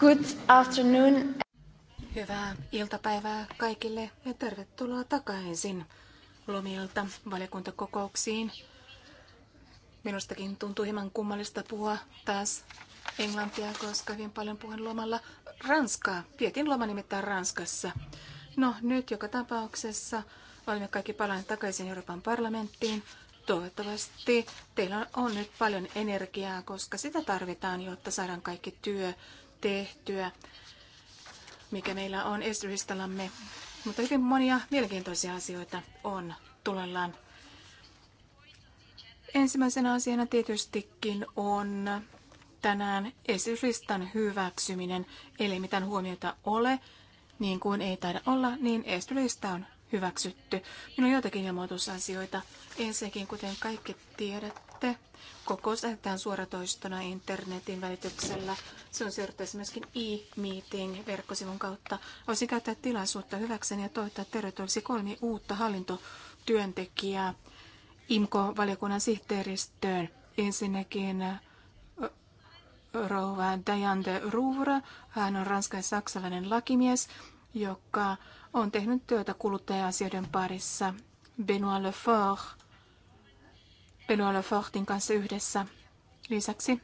Good afternoon. Hyvää iltapäivää kaikille ja tervetuloa takaisin lomilta valiokuntakokouksiin. Minustakin tuntuu hieman kummallista puhua taas englantia, koska hyvin paljon puhun lomalla ranskaa. Vietin loma nimittäin Ranskassa. No nyt joka tapauksessa olemme kaikki palanneet takaisin Euroopan parlamenttiin. Toivottavasti teillä on nyt paljon energiaa, koska sitä tarvitaan, jotta saadaan kaikki työ tehtyä, mikä meillä on Esrystalamme. Mutta hyvin monia mielenkiintoisia asioita on tulellaan. Ensimmäisenä asiana tietystikin on tänään Esrystan hyväksyminen, eli mitään huomiota ole, niin kuin ei taida olla, niin Esrystä on hyväksytty. Minulla on joitakin ilmoitusasioita. Ensinnäkin, kuten kaikki tiedätte, sitten kokous lähetetään suoratoistona internetin välityksellä. Se on seurattavissa myöskin e-meeting-verkkosivun kautta. Voisin käyttää tilaisuutta hyväkseni ja toivottaa tervetulleeksi kolme uutta hallintotyöntekijää IMKO-valiokunnan sihteeristöön. Ensinnäkin rouva Diane de Rouvre. Hän on ranskan saksalainen lakimies, joka on tehnyt työtä kuluttaja-asioiden parissa. Benoit Lefort Pelualo Fortin kanssa yhdessä. Lisäksi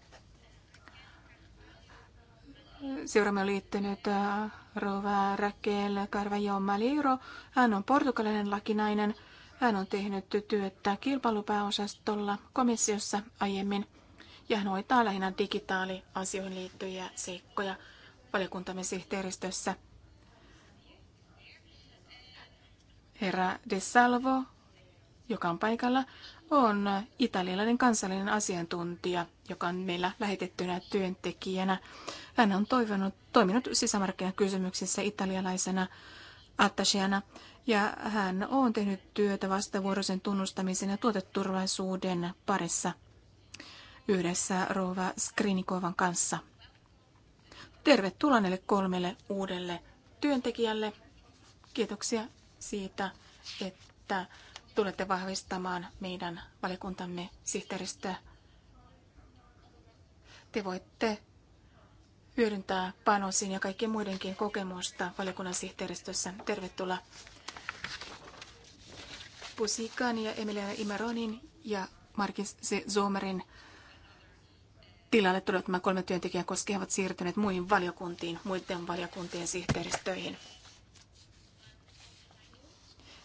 seuraamme on liittynyt äh, Rova Raquel Carvajo Maliro. Hän on portugalainen lakinainen. Hän on tehnyt työtä kilpailupääosastolla komissiossa aiemmin ja hän hoitaa lähinnä digitaaliasioihin liittyviä seikkoja valiokuntamme sihteeristössä. Herra De Salvo, joka on paikalla, on italialainen kansallinen asiantuntija, joka on meillä lähetettynä työntekijänä. Hän on toivonut, toiminut sisämarkkinakysymyksissä italialaisena attacheana ja hän on tehnyt työtä vastavuoroisen tunnustamisen ja tuoteturvallisuuden parissa yhdessä Rova Skrinikovan kanssa. Tervetuloa näille kolmelle uudelle työntekijälle. Kiitoksia siitä, että tulette vahvistamaan meidän valikuntamme sihteeristöä. Te voitte hyödyntää panosin ja kaikkien muidenkin kokemusta valiokunnan sihteeristössä. Tervetuloa Pusikan ja Emilia Imeronin ja Markis Zomerin tilalle tulevat nämä kolme työntekijää koskevat siirtyneet muihin valiokuntiin, muiden valiokuntien sihteeristöihin.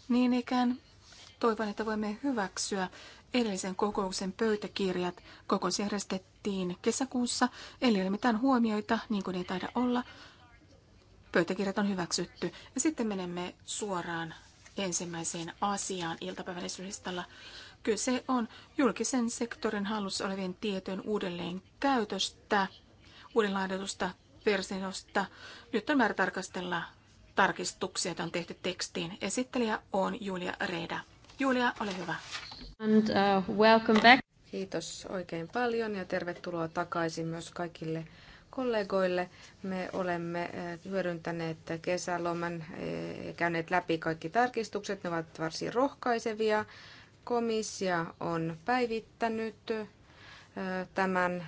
Niin ikään Toivon, että voimme hyväksyä edellisen kokouksen pöytäkirjat. Kokous järjestettiin kesäkuussa, eli ei ole mitään huomioita, niin kuin ei taida olla. Pöytäkirjat on hyväksytty. Ja sitten menemme suoraan ensimmäiseen asiaan iltapäivällisyyslistalla. Kyse on julkisen sektorin hallussa olevien tietojen uudelleen käytöstä, uudenlaadetusta versiosta. Nyt on määrä tarkastella tarkistuksia, joita on tehty tekstiin. Esittelijä on Julia Reida. Julia, ole hyvä. And uh, welcome back. Kiitos oikein paljon ja tervetuloa takaisin myös kaikille kollegoille. Me olemme uh, hyödyntäneet kesäloman uh, ja käyneet läpi kaikki tarkistukset. Ne ovat varsin rohkaisevia. Komissio on päivittänyt uh, tämän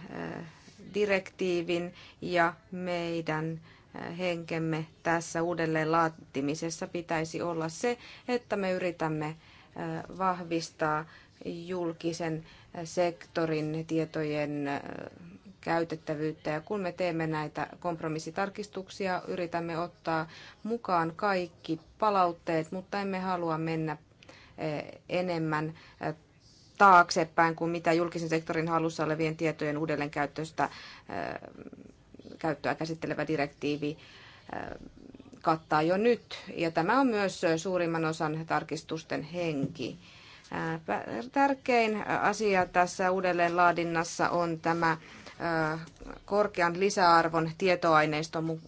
direktiivin ja meidän henkemme tässä uudelleen laatimisessa pitäisi olla se, että me yritämme vahvistaa julkisen sektorin tietojen käytettävyyttä. Ja kun me teemme näitä kompromissitarkistuksia, yritämme ottaa mukaan kaikki palautteet, mutta emme halua mennä enemmän taaksepäin kuin mitä julkisen sektorin halussa olevien tietojen uudelleenkäyttöstä käyttöä käsittelevä direktiivi kattaa jo nyt, ja tämä on myös suurimman osan tarkistusten henki. Tärkein asia tässä uudelleenlaadinnassa on tämä korkean lisäarvon tietoaineiston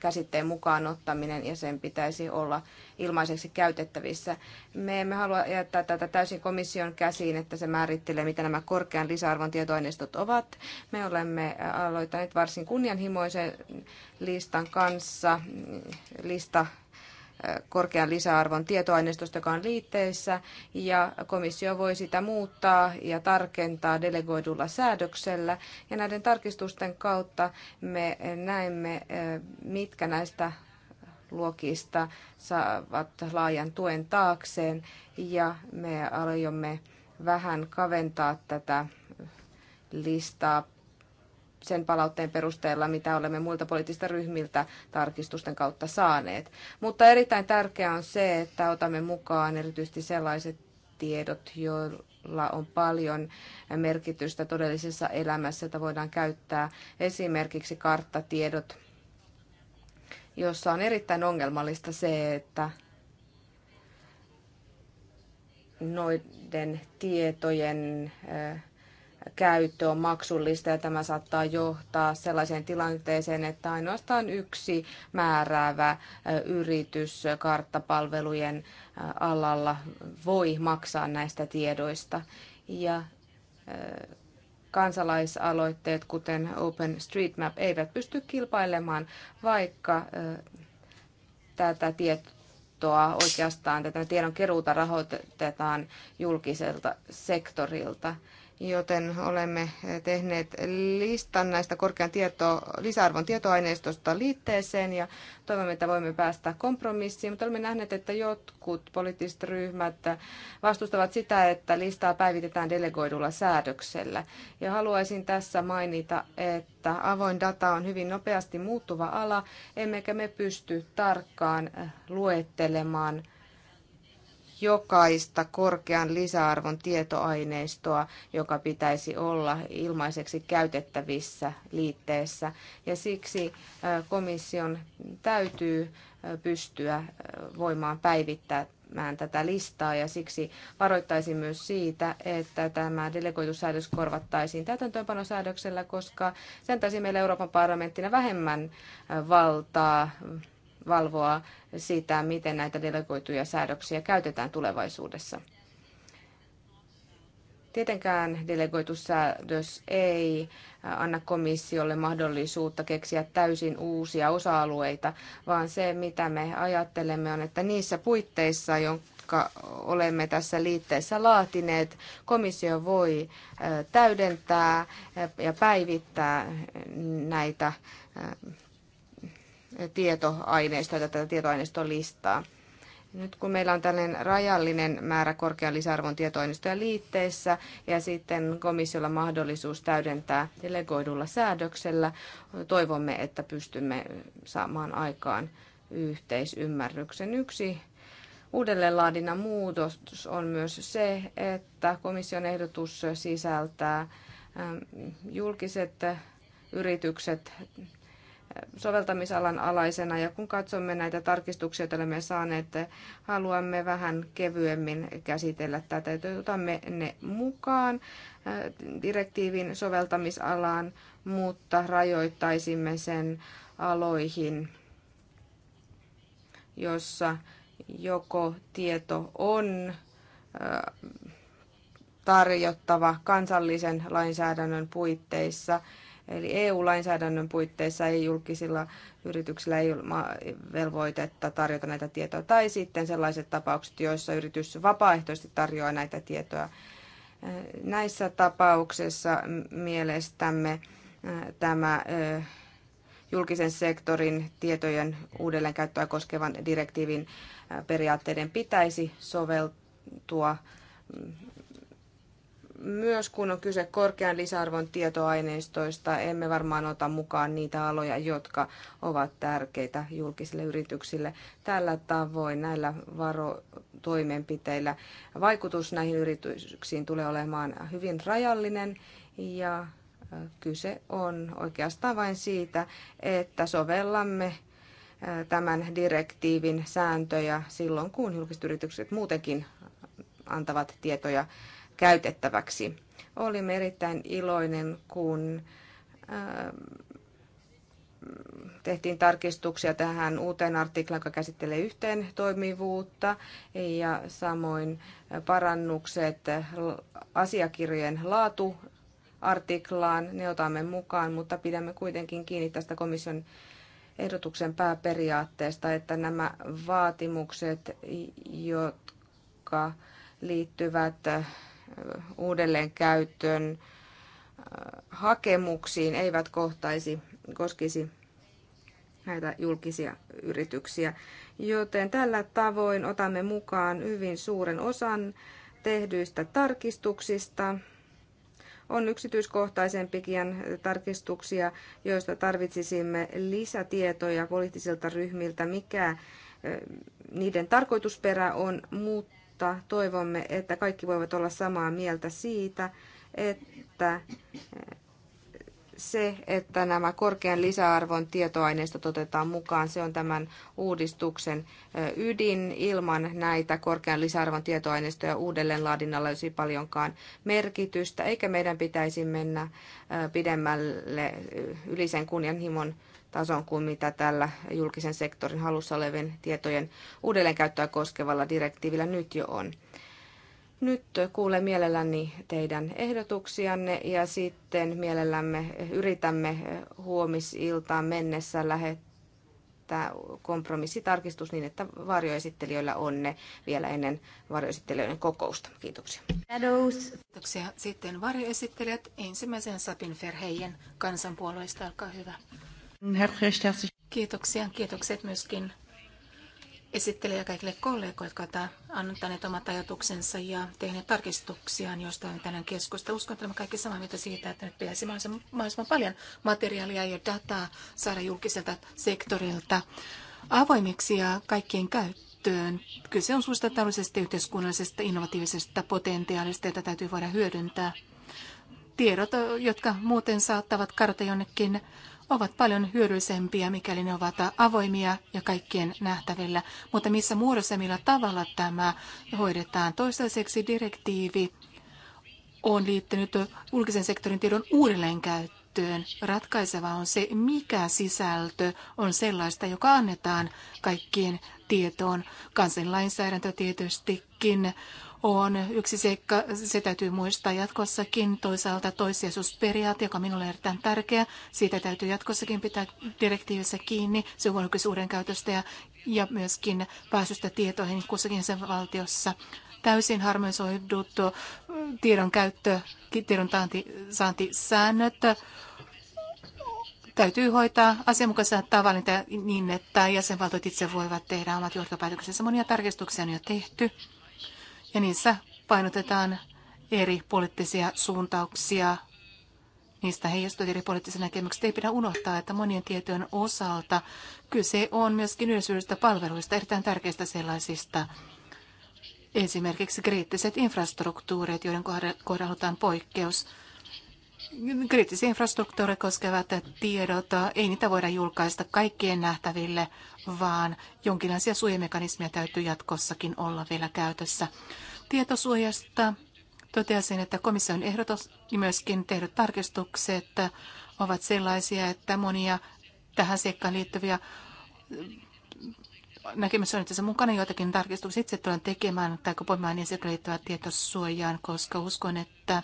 käsitteen mukaan ottaminen ja sen pitäisi olla ilmaiseksi käytettävissä. Me emme halua jättää tätä täysin komission käsiin, että se määrittelee, mitä nämä korkean lisäarvon tietoaineistot ovat. Me olemme aloittaneet varsin kunnianhimoisen listan kanssa. Lista korkean lisäarvon tietoaineistosta, joka on liitteissä, ja komissio voi sitä muuttaa ja tarkentaa delegoidulla säädöksellä. Ja näiden tarkistusten kautta me näemme, eh, mitkä näistä luokista saavat laajan tuen taakseen, ja me aloimme vähän kaventaa tätä listaa sen palautteen perusteella, mitä olemme muilta poliittisista ryhmiltä tarkistusten kautta saaneet. Mutta erittäin tärkeää on se, että otamme mukaan erityisesti sellaiset tiedot, joilla on paljon merkitystä todellisessa elämässä, jota voidaan käyttää esimerkiksi karttatiedot, jossa on erittäin ongelmallista se, että noiden tietojen äh, käyttö on maksullista ja tämä saattaa johtaa sellaiseen tilanteeseen, että ainoastaan yksi määräävä yritys karttapalvelujen alalla voi maksaa näistä tiedoista. Ja kansalaisaloitteet, kuten OpenStreetMap, eivät pysty kilpailemaan, vaikka tätä tietoa oikeastaan, tätä tiedon keruuta rahoitetaan julkiselta sektorilta joten olemme tehneet listan näistä korkean tieto, lisäarvon tietoaineistosta liitteeseen ja toivomme, että voimme päästä kompromissiin, mutta olemme nähneet, että jotkut poliittiset ryhmät vastustavat sitä, että listaa päivitetään delegoidulla säädöksellä. Ja haluaisin tässä mainita, että avoin data on hyvin nopeasti muuttuva ala, emmekä me pysty tarkkaan luettelemaan jokaista korkean lisäarvon tietoaineistoa, joka pitäisi olla ilmaiseksi käytettävissä liitteessä. Ja siksi komission täytyy pystyä voimaan päivittää tätä listaa ja siksi varoittaisin myös siitä, että tämä delegoitussäädös korvattaisiin täytäntöönpanosäädöksellä, koska sen taisi meillä Euroopan parlamenttina vähemmän valtaa valvoa sitä, miten näitä delegoituja säädöksiä käytetään tulevaisuudessa. Tietenkään delegoitussäädös ei anna komissiolle mahdollisuutta keksiä täysin uusia osa-alueita, vaan se, mitä me ajattelemme, on, että niissä puitteissa, jotka olemme tässä liitteessä laatineet, komissio voi täydentää ja päivittää näitä tietoaineistoa tai tätä tietoaineiston listaa. Nyt kun meillä on tällainen rajallinen määrä korkean lisäarvon tietoaineistoja liitteissä ja sitten komissiolla mahdollisuus täydentää delegoidulla säädöksellä, toivomme, että pystymme saamaan aikaan yhteisymmärryksen. Yksi uudelleenlaadinnan muutos on myös se, että komission ehdotus sisältää julkiset yritykset soveltamisalan alaisena ja kun katsomme näitä tarkistuksia, joita olemme saaneet, haluamme vähän kevyemmin käsitellä tätä. että Otamme ne mukaan direktiivin soveltamisalaan, mutta rajoittaisimme sen aloihin, jossa joko tieto on tarjottava kansallisen lainsäädännön puitteissa – Eli EU-lainsäädännön puitteissa ei julkisilla yrityksillä ei ole velvoitetta tarjota näitä tietoja. Tai sitten sellaiset tapaukset, joissa yritys vapaaehtoisesti tarjoaa näitä tietoja. Äh, näissä tapauksissa mielestämme äh, tämä äh, julkisen sektorin tietojen uudelleenkäyttöä koskevan direktiivin periaatteiden pitäisi soveltua mm, myös kun on kyse korkean lisäarvon tietoaineistoista, emme varmaan ota mukaan niitä aloja, jotka ovat tärkeitä julkisille yrityksille. Tällä tavoin näillä varotoimenpiteillä vaikutus näihin yrityksiin tulee olemaan hyvin rajallinen ja kyse on oikeastaan vain siitä, että sovellamme tämän direktiivin sääntöjä silloin, kun julkiset yritykset muutenkin antavat tietoja käytettäväksi. Olin erittäin iloinen, kun ähm, tehtiin tarkistuksia tähän uuteen artiklaan, joka käsittelee yhteen toimivuutta ja samoin parannukset asiakirjojen laatu artiklaan, ne otamme mukaan, mutta pidämme kuitenkin kiinni tästä komission ehdotuksen pääperiaatteesta, että nämä vaatimukset, jotka liittyvät käyttöön äh, hakemuksiin eivät kohtaisi, koskisi näitä julkisia yrityksiä. Joten tällä tavoin otamme mukaan hyvin suuren osan tehdyistä tarkistuksista. On yksityiskohtaisempikin tarkistuksia, joista tarvitsisimme lisätietoja poliittisilta ryhmiltä, mikä niiden tarkoitusperä on, mutta mutta toivomme, että kaikki voivat olla samaa mieltä siitä, että se, että nämä korkean lisäarvon tietoaineistot otetaan mukaan, se on tämän uudistuksen ydin. Ilman näitä korkean lisäarvon tietoaineistoja uudelleenlaadinnalla olisi paljonkaan merkitystä, eikä meidän pitäisi mennä pidemmälle yli sen kunnianhimon tason kuin mitä tällä julkisen sektorin halussa olevien tietojen uudelleenkäyttöä koskevalla direktiivillä nyt jo on. Nyt kuulen mielelläni teidän ehdotuksianne ja sitten mielellämme yritämme huomisiltaan mennessä lähettää kompromissitarkistus niin, että varjoesittelijöillä on ne vielä ennen varjoesittelijöiden kokousta. Kiitoksia. Kiitoksia. Sitten varjoesittelijät ensimmäisen Sapin Ferheijen kansanpuolueista. Olkaa hyvä. Kiitoksia. Kiitokset myöskin ja kaikille kollegoille, jotka ovat antaneet omat ajatuksensa ja tehneet tarkistuksiaan, joista on tänään keskusta. Uskon, että olemme kaikki samaa mieltä siitä, että nyt pitäisi mahdollisimman, mahdollisimman paljon materiaalia ja dataa saada julkiselta sektorilta avoimiksi ja kaikkien käyttöön. Kyse on suurista taloudellisesta yhteiskunnallisesta innovatiivisesta potentiaalista, jota täytyy voida hyödyntää. Tiedot, jotka muuten saattavat kadota jonnekin ovat paljon hyödyllisempiä, mikäli ne ovat avoimia ja kaikkien nähtävillä. Mutta missä muodossa millä tavalla tämä hoidetaan? Toistaiseksi direktiivi on liittynyt julkisen sektorin tiedon uudelleenkäyttöön. Ratkaiseva on se, mikä sisältö on sellaista, joka annetaan kaikkien tietoon. Kansanlainsäädäntö tietystikin on yksi seikka, se täytyy muistaa jatkossakin. Toisaalta toissijaisuusperiaate, joka minulle on erittäin tärkeä, siitä täytyy jatkossakin pitää direktiivissä kiinni, se on käytöstä ja, ja myöskin pääsystä tietoihin kussakin sen valtiossa täysin harmonisoidut tiedon käyttö, tiedon saantisäännöt täytyy hoitaa asianmukaisella tavalla niin, että jäsenvaltiot itse voivat tehdä omat johtopäätöksensä. Monia tarkistuksia on jo tehty ja niissä painotetaan eri poliittisia suuntauksia. Niistä heijastuu eri poliittisia näkemyksiä. Ei pidä unohtaa, että monien tietojen osalta kyse on myöskin yleisyydestä palveluista, erittäin tärkeistä sellaisista. Esimerkiksi kriittiset infrastruktuurit, joiden kohdalla halutaan poikkeus kriittisiä infrastruktuuria koskevat tiedot, ei niitä voida julkaista kaikkien nähtäville, vaan jonkinlaisia suojamekanismeja täytyy jatkossakin olla vielä käytössä. Tietosuojasta toteasin, että komission ehdotus ja myöskin tehdyt tarkistukset ovat sellaisia, että monia tähän seikkaan liittyviä näkemys on tässä mukana joitakin tarkistuksia. Itse tulen tekemään tai kopoimaan niin liittyvää tietosuojaan, koska uskon, että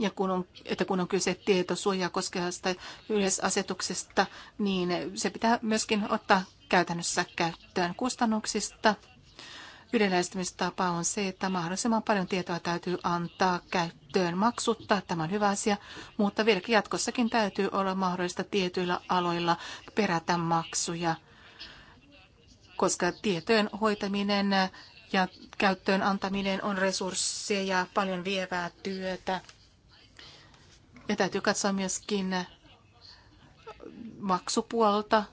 ja kun on, että kun on kyse tietosuojaa koskevasta yleisasetuksesta, niin se pitää myöskin ottaa käytännössä käyttöön kustannuksista. Yleistämistapa on se, että mahdollisimman paljon tietoa täytyy antaa käyttöön maksutta. Tämä on hyvä asia, mutta vieläkin jatkossakin täytyy olla mahdollista tietyillä aloilla perätä maksuja, koska tietojen hoitaminen ja käyttöön antaminen on resursseja, paljon vievää työtä. Ja täytyy katsoa myöskin maksupuolta,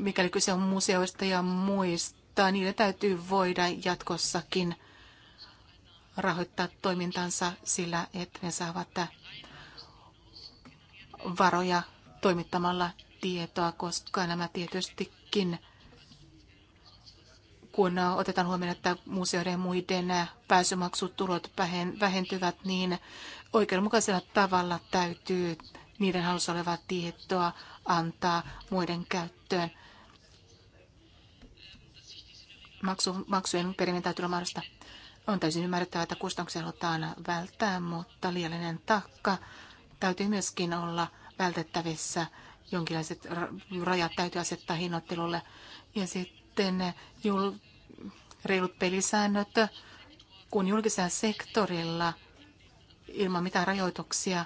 mikäli kyse on museoista ja muista, niille täytyy voida jatkossakin rahoittaa toimintansa sillä, että ne saavat varoja toimittamalla tietoa, koska nämä tietystikin kun otetaan huomioon, että museoiden ja muiden pääsymaksutulot vähentyvät, niin oikeudenmukaisella tavalla täytyy niiden halussa olevaa tietoa antaa muiden käyttöön. Maksu, maksujen perimen täytyy olla mahdollista. On täysin ymmärrettävää, että kustannuksia halutaan välttää, mutta liiallinen takka täytyy myöskin olla vältettävissä. Jonkinlaiset rajat täytyy asettaa hinnoittelulle. Ja sitten sitten jul, reilut pelisäännöt, kun julkisella sektorilla ilman mitään rajoituksia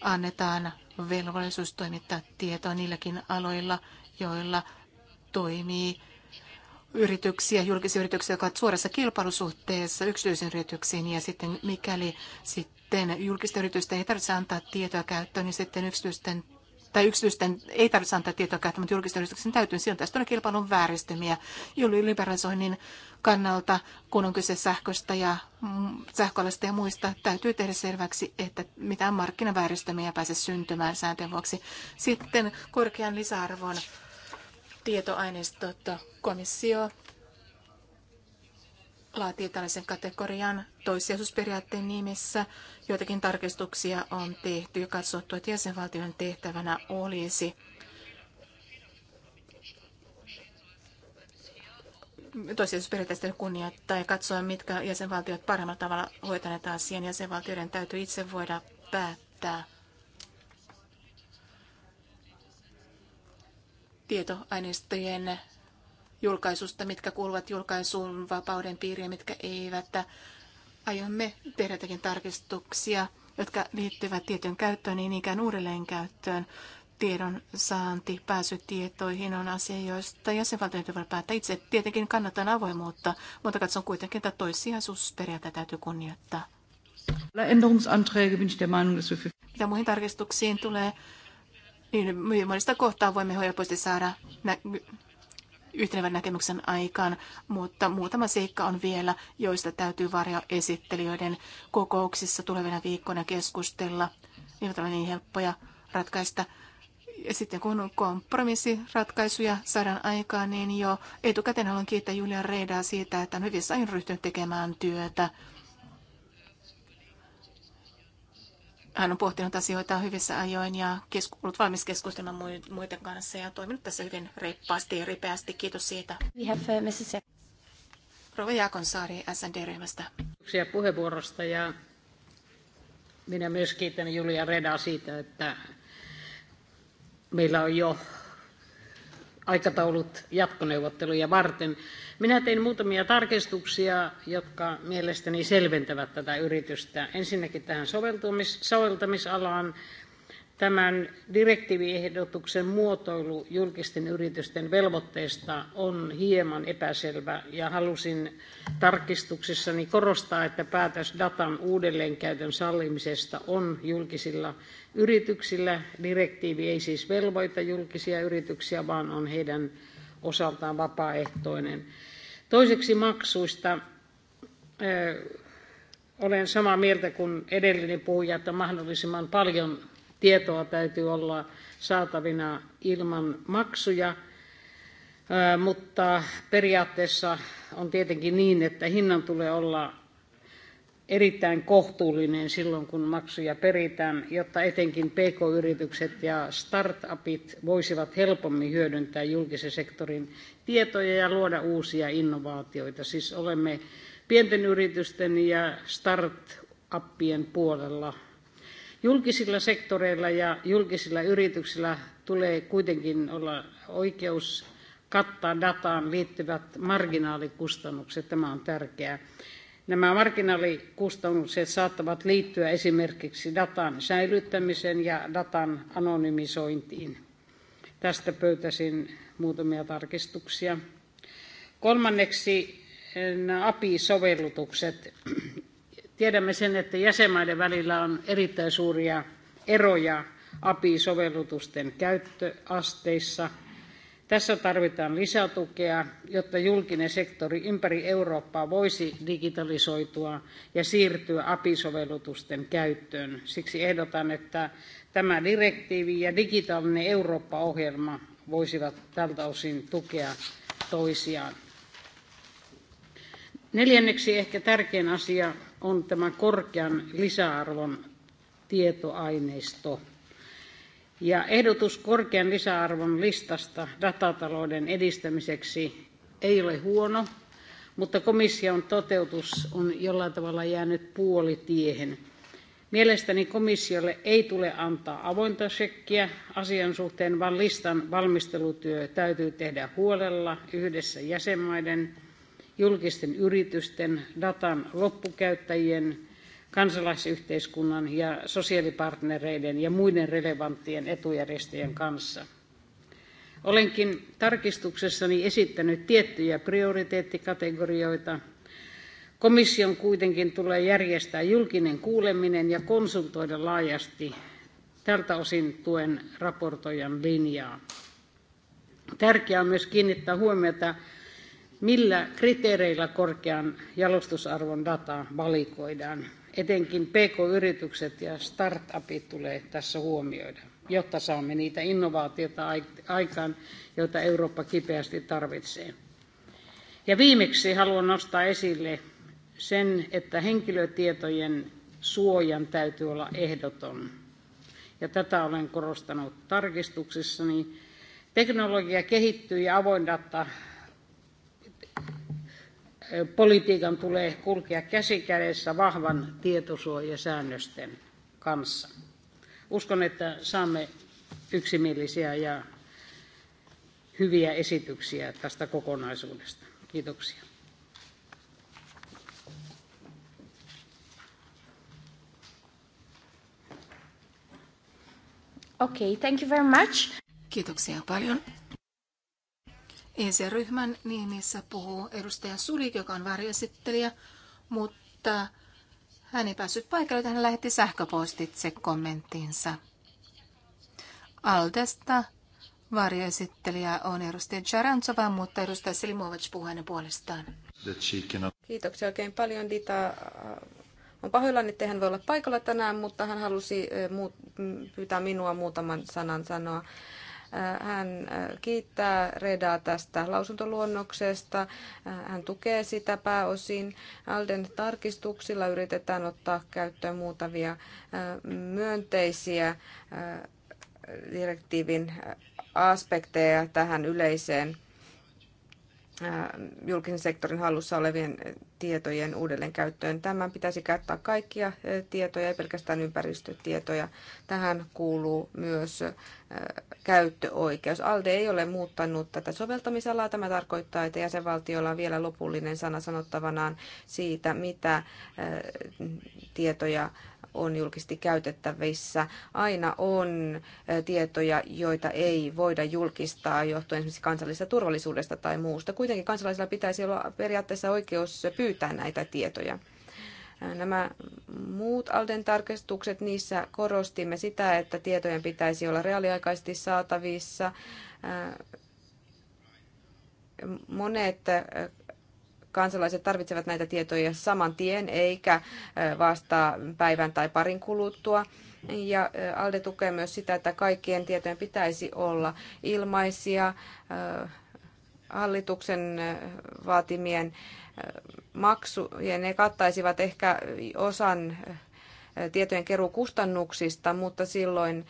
annetaan velvollisuus toimittaa tietoa niilläkin aloilla, joilla toimii yrityksiä, julkisia yrityksiä, jotka ovat suorassa kilpailusuhteessa yksityisiin yrityksiin ja sitten mikäli sitten julkisten yritysten ei tarvitse antaa tietoa käyttöön, niin sitten yksityisten tai yksityisten ei tarvitse antaa tietoa käyttöön, mutta julkisten yrityksen täytyy. Sitten on kilpailun vääristymiä liberalisoinnin kannalta, kun on kyse sähköstä ja mm, sähköalasta ja muista. Täytyy tehdä selväksi, että mitään markkinavääristymiä ei pääse syntymään sääntöjen vuoksi. Sitten korkean lisäarvon tietoaineistot. Komissio laatii tällaisen kategorian toissijaisuusperiaatteen nimissä. Joitakin tarkistuksia on tehty ja katsottu, että jäsenvaltion tehtävänä olisi toissijaisuusperiaatteista kunnioittaa ja katsoa, mitkä jäsenvaltiot paremmalla tavalla hoitaneet asian. Jäsenvaltioiden täytyy itse voida päättää. tietoaineistojen julkaisusta, mitkä kuuluvat julkaisun vapauden piiriin, mitkä eivät. Aiomme tehdä jotakin tarkistuksia, jotka liittyvät tietyn käyttöön, niin ikään uudelleenkäyttöön. Tiedon saanti, pääsy tietoihin on asia, joista jäsenvaltioita voi päättää. Itse tietenkin kannatan avoimuutta, mutta katson kuitenkin, että toissijaisuusperiaate täytyy kunnioittaa. Mitä muihin tarkistuksiin tulee, niin monista kohtaa voimme helposti saada nä- yhtenevän näkemyksen aikaan, mutta muutama seikka on vielä, joista täytyy varjo esittelijöiden kokouksissa tulevina viikkoina keskustella. Ne eivät ole niin helppoja ratkaista. Ja sitten kun kompromissiratkaisuja saadaan aikaan, niin jo etukäteen haluan kiittää Julia Reidaa siitä, että on hyvissä ajoin ryhtynyt tekemään työtä Hän on pohtinut asioita hyvissä ajoin ja kesku- ollut valmis keskustelemaan muiden kanssa ja toiminut tässä hyvin reippaasti ja ripeästi. Kiitos siitä. Uh, Rova Jaakon Saari Mrs. SND-ryhmästä. Kiitoksia puheenvuorosta ja minä myös kiitän Julia Reda siitä, että meillä on jo aikataulut jatkoneuvotteluja varten. Minä tein muutamia tarkistuksia, jotka mielestäni selventävät tätä yritystä. Ensinnäkin tähän soveltamisalaan Tämän direktiiviehdotuksen muotoilu julkisten yritysten velvoitteista on hieman epäselvä ja halusin tarkistuksessani korostaa, että päätös datan uudelleenkäytön sallimisesta on julkisilla yrityksillä. Direktiivi ei siis velvoita julkisia yrityksiä, vaan on heidän osaltaan vapaaehtoinen. Toiseksi maksuista. Olen samaa mieltä kuin edellinen puhuja, että mahdollisimman paljon tietoa täytyy olla saatavina ilman maksuja, mutta periaatteessa on tietenkin niin, että hinnan tulee olla erittäin kohtuullinen silloin, kun maksuja peritään, jotta etenkin PK-yritykset ja startupit voisivat helpommin hyödyntää julkisen sektorin tietoja ja luoda uusia innovaatioita. Siis olemme pienten yritysten ja startuppien puolella Julkisilla sektoreilla ja julkisilla yrityksillä tulee kuitenkin olla oikeus kattaa dataan liittyvät marginaalikustannukset. Tämä on tärkeää. Nämä marginaalikustannukset saattavat liittyä esimerkiksi datan säilyttämiseen ja datan anonymisointiin. Tästä pöytäsin muutamia tarkistuksia. Kolmanneksi API-sovellutukset. Tiedämme sen, että jäsenmaiden välillä on erittäin suuria eroja API-sovellutusten käyttöasteissa. Tässä tarvitaan lisätukea, jotta julkinen sektori ympäri Eurooppaa voisi digitalisoitua ja siirtyä API-sovellutusten käyttöön. Siksi ehdotan, että tämä direktiivi ja digitaalinen Eurooppa-ohjelma voisivat tältä osin tukea toisiaan. Neljänneksi ehkä tärkein asia on tämä korkean lisäarvon tietoaineisto. Ja ehdotus korkean lisäarvon listasta datatalouden edistämiseksi ei ole huono, mutta komission toteutus on jollain tavalla jäänyt puolitiehen. Mielestäni komissiolle ei tule antaa avointa shekkiä asian suhteen, vaan listan valmistelutyö täytyy tehdä huolella yhdessä jäsenmaiden julkisten yritysten, datan loppukäyttäjien, kansalaisyhteiskunnan ja sosiaalipartnereiden ja muiden relevanttien etujärjestöjen kanssa. Olenkin tarkistuksessani esittänyt tiettyjä prioriteettikategorioita. Komission kuitenkin tulee järjestää julkinen kuuleminen ja konsultoida laajasti. Tältä osin tuen raportoijan linjaa. Tärkeää on myös kiinnittää huomiota millä kriteereillä korkean jalostusarvon dataa valikoidaan. Etenkin PK-yritykset ja startupit tulee tässä huomioida, jotta saamme niitä innovaatioita aikaan, joita Eurooppa kipeästi tarvitsee. Ja viimeksi haluan nostaa esille sen, että henkilötietojen suojan täytyy olla ehdoton. Ja tätä olen korostanut tarkistuksissani. Teknologia kehittyy ja avoin data politiikan tulee kulkea käsi kädessä vahvan tietosuojasäännösten kanssa. Uskon, että saamme yksimielisiä ja hyviä esityksiä tästä kokonaisuudesta. Kiitoksia. Okay, thank you very much. Kiitoksia paljon. EC-ryhmän nimissä puhuu edustaja Sulik, joka on varjoesittelijä, mutta hän ei päässyt paikalle, hän lähetti sähköpostitse kommenttinsa. Aldesta varjoesittelijä on edustaja Charantsova, mutta edustaja Selimovac puhuu hänen puolestaan. Kiitoksia oikein paljon, Dita. On pahoillani, että hän voi olla paikalla tänään, mutta hän halusi eh, pyytää minua muutaman sanan sanoa. Hän äh, kiittää Redaa tästä lausuntoluonnoksesta. Äh, hän tukee sitä pääosin. Alden tarkistuksilla yritetään ottaa käyttöön muutamia äh, myönteisiä direktiivin aspekteja tähän yleiseen julkisen sektorin hallussa olevien tietojen uudelleenkäyttöön. Tämän pitäisi käyttää kaikkia tietoja, ei pelkästään ympäristötietoja. Tähän kuuluu myös käyttöoikeus. ALDE ei ole muuttanut tätä soveltamisalaa. Tämä tarkoittaa, että jäsenvaltiolla on vielä lopullinen sana sanottavanaan siitä, mitä tietoja on julkisesti käytettävissä. Aina on tietoja, joita ei voida julkistaa johtuen esimerkiksi kansallisesta turvallisuudesta tai muusta. Kuitenkin kansalaisilla pitäisi olla periaatteessa oikeus pyytää näitä tietoja. Nämä muut Alden tarkastukset, niissä korostimme sitä, että tietojen pitäisi olla reaaliaikaisesti saatavissa. Monet kansalaiset tarvitsevat näitä tietoja saman tien eikä vasta päivän tai parin kuluttua. Ja ALDE tukee myös sitä, että kaikkien tietojen pitäisi olla ilmaisia hallituksen vaatimien maksujen. Ne kattaisivat ehkä osan tietojen keruukustannuksista, mutta silloin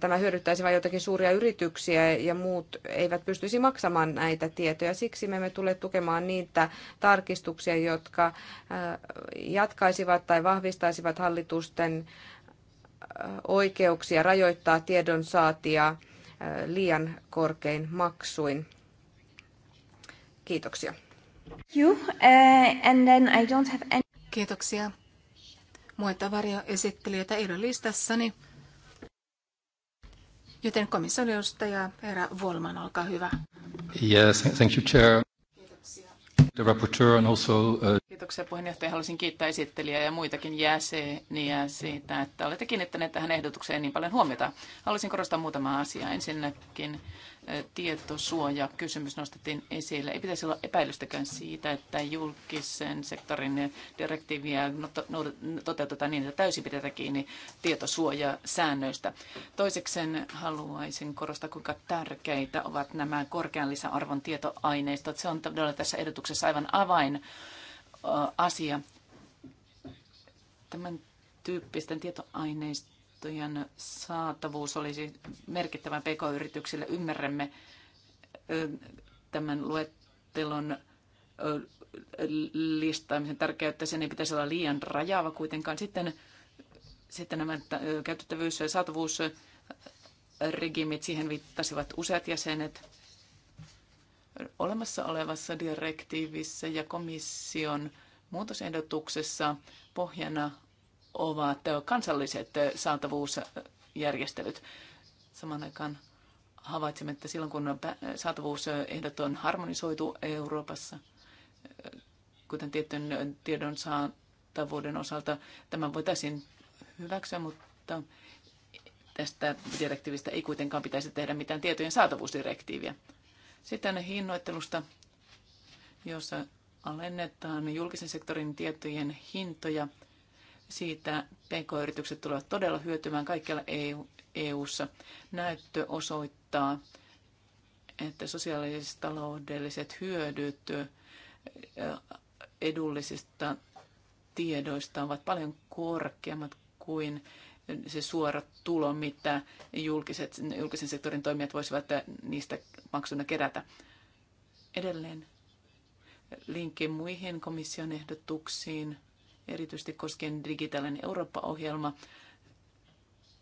tämä hyödyttäisi vain jotakin suuria yrityksiä ja muut eivät pystyisi maksamaan näitä tietoja. Siksi me emme tule tukemaan niitä tarkistuksia, jotka jatkaisivat tai vahvistaisivat hallitusten oikeuksia rajoittaa tiedon saatia liian korkein maksuin. Kiitoksia. You, uh, and then I don't have any... Kiitoksia muita varjoesittelijöitä ei ole listassani. Joten komission edustaja Herra Volman, olkaa hyvä. Yes, thank you, Chair. Kiitoksia. The rapporteur and also, uh... Kiitoksia puheenjohtaja. Haluaisin kiittää esittelijää ja muitakin jäseniä siitä, että olette kiinnittäneet tähän ehdotukseen niin paljon huomiota. Haluaisin korostaa muutamaa asiaa. Ensinnäkin tietosuoja kysymys nostettiin esille. Ei pitäisi olla epäilystäkään siitä, että julkisen sektorin direktiiviä toteutetaan niin, että täysin pidetään kiinni tietosuojasäännöistä. Toisekseen haluaisin korostaa, kuinka tärkeitä ovat nämä korkean lisäarvon tietoaineistot. Se on todella tässä edutuksessa aivan avain asia. Tämän tyyppisten tietoaineistojen palvelujen saatavuus olisi merkittävä pk-yrityksille. Ymmärrämme tämän luettelon listaamisen tärkeyttä. Sen ei pitäisi olla liian rajaava kuitenkaan. Sitten, sitten nämä käytettävyys- ja saatavuusregimit, siihen viittasivat useat jäsenet. Olemassa olevassa direktiivissä ja komission muutosehdotuksessa pohjana ovat kansalliset saatavuusjärjestelyt. Saman aikaan havaitsemme, että silloin kun saatavuusehdot on harmonisoitu Euroopassa, kuten tietyn tiedon saatavuuden osalta, tämän voitaisiin hyväksyä, mutta tästä direktiivistä ei kuitenkaan pitäisi tehdä mitään tietojen saatavuusdirektiiviä. Sitten hinnoittelusta, jossa alennetaan julkisen sektorin tietojen hintoja – siitä PK-yritykset tulevat todella hyötymään kaikkialla EU, e ssa Näyttö osoittaa, että sosiaaliset taloudelliset hyödyt edullisista tiedoista ovat paljon korkeammat kuin se suora tulo, mitä julkiset, julkisen sektorin toimijat voisivat niistä maksuna kerätä. Edelleen linkki muihin komission ehdotuksiin erityisesti koskien digitaalinen Eurooppa-ohjelma.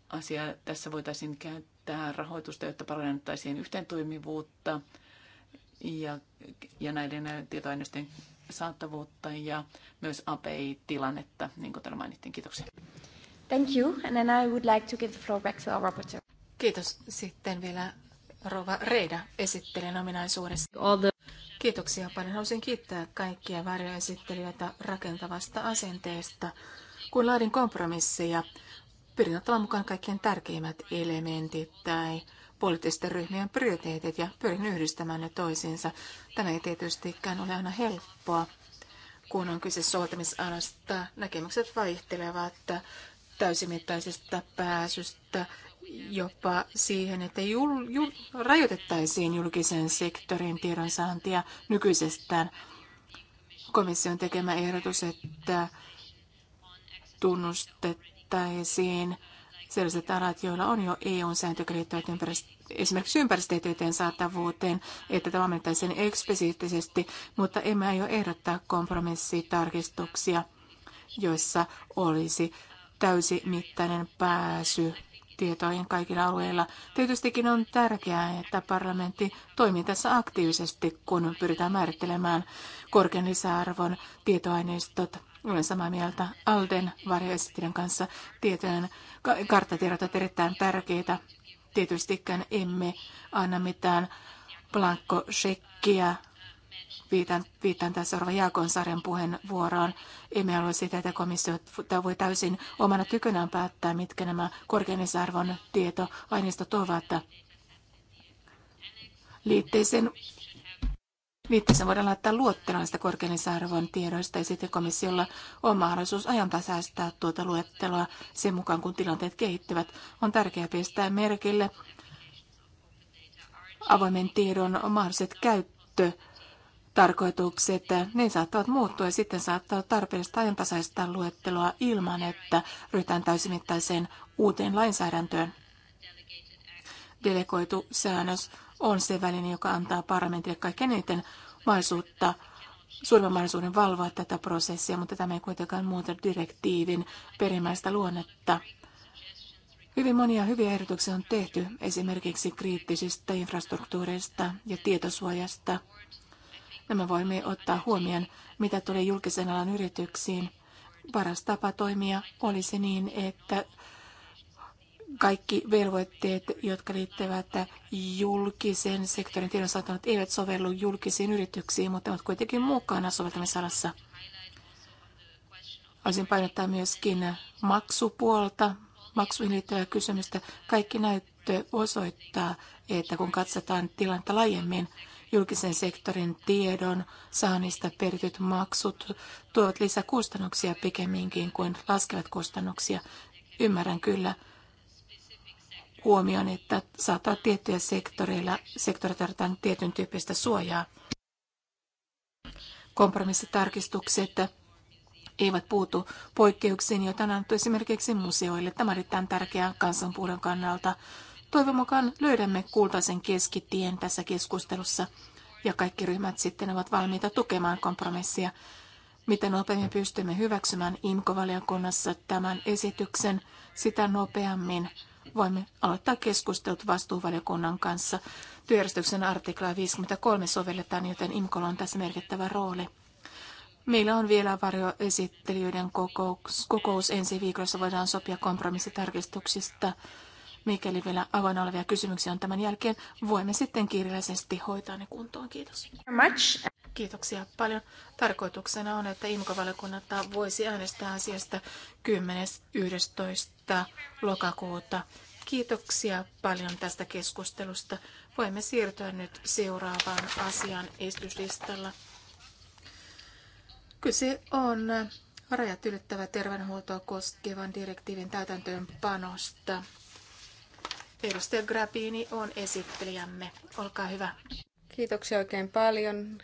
Asia, tässä voitaisiin käyttää rahoitusta, jotta parannettaisiin toimivuutta ja, ja näiden tietoaineistojen saattavuutta ja myös API-tilannetta, niin kuin täällä mainittiin. Kiitoksia. Thank you, and then I would like to give the floor back to our rapporteur. Kiitos. Sitten vielä Rova Reida esittelen ominaisuudessa. All the... Kiitoksia paljon. Haluaisin kiittää kaikkia varjoesittelijöitä rakentavasta asenteesta. Kun laadin kompromisseja, pyrin ottamaan mukaan kaikkien tärkeimmät elementit tai poliittisten ryhmien prioriteetit ja pyrin yhdistämään ne toisiinsa. Tämä ei tietystikään ole aina helppoa, kun on kyse soveltamisalasta. Näkemykset vaihtelevat täysimittaisesta pääsystä jopa siihen, että jul, jul, rajoitettaisiin julkisen sektorin tiedonsaantia nykyisestään. Komission tekemä ehdotus, että tunnustettaisiin sellaiset alat, joilla on jo EU-sääntöjä liittyvät ympäristö, esimerkiksi ympäristötyöteen saatavuuteen, että tämä mentäisiin eksplisiittisesti, mutta emme aio ehdottaa kompromissitarkistuksia, joissa olisi täysimittainen pääsy tietoihin kaikilla alueilla. Tietystikin on tärkeää, että parlamentti toimii tässä aktiivisesti, kun pyritään määrittelemään korkean lisäarvon tietoaineistot. Olen samaa mieltä Alden varjoesittelijän kanssa. Tietojen karttatiedot ovat erittäin tärkeitä. Tietystikään emme anna mitään blankko-shekkiä Viitan, viitan tässä Jaakon Jaakonsaaren puheenvuoroon. Emme halua sitä, että komissio voi täysin omana tykönään päättää, mitkä nämä korkeimmisarvon tietoaineistot ovat. Liitteisen Liitteeseen voidaan laittaa luettelon näistä korkeimmisarvon tiedoista ja sitten komissiolla on mahdollisuus ajantasaistaa tuota luetteloa sen mukaan, kun tilanteet kehittyvät. On tärkeää pistää merkille avoimen tiedon mahdolliset käyttö tarkoitukset, ne niin saattavat muuttua ja sitten saattaa olla tarpeellista ajantasaista luetteloa ilman, että ryhdytään täysimittaiseen uuteen lainsäädäntöön. Delegoitu säännös on se väline, joka antaa parlamentille kaikkein eniten mahdollisuutta suurimman mahdollisuuden valvoa tätä prosessia, mutta tämä ei kuitenkaan muuta direktiivin perimmäistä luonnetta. Hyvin monia hyviä ehdotuksia on tehty esimerkiksi kriittisistä infrastruktuureista ja tietosuojasta – me voimme ottaa huomioon, mitä tulee julkisen alan yrityksiin. Paras tapa toimia olisi niin, että kaikki velvoitteet, jotka liittyvät julkisen sektorin tiedonsaatamat, eivät sovellu julkisiin yrityksiin, mutta ovat kuitenkin mukana soveltamisalassa. Olisin painottaa myöskin maksupuolta, maksuihin liittyvää kysymystä. Kaikki näyttö osoittaa, että kun katsotaan tilannetta laajemmin, Julkisen sektorin tiedon saannista perityt maksut tuovat lisäkustannuksia pikemminkin kuin laskevat kustannuksia. Ymmärrän kyllä huomioon, että saattaa tiettyjä sektoreilla, sektori tarvitaan tietyn tyyppistä suojaa. Kompromissitarkistukset eivät puutu poikkeuksiin, joita on annettu esimerkiksi museoille. Tämä on erittäin tärkeää kansanpuolen kannalta. Toivon mukaan löydämme kultaisen keskitien tässä keskustelussa ja kaikki ryhmät sitten ovat valmiita tukemaan kompromissia. Mitä nopeammin pystymme hyväksymään IMKO-valiokunnassa tämän esityksen, sitä nopeammin voimme aloittaa keskustelut vastuuvaliokunnan kanssa. Työjärjestyksen artiklaa 53 sovelletaan, joten IMKOlla on tässä merkittävä rooli. Meillä on vielä varjoesittelijöiden kokous. kokous ensi viikossa. Voidaan sopia kompromissitarkistuksista Mikäli vielä avoinna olevia kysymyksiä on tämän jälkeen, voimme sitten kirjallisesti hoitaa ne kuntoon. Kiitos. Much. Kiitoksia paljon. Tarkoituksena on, että imkovaliokunnalta voisi äänestää asiasta 10.11. lokakuuta. Kiitoksia paljon tästä keskustelusta. Voimme siirtyä nyt seuraavaan asian esityslistalla. Kyse on rajat ylittävä terveydenhuoltoa koskevan direktiivin täytäntöönpanosta. Edustaja Grabini on esittelijämme. Olkaa hyvä. Kiitoksia oikein paljon.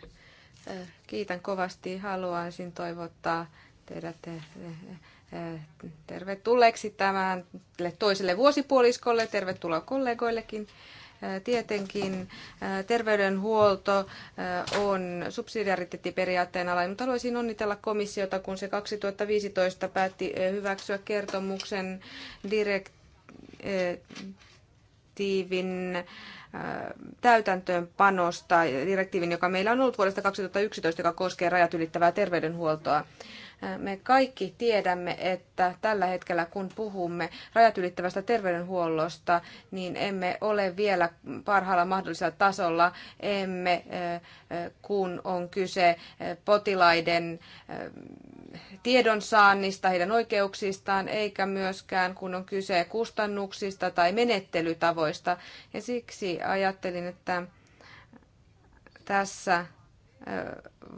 Äh, kiitän kovasti. Haluaisin toivottaa teidät äh, äh, tervetulleeksi tämän toiselle vuosipuoliskolle. Tervetuloa kollegoillekin. Tietenkin terveydenhuolto on subsidiariteettiperiaatteen alainen, mutta haluaisin onnitella komissiota, kun se 2015 päätti hyväksyä kertomuksen direkt direktiivin täytäntöönpanosta, direktiivin, joka meillä on ollut vuodesta 2011, joka koskee rajat ylittävää terveydenhuoltoa. Me kaikki tiedämme, että tällä hetkellä kun puhumme rajat ylittävästä terveydenhuollosta, niin emme ole vielä parhaalla mahdollisella tasolla, emme kun on kyse potilaiden tiedonsaannista, heidän oikeuksistaan, eikä myöskään kun on kyse kustannuksista tai menettelytavoista. Ja siksi ajattelin, että tässä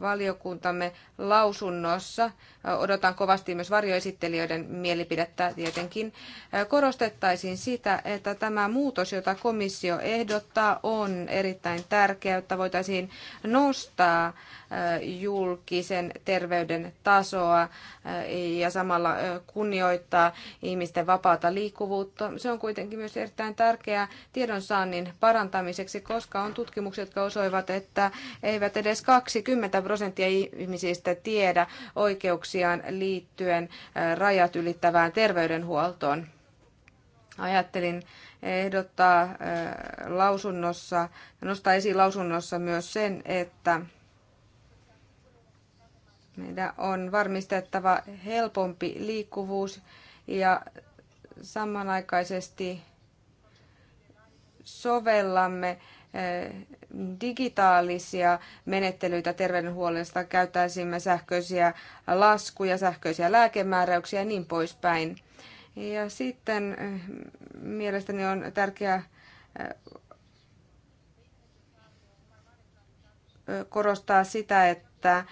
valiokuntamme lausunnossa, odotan kovasti myös varjoesittelijöiden mielipidettä tietenkin, korostettaisiin sitä, että tämä muutos, jota komissio ehdottaa, on erittäin tärkeä, että voitaisiin nostaa julkisen terveyden tasoa ja samalla kunnioittaa ihmisten vapaata liikkuvuutta. Se on kuitenkin myös erittäin tärkeää tiedonsaannin parantamiseksi, koska on tutkimukset, jotka osoivat, että eivät edes 20 prosenttia ihmisistä tiedä oikeuksiaan liittyen rajat ylittävään terveydenhuoltoon. Ajattelin ehdottaa lausunnossa, nostaa esiin lausunnossa myös sen, että meidän on varmistettava helpompi liikkuvuus ja samanaikaisesti sovellamme Eh, digitaalisia menettelyitä terveydenhuollosta, käyttäisimme sähköisiä laskuja, sähköisiä lääkemääräyksiä ja niin poispäin. Ja sitten eh, mielestäni on tärkeää eh, korostaa sitä, että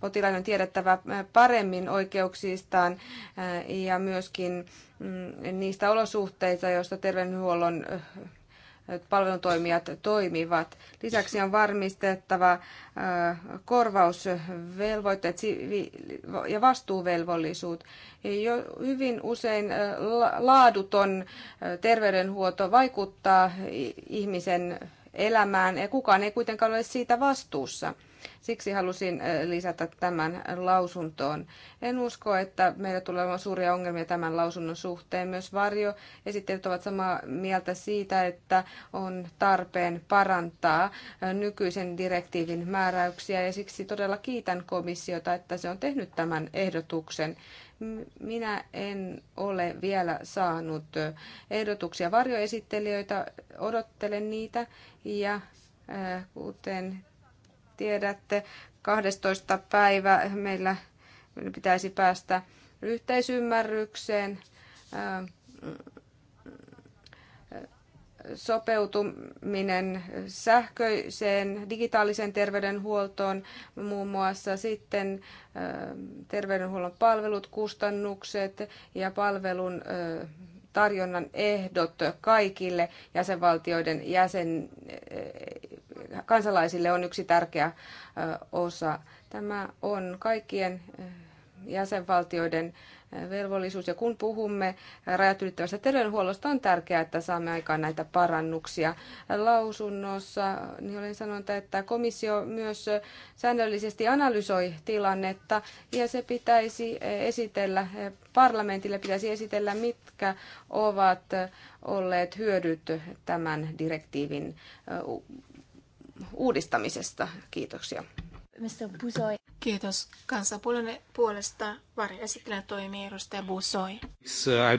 potilaan on tiedettävä paremmin oikeuksistaan ja myöskin mm, niistä olosuhteista, joista terveydenhuollon palveluntoimijat toimivat. Lisäksi on varmistettava korvausvelvoitteet ja vastuuvelvollisuus. hyvin usein laaduton terveydenhuolto vaikuttaa ihmisen elämään ja kukaan ei kuitenkaan ole siitä vastuussa. Siksi halusin äh, lisätä tämän lausuntoon. En usko, että meillä tulee olemaan suuria ongelmia tämän lausunnon suhteen. Myös Varjo esittelyt ovat samaa mieltä siitä, että on tarpeen parantaa äh, nykyisen direktiivin määräyksiä ja siksi todella kiitän komissiota, että se on tehnyt tämän ehdotuksen minä en ole vielä saanut äh, ehdotuksia varjoesittelijöitä, odottelen niitä ja kuten tiedätte, 12. päivä meillä pitäisi päästä yhteisymmärrykseen äh, sopeutuminen sähköiseen digitaaliseen terveydenhuoltoon, muun muassa sitten äh, terveydenhuollon palvelut, kustannukset ja palvelun äh, tarjonnan ehdot kaikille jäsenvaltioiden jäsen, eh, kansalaisille on yksi tärkeä eh, osa. Tämä on kaikkien eh, jäsenvaltioiden velvollisuus. Ja kun puhumme rajat ylittävästä terveydenhuollosta, on tärkeää, että saamme aikaan näitä parannuksia. Lausunnossa niin olen sanonut, että komissio myös säännöllisesti analysoi tilannetta ja se pitäisi esitellä, parlamentille pitäisi esitellä, mitkä ovat olleet hyödyt tämän direktiivin uudistamisesta. Kiitoksia. Mr. Kiitos. Kansanpuolueen puolesta varjoesittelijä toimii edustaja Busoi.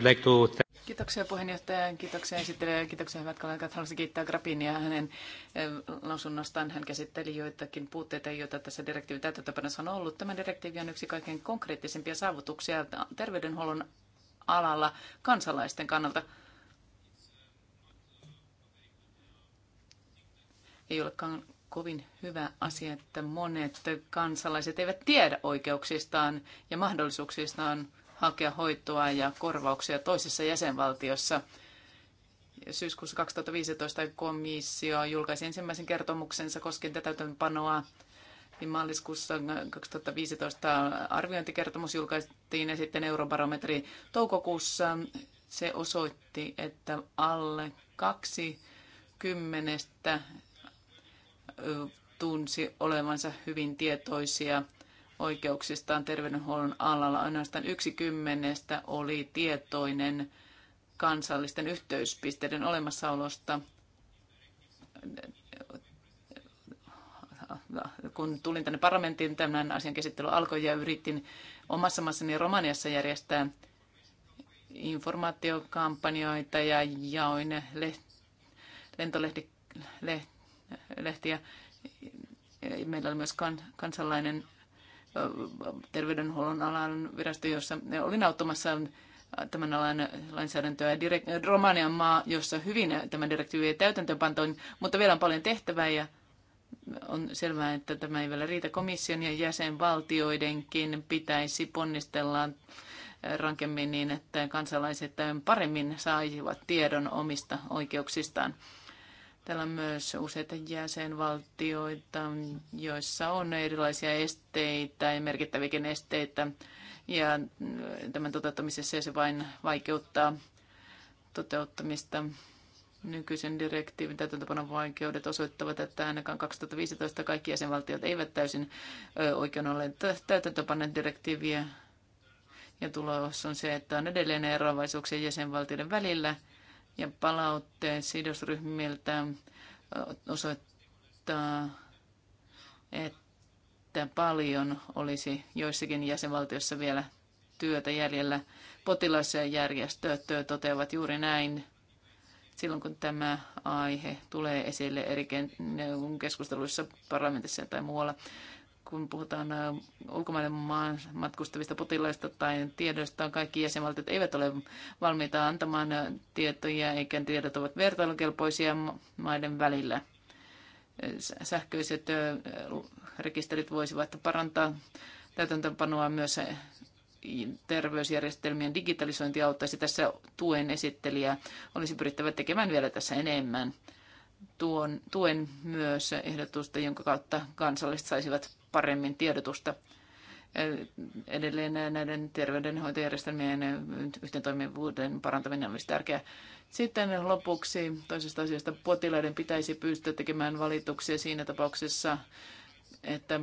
Like to... Kiitoksia puheenjohtaja, kiitoksia esittelijä kiitoksia hyvät kollegat. Haluaisin kiittää Grapinia hänen eh, lausunnostaan. Hän käsitteli joitakin puutteita, joita tässä direktiivin täytäntöpanossa on ollut. Tämä direktiivi on yksi kaikkein konkreettisimpia saavutuksia terveydenhuollon alalla kansalaisten kannalta. Ei olekaan kovin hyvä asia, että monet kansalaiset eivät tiedä oikeuksistaan ja mahdollisuuksistaan hakea hoitoa ja korvauksia toisessa jäsenvaltiossa. Syyskuussa 2015 komissio julkaisi ensimmäisen kertomuksensa koskien tätä täytäntöönpanoa. Niin maaliskuussa 2015 arviointikertomus julkaistiin ja sitten eurobarometri toukokuussa. Se osoitti, että alle kaksi kymmenestä tunsi olevansa hyvin tietoisia oikeuksistaan terveydenhuollon alalla. Ainoastaan yksi kymmenestä oli tietoinen kansallisten yhteyspisteiden olemassaolosta. Kun tulin tänne parlamenttiin, tämän asian käsittely alkoi ja yritin omassa maassani Romaniassa järjestää informaatiokampanjoita ja jaoin le- lentolehti- le- lehtiä. Meillä oli myös kan, kansalainen terveydenhuollon alan virasto, jossa olin auttamassa tämän alan lainsäädäntöä. Direk- Romanian maa, jossa hyvin tämä direktiivi ei täytäntöön mutta vielä on paljon tehtävää ja on selvää, että tämä ei vielä riitä. Komission ja jäsenvaltioidenkin pitäisi ponnistella rankemmin niin, että kansalaiset paremmin saisivat tiedon omista oikeuksistaan. Täällä on myös useita jäsenvaltioita, joissa on erilaisia esteitä ja merkittäviäkin esteitä. Ja tämän toteuttamisessa se vain vaikeuttaa toteuttamista. Nykyisen direktiivin täytäntöpanon vaikeudet osoittavat, että ainakaan 2015 kaikki jäsenvaltiot eivät täysin oikein ole täytäntöpanneet direktiiviä. Ja tulos on se, että on edelleen eroavaisuuksia jäsenvaltioiden välillä – ja palautteet sidosryhmiltä osoittaa, että paljon olisi joissakin jäsenvaltioissa vielä työtä jäljellä. järjestöt toteavat juuri näin silloin, kun tämä aihe tulee esille eri keskusteluissa parlamentissa tai muualla kun puhutaan äh, ulkomaille maan matkustavista potilaista tai tiedoista, kaikki jäsenvaltiot eivät ole valmiita antamaan äh, tietoja, eikä tiedot ovat vertailukelpoisia maiden välillä. Äh, sähköiset rekisterit voisivat parantaa täytäntöönpanoa myös terveysjärjestelmien digitalisointi auttaisi tässä tuen esittelijä. Olisi pyrittävä tekemään vielä tässä enemmän tuon, tuen myös ehdotusta, jonka kautta kansalliset saisivat paremmin tiedotusta. Edelleen näiden terveydenhoitojärjestelmien yhteentoimivuuden parantaminen olisi tärkeää. Sitten lopuksi toisesta asiasta potilaiden pitäisi pystyä tekemään valituksia siinä tapauksessa, että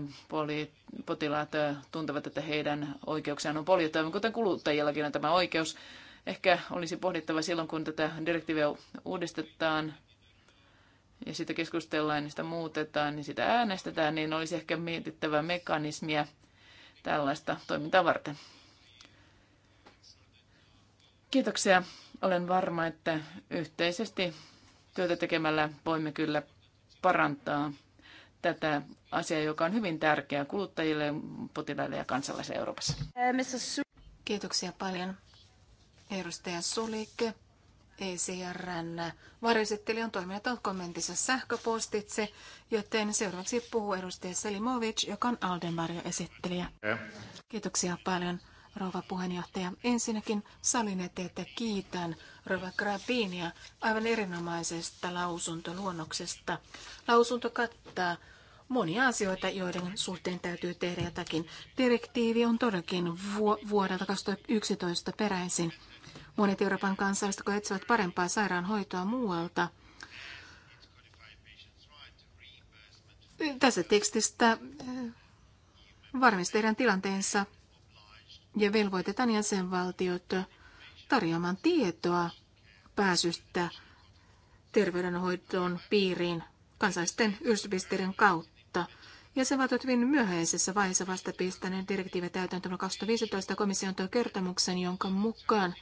potilaat tuntevat, että heidän oikeuksiaan on poljettava, kuten kuluttajillakin on tämä oikeus. Ehkä olisi pohdittava silloin, kun tätä direktiiviä uudistetaan, ja sitä keskustellaan ja niin sitä muutetaan, niin sitä äänestetään, niin olisi ehkä mietittävä mekanismia tällaista toimintaa varten. Kiitoksia. Olen varma, että yhteisesti työtä tekemällä voimme kyllä parantaa tätä asiaa, joka on hyvin tärkeää kuluttajille, potilaille ja kansalaisille Euroopassa. Kiitoksia paljon. Edustaja Sulik. ECRn on toiminut kommentissa sähköpostitse, joten seuraavaksi puhuu edustaja Selimovic, joka on Alden varjoesittelijä. Kiitoksia paljon, rouva puheenjohtaja. Ensinnäkin salinette, että kiitän rouva Grabinia aivan erinomaisesta lausuntoluonnoksesta. Lausunto kattaa monia asioita, joiden suhteen täytyy tehdä jotakin. Direktiivi on todellakin vuodelta 2011 peräisin Monet Euroopan kansalaiset, kun etsivät parempaa sairaanhoitoa muualta, Tässä tekstistä eh, varmistetaan tilanteensa ja velvoitetaan jäsenvaltiot tarjoamaan tietoa pääsystä terveydenhoitoon piiriin kansallisten yhdistyspisteiden kautta. Ja Jäsenvaltiot hyvin myöhäisessä vaiheessa vasta pistäneen direktiivin täytäntöön 2015 komission kertomuksen, jonka mukaan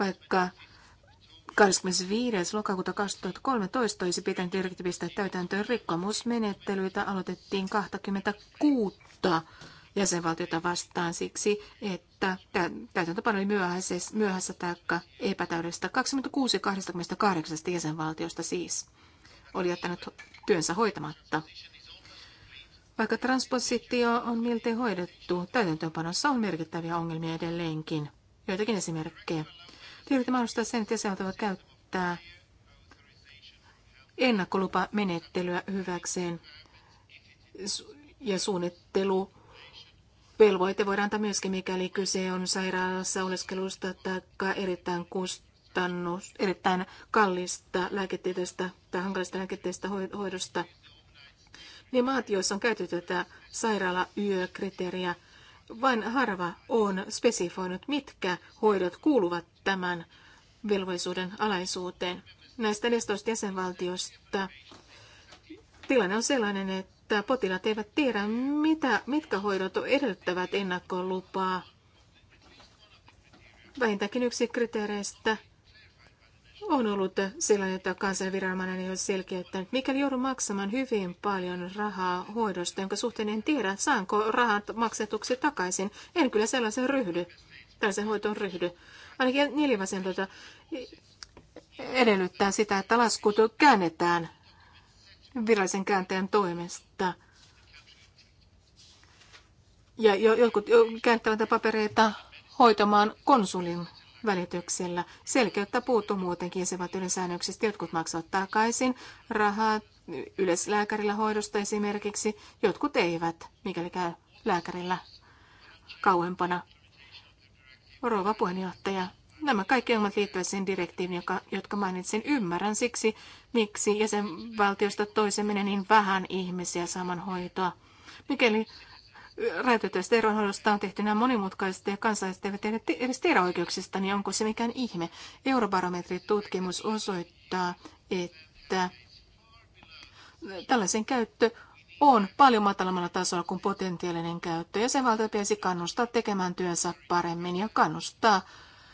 vaikka 25. lokakuuta 2013 olisi pitänyt pistää täytäntöön rikkomusmenettelyitä aloitettiin 26 jäsenvaltiota vastaan siksi, että täytäntöpano oli myöhässä, myöhässä tai epätäydellistä 26 28 jäsenvaltiosta siis oli jättänyt työnsä hoitamatta. Vaikka transpositio on miltei hoidettu, täytäntöönpanossa on merkittäviä ongelmia edelleenkin. Joitakin esimerkkejä. Pyritään mahdollistaa sen, että jäsenet voivat käyttää ennakkolupamenettelyä hyväkseen ja suunnittelu Velvoite voidaan antaa myöskin, mikäli kyse on sairaalassa oleskelusta tai erittäin kustannus, erittäin kallista lääketieteestä tai hankalista lääketieteestä hoidosta. Ne maat, joissa on käytetty tätä sairaalayökriteeriä, vain harva on spesifoinut, mitkä hoidot kuuluvat tämän velvollisuuden alaisuuteen. Näistä 14 jäsenvaltiosta tilanne on sellainen, että potilaat eivät tiedä, mitä, mitkä hoidot edellyttävät ennakkolupaa. Vähintäänkin yksi kriteereistä on ollut sellainen, että kansanviranomainen ei ole selkeyttänyt. Mikäli joudun maksamaan hyvin paljon rahaa hoidosta, jonka suhteen en tiedä, saanko rahat maksetuksi takaisin, en kyllä sellaisen ryhdy, tällaisen hoitoon ryhdy. Ainakin tuota, edellyttää sitä, että laskut käännetään virallisen käänteen toimesta. Ja jotkut käyttävät papereita hoitamaan konsulin välityksellä. Selkeyttä puuttuu muutenkin jäsenvaltioiden säännöksistä. Jotkut maksavat takaisin rahaa yleislääkärillä hoidosta esimerkiksi. Jotkut eivät, mikäli käy lääkärillä kauempana. Rouva puheenjohtaja, nämä kaikki ongelmat liittyvät sen direktiiviin, joka, jotka mainitsin. Ymmärrän siksi, miksi jäsenvaltiosta toiseen menee niin vähän ihmisiä saman hoitoa. Mikäli rajoitetuista erohoidosta on tehty nämä monimutkaisesti ja kansalaiset eivät tiedä edes tiedä oikeuksista, niin onko se mikään ihme? Eurobarometritutkimus osoittaa, että tällaisen käyttö on paljon matalammalla tasolla kuin potentiaalinen käyttö, ja sen valta pitäisi kannustaa tekemään työnsä paremmin ja kannustaa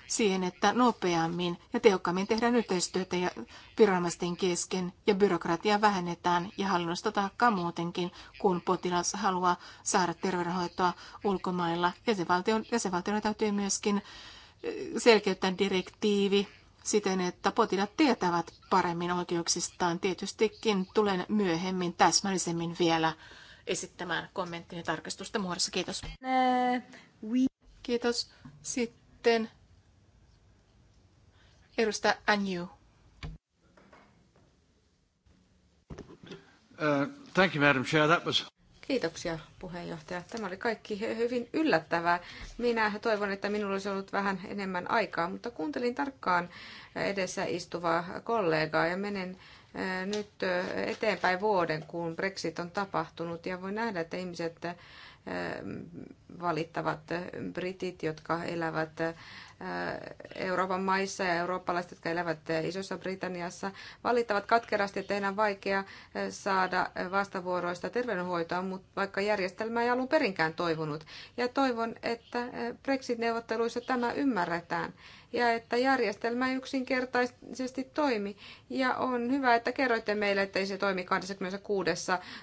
siihen, että nopeammin ja tehokkaammin tehdään yhteistyötä ja viranomaisten kesken ja byrokratiaa vähennetään ja hallinnosta taakkaa muutenkin, kun potilas haluaa saada terveydenhoitoa ulkomailla. jäsenvaltioiden täytyy myöskin selkeyttää direktiivi siten, että potilaat tietävät paremmin oikeuksistaan. Tietystikin tulen myöhemmin täsmällisemmin vielä esittämään kommenttini tarkastusta muodossa. Kiitos. Kiitos. Sitten Edustaja Anju. Uh, thank you, Madam Chair. That was... Kiitoksia puheenjohtaja. Tämä oli kaikki hyvin yllättävää. Minä toivon, että minulla olisi ollut vähän enemmän aikaa, mutta kuuntelin tarkkaan edessä istuvaa kollegaa ja menen eh, nyt eh, eteenpäin vuoden, kun Brexit on tapahtunut ja voi nähdä, että ihmiset eh, valittavat britit, jotka elävät Euroopan maissa ja eurooppalaiset, jotka elävät Isossa Britanniassa, valittavat katkerasti, että heidän on vaikea saada vastavuoroista terveydenhoitoa, mutta vaikka järjestelmä ei alun perinkään toivonut. Ja toivon, että Brexit-neuvotteluissa tämä ymmärretään ja että järjestelmä ei yksinkertaisesti toimi. Ja on hyvä, että kerroitte meille, että ei se toimi 26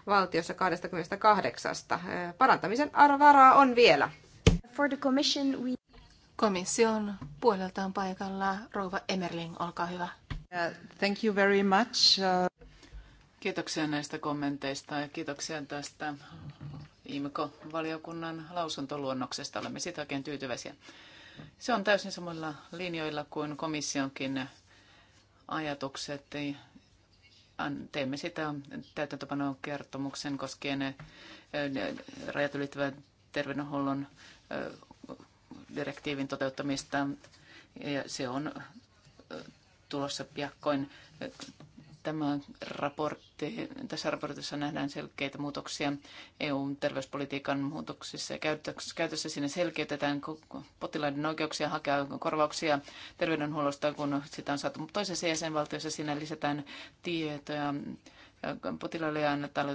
valtiossa 28. Parantamisen varaa on vielä. For the commission we Komission puolelta on paikalla rouva Emerling, olkaa hyvä. Thank you very much. Uh, kiitoksia näistä kommenteista ja kiitoksia tästä imco valiokunnan lausuntoluonnoksesta. Olemme sitä oikein tyytyväisiä. Se on täysin samalla linjoilla kuin komissionkin ajatukset. Teemme sitä täytäntöpanon kertomuksen koskien eh, rajat ylittävän terveydenhuollon eh, direktiivin toteuttamista. Ja se on tulossa piakkoin. Tämä raportti, tässä raportissa nähdään selkeitä muutoksia EUn terveyspolitiikan muutoksissa ja käytössä. Siinä selkeytetään potilaiden oikeuksia hakea korvauksia terveydenhuollosta, kun sitä on saatu toisessa jäsenvaltiossa. Siinä lisätään tietoja Potilaille annetaan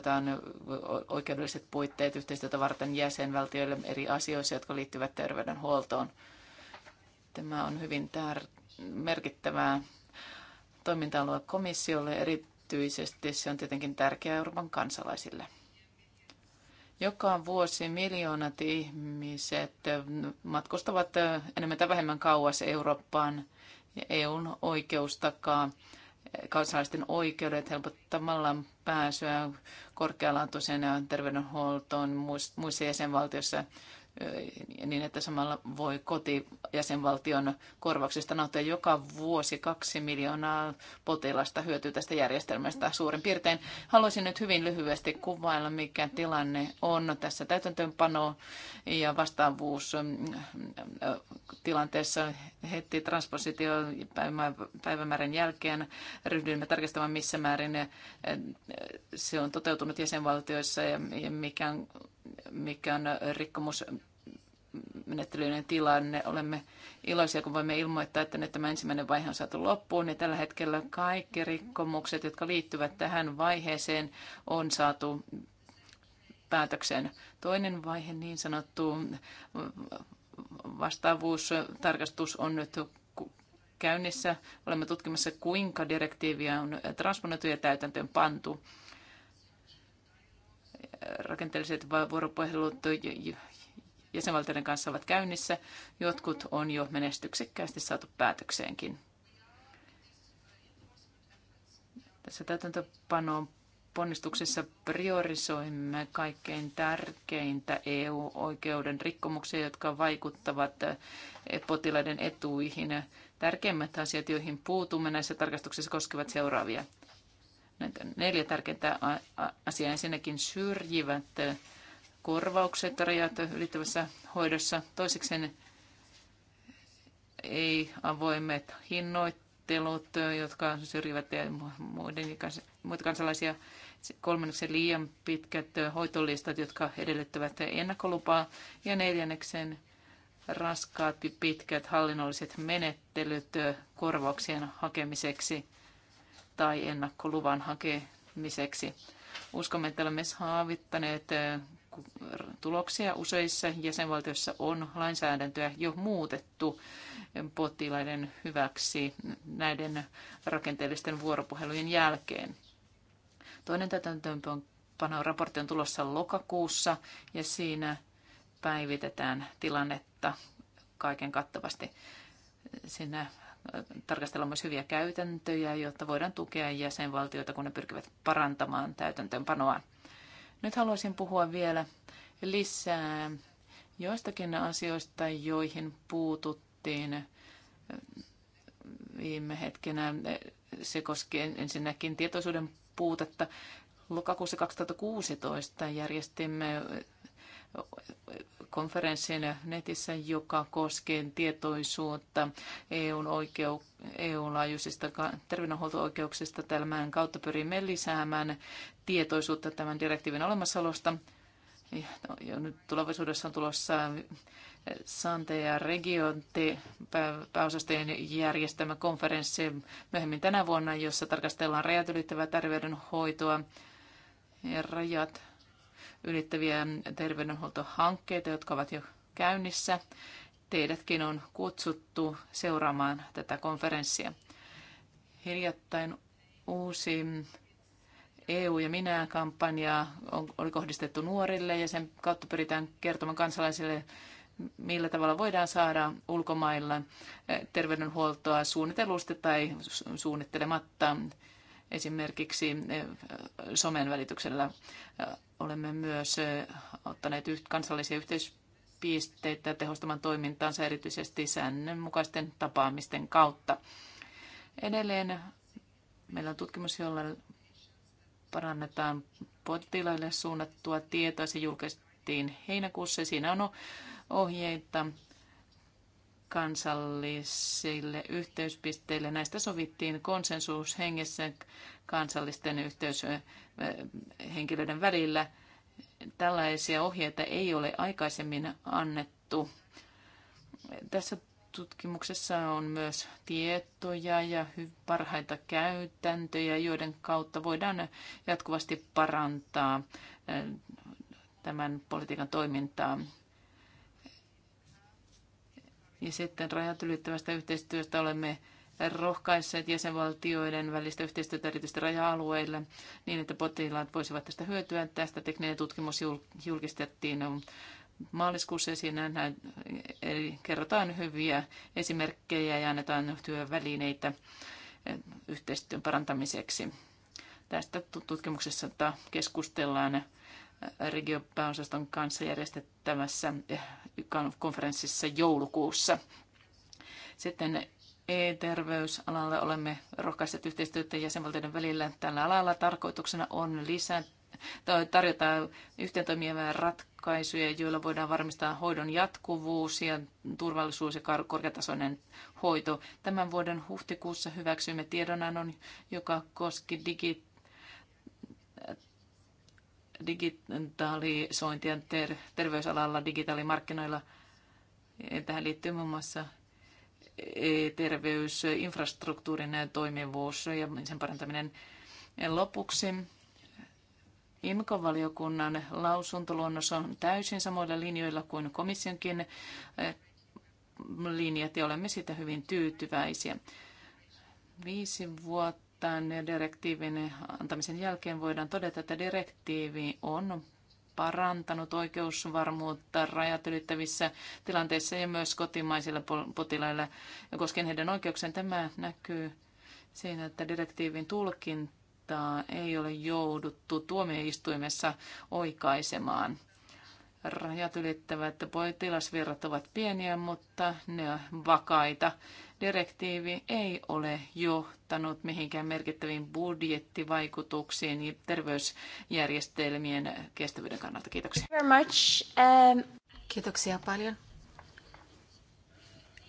oikeudelliset puitteet yhteistyötä varten jäsenvaltioille eri asioissa, jotka liittyvät terveydenhuoltoon. Tämä on hyvin tär- merkittävää toiminta-alue komissiolle, erityisesti se on tietenkin tärkeää Euroopan kansalaisille. Joka vuosi miljoonat ihmiset matkustavat enemmän tai vähemmän kauas Eurooppaan ja EUn oikeus takaa kansalaisten oikeudet helpottamalla pääsyä korkealaatuiseen terveydenhuoltoon muissa jäsenvaltioissa niin että samalla voi koti jäsenvaltion korvauksista nauttia joka vuosi kaksi miljoonaa potilasta hyötyy tästä järjestelmästä suurin piirtein. Haluaisin nyt hyvin lyhyesti kuvailla, mikä tilanne on tässä täytäntöönpano ja vastaavuus tilanteessa heti transpositio päivämäärän jälkeen ryhdyimme tarkistamaan, missä määrin se on toteutunut jäsenvaltioissa ja mikä on, mikä on rikkomus menettelyinen tilanne. Olemme iloisia, kun voimme ilmoittaa, että nyt tämä ensimmäinen vaihe on saatu loppuun. Ja tällä hetkellä kaikki rikkomukset, jotka liittyvät tähän vaiheeseen, on saatu päätökseen. Toinen vaihe, niin sanottu vastaavuustarkastus, on nyt käynnissä. Olemme tutkimassa, kuinka direktiiviä on transponoitu ja täytäntöön pantu rakenteelliset vuoropuhelut jäsenvaltioiden kanssa ovat käynnissä. Jotkut on jo menestyksekkäästi saatu päätökseenkin. Tässä täytäntöpanon ponnistuksessa priorisoimme kaikkein tärkeintä EU-oikeuden rikkomuksia, jotka vaikuttavat potilaiden etuihin. Tärkeimmät asiat, joihin puutumme näissä tarkastuksissa, koskevat seuraavia. Näitä neljä tärkeintä asiaa. Ensinnäkin syrjivät korvaukset rajat ylittävässä hoidossa. Toiseksi ei avoimet hinnoittelut, jotka syrjivät muiden, muita kansalaisia. Kolmanneksi liian pitkät hoitolistat, jotka edellyttävät ennakkolupaa. Ja neljänneksen raskaat pitkät hallinnolliset menettelyt korvauksien hakemiseksi tai ennakkoluvan hakemiseksi. Uskomme, että olemme saavittaneet tuloksia. Useissa jäsenvaltioissa on lainsäädäntöä jo muutettu potilaiden hyväksi näiden rakenteellisten vuoropuhelujen jälkeen. Toinen täytäntöönpanoraportti on tulossa lokakuussa ja siinä päivitetään tilannetta kaiken kattavasti. Siinä äh, tarkastellaan myös hyviä käytäntöjä, jotta voidaan tukea jäsenvaltioita, kun ne pyrkivät parantamaan täytäntöönpanoa. Nyt haluaisin puhua vielä lisää joistakin asioista, joihin puututtiin eh, viime hetkenä. Eh, se koski ensinnäkin tietoisuuden puutetta. Lokakuussa 2016 järjestimme eh, konferenssin netissä, joka koskee tietoisuutta EUn, oikeu, eu laajuisista terveydenhuolto-oikeuksista. Tämän kautta pyrimme lisäämään tietoisuutta tämän direktiivin olemassaolosta. Ja nyt tulevaisuudessa on tulossa Sante ja Regionte pääosastojen järjestämä konferenssi myöhemmin tänä vuonna, jossa tarkastellaan rajat ylittävää terveydenhoitoa ja rajat ylittäviä terveydenhuoltohankkeita, jotka ovat jo käynnissä. Teidätkin on kutsuttu seuraamaan tätä konferenssia. Hiljattain uusi EU ja minä-kampanja oli kohdistettu nuorille ja sen kautta pyritään kertomaan kansalaisille, millä tavalla voidaan saada ulkomailla terveydenhuoltoa suunnitelusta tai suunnittelematta Esimerkiksi eh, somen välityksellä eh, olemme myös eh, ottaneet kansallisia yhteispisteitä tehostamaan toimintaansa erityisesti säännönmukaisten tapaamisten kautta. Edelleen meillä on tutkimus, jolla parannetaan potilaille suunnattua tietoa. Se julkaistiin heinäkuussa. Siinä on ohjeita kansallisille yhteyspisteille. Näistä sovittiin konsensushengessä kansallisten yhteyshenkilöiden välillä. Tällaisia ohjeita ei ole aikaisemmin annettu. Tässä tutkimuksessa on myös tietoja ja parhaita käytäntöjä, joiden kautta voidaan jatkuvasti parantaa tämän politiikan toimintaa ja sitten rajat ylittävästä yhteistyöstä olemme rohkaisseet jäsenvaltioiden välistä yhteistyötä erityisesti raja-alueille niin, että potilaat voisivat tästä hyötyä. Tästä tekninen tutkimus julkistettiin maaliskuussa ja siinä näin, eli kerrotaan hyviä esimerkkejä ja annetaan työvälineitä yhteistyön parantamiseksi. Tästä tutkimuksessa keskustellaan regiopääosaston kanssa järjestettävässä eh, konferenssissa joulukuussa. Sitten e-terveysalalle olemme rohkaisseet yhteistyötä jäsenvaltioiden välillä. Tällä alalla tarkoituksena on lisätä tarjota yhteen toimivia ratkaisuja, joilla voidaan varmistaa hoidon jatkuvuus ja turvallisuus ja korkeatasoinen hoito. Tämän vuoden huhtikuussa hyväksyimme tiedonannon, joka koski digitaalista digitalisointia ter- terveysalalla, digitaalimarkkinoilla. Tähän liittyy muun muassa terveysinfrastruktuurin toimivuus ja sen parantaminen. Lopuksi IMCO-valiokunnan lausuntoluonnos on täysin samoilla linjoilla kuin komissionkin eh, linjat ja olemme siitä hyvin tyytyväisiä. Viisi vuotta tämän direktiivin antamisen jälkeen voidaan todeta, että direktiivi on parantanut oikeusvarmuutta rajat ylittävissä tilanteissa ja myös kotimaisilla potilailla ja koskien heidän oikeuksien. Tämä näkyy siinä, että direktiivin tulkintaa ei ole jouduttu tuomioistuimessa oikaisemaan. Rajat ylittävät potilasvirrat ovat pieniä, mutta ne ovat vakaita direktiivi ei ole johtanut mihinkään merkittäviin budjettivaikutuksiin terveysjärjestelmien kestävyyden kannalta. Kiitoksia. Very much. Um... Kiitoksia paljon.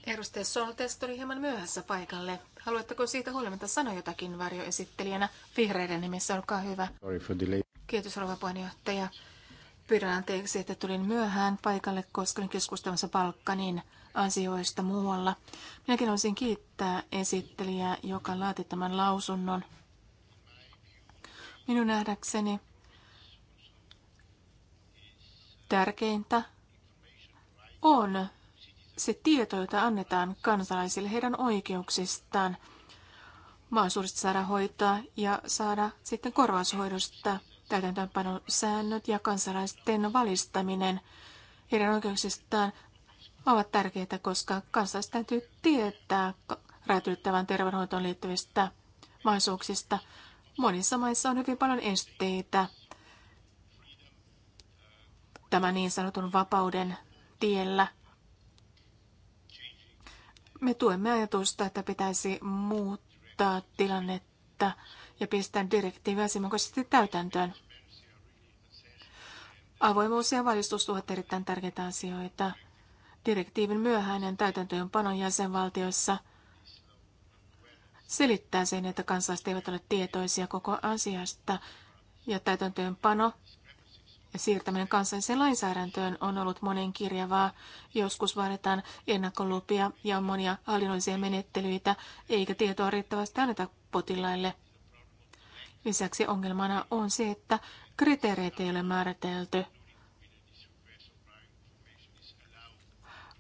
Edustaja Soltest oli hieman myöhässä paikalle. Haluatteko siitä huolimatta sanoa jotakin varjoesittelijänä? Vihreiden nimissä, olkaa hyvä. Sorry for delay. Kiitos rouva puheenjohtaja. Pyydän anteeksi, että tulin myöhään paikalle, koska olin keskustelussa Balkanin asioista muualla. Minäkin haluaisin kiittää esittelijää, joka laati tämän lausunnon. Minun nähdäkseni tärkeintä on se tieto, jota annetaan kansalaisille heidän oikeuksistaan, mahdollisuudesta saada hoitaa ja saada sitten korvaushoidosta täytäntöönpanon säännöt ja kansalaisten valistaminen heidän oikeuksistaan ovat tärkeitä, koska kansalaiset täytyy tietää räätyyttävän terveydenhoitoon liittyvistä mahdollisuuksista. Monissa maissa on hyvin paljon esteitä tämän niin sanotun vapauden tiellä. Me tuemme ajatusta, että pitäisi muuttaa tilannetta ja pistää direktiiviä asianmukaisesti täytäntöön. Avoimuus ja valistus ovat erittäin tärkeitä asioita. Direktiivin myöhäinen täytäntöönpanon jäsenvaltioissa selittää sen, että kansalaiset eivät ole tietoisia koko asiasta ja täytäntöönpano ja siirtäminen kansalliseen lainsäädäntöön on ollut monen kirjavaa. Joskus vaaditaan ennakkolupia ja on monia hallinnollisia menettelyitä, eikä tietoa riittävästi anneta potilaille. Lisäksi ongelmana on se, että kriteereitä ei ole määritelty –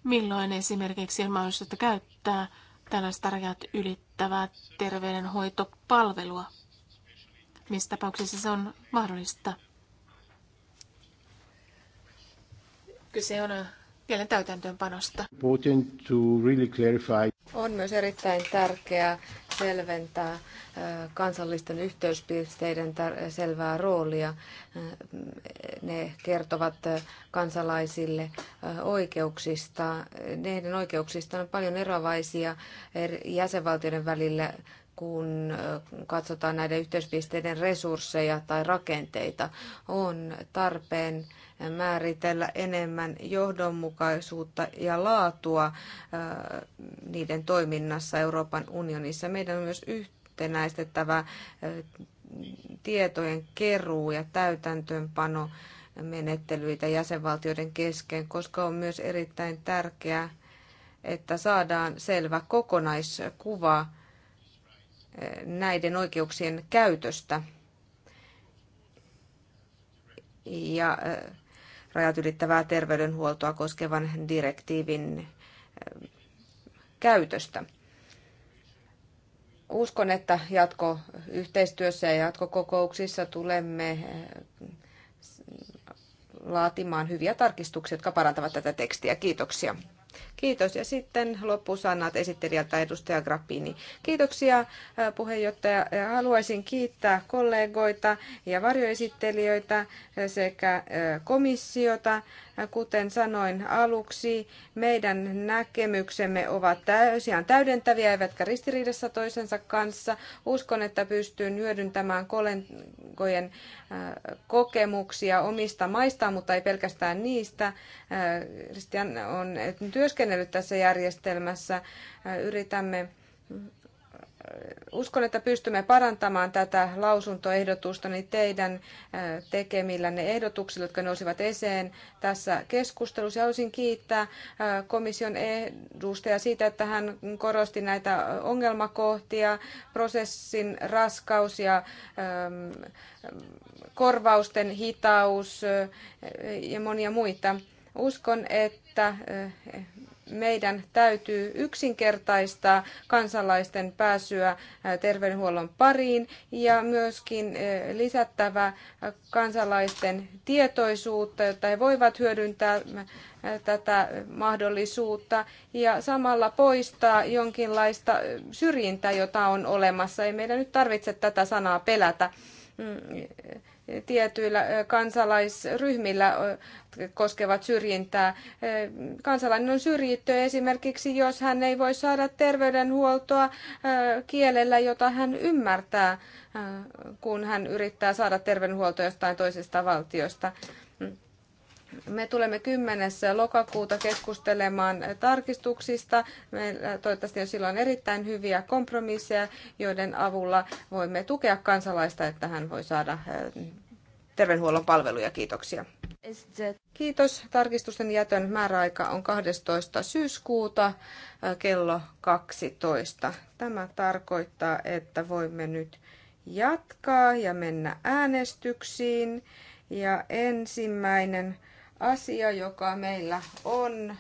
Milloin esimerkiksi on mahdollista käyttää tällaista rajat ylittävää terveydenhoitopalvelua? Missä tapauksessa se on mahdollista? Kyse on vielä äh, täytäntöönpanosta. On myös erittäin tärkeää selventää kansallisten yhteyspisteiden selvää roolia. Ne kertovat kansalaisille oikeuksista. Neiden oikeuksista on paljon eroavaisia jäsenvaltioiden välillä kun katsotaan näiden yhteyspisteiden resursseja tai rakenteita, on tarpeen määritellä enemmän johdonmukaisuutta ja laatua äh, niiden toiminnassa Euroopan unionissa. Meidän on myös yhtenäistettävä äh, tietojen keruu ja täytäntöönpano menettelyitä jäsenvaltioiden kesken, koska on myös erittäin tärkeää, että saadaan selvä kokonaiskuva äh, näiden oikeuksien käytöstä. Ja rajat ylittävää terveydenhuoltoa koskevan direktiivin eh, käytöstä. Uskon, että jatko yhteistyössä ja jatkokokouksissa tulemme eh, laatimaan hyviä tarkistuksia, jotka parantavat tätä tekstiä. Kiitoksia. Kiitos. Ja sitten loppusanat esittelijältä edustaja Grappini. Kiitoksia puheenjohtaja. Haluaisin kiittää kollegoita ja varjoesittelijöitä sekä komissiota Kuten sanoin aluksi, meidän näkemyksemme ovat täysin täydentäviä eivätkä ristiriidassa toisensa kanssa. Uskon, että pystyn hyödyntämään kollegojen kokemuksia omista maistaan, mutta ei pelkästään niistä. Kristian on työskennellyt tässä järjestelmässä. Yritämme uskon, että pystymme parantamaan tätä lausuntoehdotusta niin teidän tekemillänne ehdotuksilla, jotka nousivat esiin tässä keskustelussa. Haluaisin kiittää komission edustaja siitä, että hän korosti näitä ongelmakohtia, prosessin raskaus ja korvausten hitaus ja monia muita. Uskon, että meidän täytyy yksinkertaistaa kansalaisten pääsyä äh, terveydenhuollon pariin ja myöskin äh, lisättävä kansalaisten tietoisuutta, jotta he voivat hyödyntää äh, tätä mahdollisuutta ja samalla poistaa jonkinlaista syrjintää, jota on olemassa. Ei meidän nyt tarvitse tätä sanaa pelätä mm, tietyillä kansalaisryhmillä koskevat syrjintää. Kansalainen on syrjitty esimerkiksi, jos hän ei voi saada terveydenhuoltoa kielellä, jota hän ymmärtää, kun hän yrittää saada terveydenhuoltoa jostain toisesta valtiosta. Mm. Me tulemme 10. lokakuuta keskustelemaan tarkistuksista. Meillä toivottavasti on silloin erittäin hyviä kompromisseja, joiden avulla voimme tukea kansalaista, että hän voi saada terveydenhuollon palveluja. Kiitoksia. Kiitos. Tarkistusten jätön määräaika on 12. syyskuuta kello 12. Tämä tarkoittaa, että voimme nyt jatkaa ja mennä äänestyksiin. Ja ensimmäinen asia, joka meillä on eh,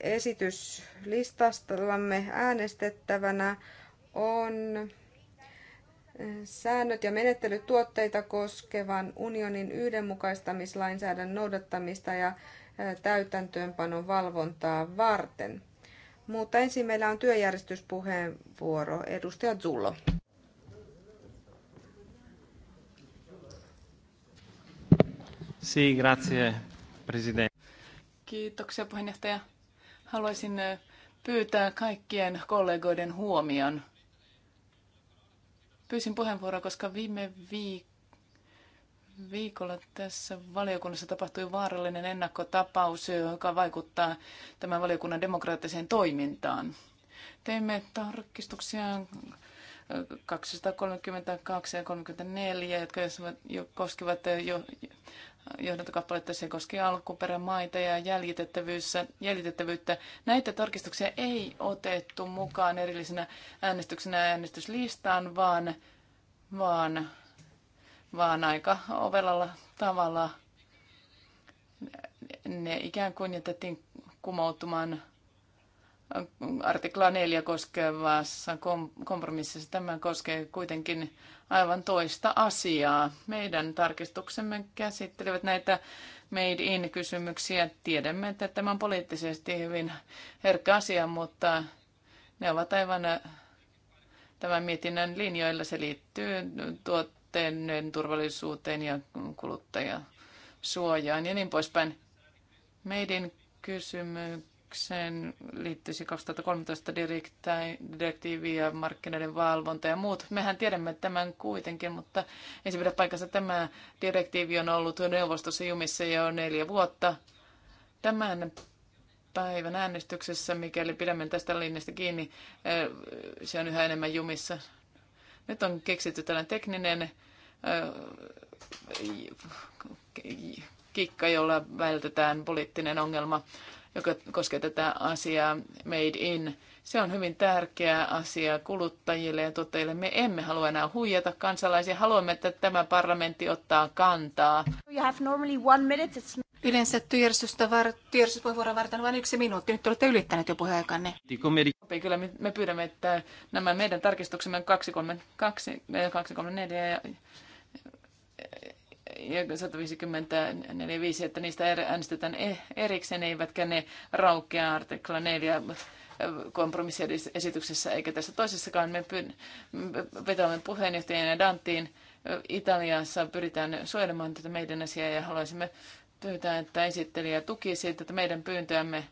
esityslistastamme äänestettävänä, on eh, säännöt ja menettelyt tuotteita koskevan unionin yhdenmukaistamislainsäädännön noudattamista ja eh, täytäntöönpanon valvontaa varten. Mutta ensin meillä on työjärjestyspuheenvuoro. Edustaja Zullo. Si, grazie, president. Kiitoksia puheenjohtaja. Haluaisin eh, pyytää kaikkien kollegoiden huomion. Pyysin puheenvuoroa, koska viime viik- viikolla tässä valiokunnassa tapahtui vaarallinen ennakkotapaus, joka vaikuttaa tämän valiokunnan demokraattiseen toimintaan. Teimme tarkistuksia 232 ja 34, jotka koskivat eh, jo johdantokappaletta, se koski alkuperämaita ja jäljitettävyyttä. Näitä tarkistuksia ei otettu mukaan erillisenä äänestyksenä äänestyslistaan, vaan, vaan, vaan aika ovelalla tavalla ne ikään kuin jätettiin kumoutumaan artikla 4 koskevassa kompromississa. Tämä koskee kuitenkin aivan toista asiaa. Meidän tarkistuksemme käsittelevät näitä made in-kysymyksiä. Tiedämme, että tämä on poliittisesti hyvin herkkä asia, mutta ne ovat aivan äh, tämän mietinnön linjoilla. Se liittyy tuotteen turvallisuuteen ja kuluttajasuojaan ja niin poispäin. Made in kysymyksiä kysymykseen liittyisi 2013 direktiivi ja markkinoiden valvonta ja muut. Mehän tiedämme tämän kuitenkin, mutta ei se pidä paikassa. Tämä direktiivi on ollut neuvostossa jumissa jo neljä vuotta. Tämän päivän äänestyksessä, mikäli pidämme tästä linjasta kiinni, eh, se on yhä enemmän jumissa. Nyt on keksitty tällainen tekninen eh, kikka, jolla vältetään poliittinen ongelma joka koskee tätä asiaa Made in. Se on hyvin tärkeä asia kuluttajille ja tuottajille. Me emme halua enää huijata kansalaisia. Haluamme, että tämä parlamentti ottaa kantaa. You have normally one minute. It's... Yleensä var, varten vain yksi minuutti. Nyt olette ylittäneet jo puheaikanne. Kyllä me, me pyydämme, että nämä meidän tarkistuksemme 232 234 ja ja 154 että niistä er-, äänestetään e-, erikseen, eivätkä ne raukea artikla 4 kompromissiesityksessä eikä tässä toisessakaan. Me vetoamme puheenjohtajana Dantiin. Italiassa pyritään suojelemaan tätä meidän asiaa ja haluaisimme pyytää, että esittelijä tukisi tätä meidän pyyntöämme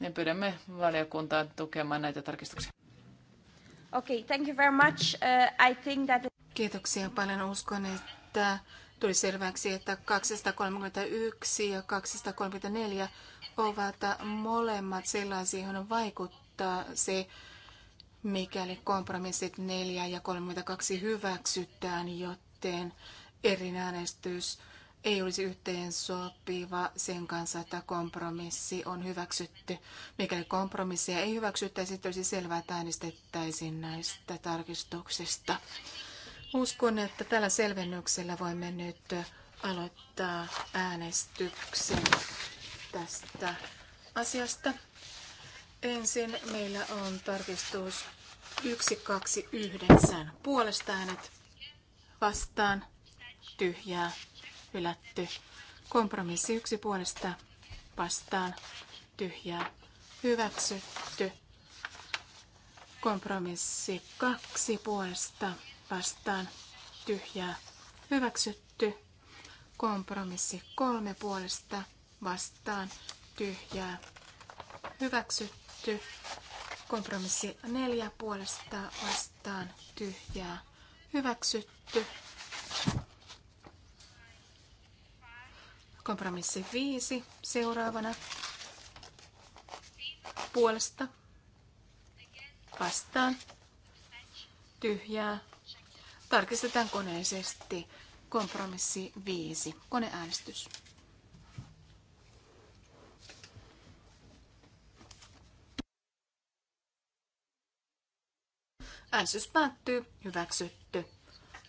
ja pyydämme valiokuntaa tukemaan näitä tarkistuksia. Okay, thank you very much. Uh, I think that... Kiitoksia paljon. Uskon, että tuli selväksi, että 231 ja 234 ovat molemmat sellaisia, joihin vaikuttaa se, mikäli kompromissit 4 ja 32 hyväksytään, joten erinäänestys ei olisi yhteen sopiva sen kanssa, että kompromissi on hyväksytty. Mikäli kompromissia ei hyväksyttäisi, olisi selvää, että äänestettäisiin näistä tarkistuksista. Uskon, että tällä selvennyksellä voimme nyt aloittaa äänestyksen tästä asiasta. Ensin meillä on tarkistus 129 puolesta äänet vastaan tyhjää hylätty. Kompromissi yksi puolesta vastaan tyhjää hyväksytty. Kompromissi kaksi puolesta vastaan tyhjää hyväksytty. Kompromissi kolme puolesta vastaan tyhjää hyväksytty. Kompromissi neljä puolesta vastaan tyhjää hyväksytty. Kompromissi viisi seuraavana puolesta vastaan tyhjää Tarkistetaan koneisesti. Kompromissi 5. Koneäänestys. Äänestys päättyy. Hyväksytty.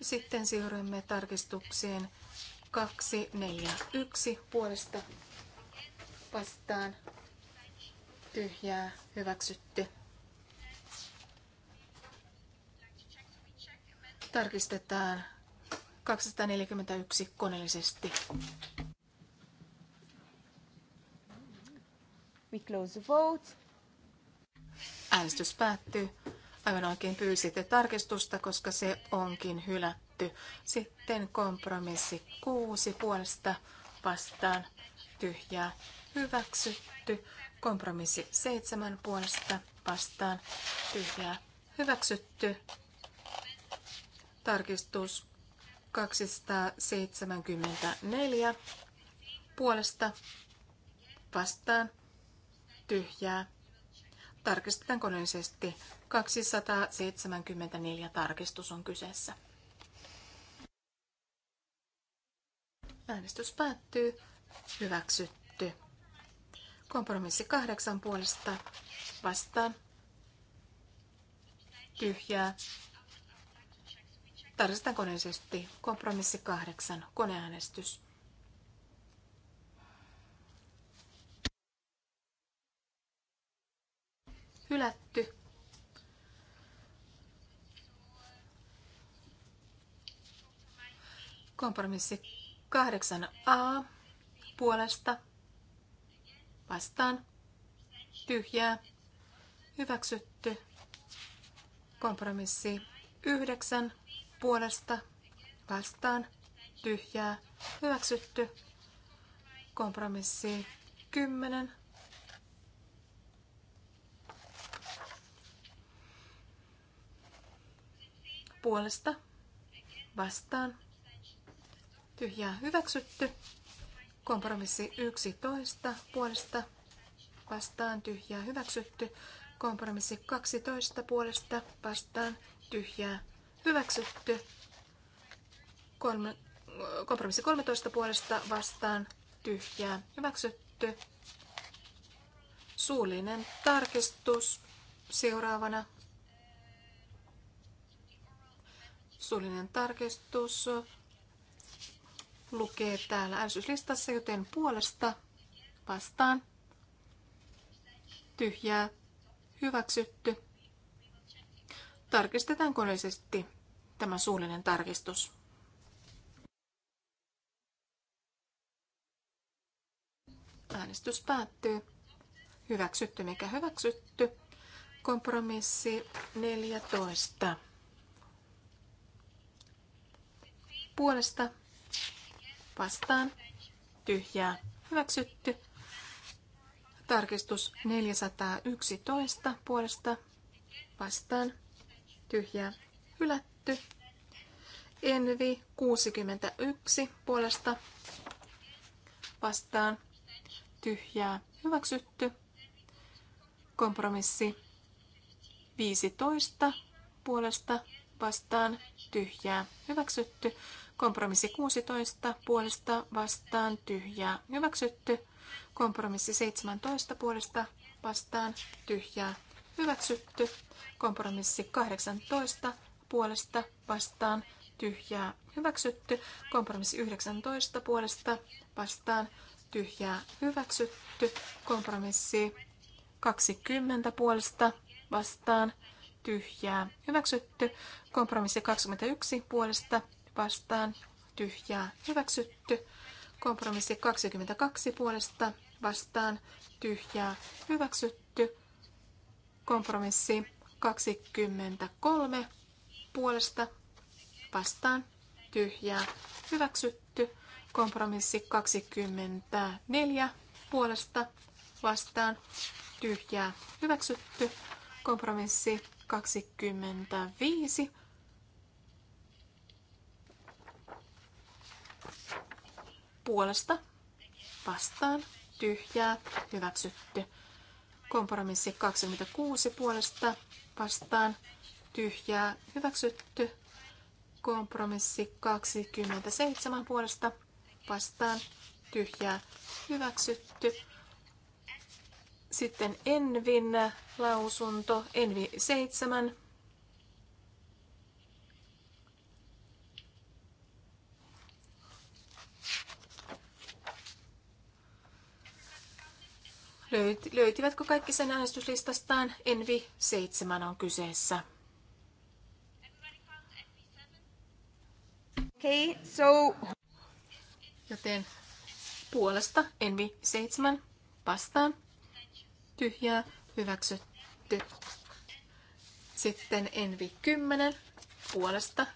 Sitten siirrymme tarkistukseen 2, 4, 1 puolesta vastaan. Tyhjää. Hyväksytty. Tarkistetaan 241 koneellisesti. We close the vote. Äänestys päättyy. Aivan oikein pyysitte tarkistusta, koska se onkin hylätty. Sitten kompromissi kuusi puolesta vastaan tyhjää hyväksytty. Kompromissi seitsemän puolesta vastaan tyhjää hyväksytty. Tarkistus 274 puolesta vastaan tyhjää. Tarkistetaan koneellisesti. 274 tarkistus on kyseessä. Äänestys päättyy. Hyväksytty. Kompromissi kahdeksan puolesta vastaan. Tyhjää. Tarkistetaan koneisesti Kompromissi kahdeksan. Koneäänestys. Hylätty. Kompromissi 8a puolesta vastaan tyhjää hyväksytty. Kompromissi 9 puolesta vastaan tyhjää hyväksytty. Kompromissi 10 puolesta vastaan tyhjää hyväksytty. Kompromissi 11 puolesta vastaan tyhjää hyväksytty. Kompromissi 12 puolesta vastaan tyhjää Hyväksytty. Kolme, kompromissi 13 puolesta vastaan tyhjää. Hyväksytty. Suullinen tarkistus seuraavana. Suullinen tarkistus lukee täällä äänestyslistassa, joten puolesta vastaan tyhjää hyväksytty. Tarkistetaan koneisesti tämä suullinen tarkistus. Äänestys päättyy. Hyväksytty mikä hyväksytty. Kompromissi 14. Puolesta vastaan tyhjää hyväksytty. Tarkistus 411 puolesta vastaan tyhjää hylätty hylätty. Envi 61 puolesta vastaan tyhjää hyväksytty. Kompromissi 15 puolesta vastaan tyhjää hyväksytty. Kompromissi 16 puolesta vastaan tyhjää hyväksytty. Kompromissi 17 puolesta vastaan tyhjää hyväksytty. Kompromissi 18 puolesta vastaan tyhjää hyväksytty. Kompromissi 19 puolesta vastaan tyhjää hyväksytty. Kompromissi 20 puolesta vastaan tyhjää hyväksytty. Kompromissi 21 puolesta vastaan tyhjää hyväksytty. Kompromissi 22 puolesta vastaan tyhjää hyväksytty. Kompromissi 23 puolesta vastaan tyhjää hyväksytty. Kompromissi 24 puolesta vastaan tyhjää hyväksytty. Kompromissi 25 puolesta vastaan tyhjää hyväksytty. Kompromissi 26 puolesta vastaan tyhjää hyväksytty. Kompromissi 27 puolesta vastaan tyhjää hyväksytty. Sitten Envin lausunto, Envi 7. Löytivätkö kaikki sen äänestyslistastaan? Envi 7 on kyseessä. Okay, so... Joten puolesta Envi seitsemän, vastaan. Tyhjää hyväksytty. Sitten Envi kymmenen, puolesta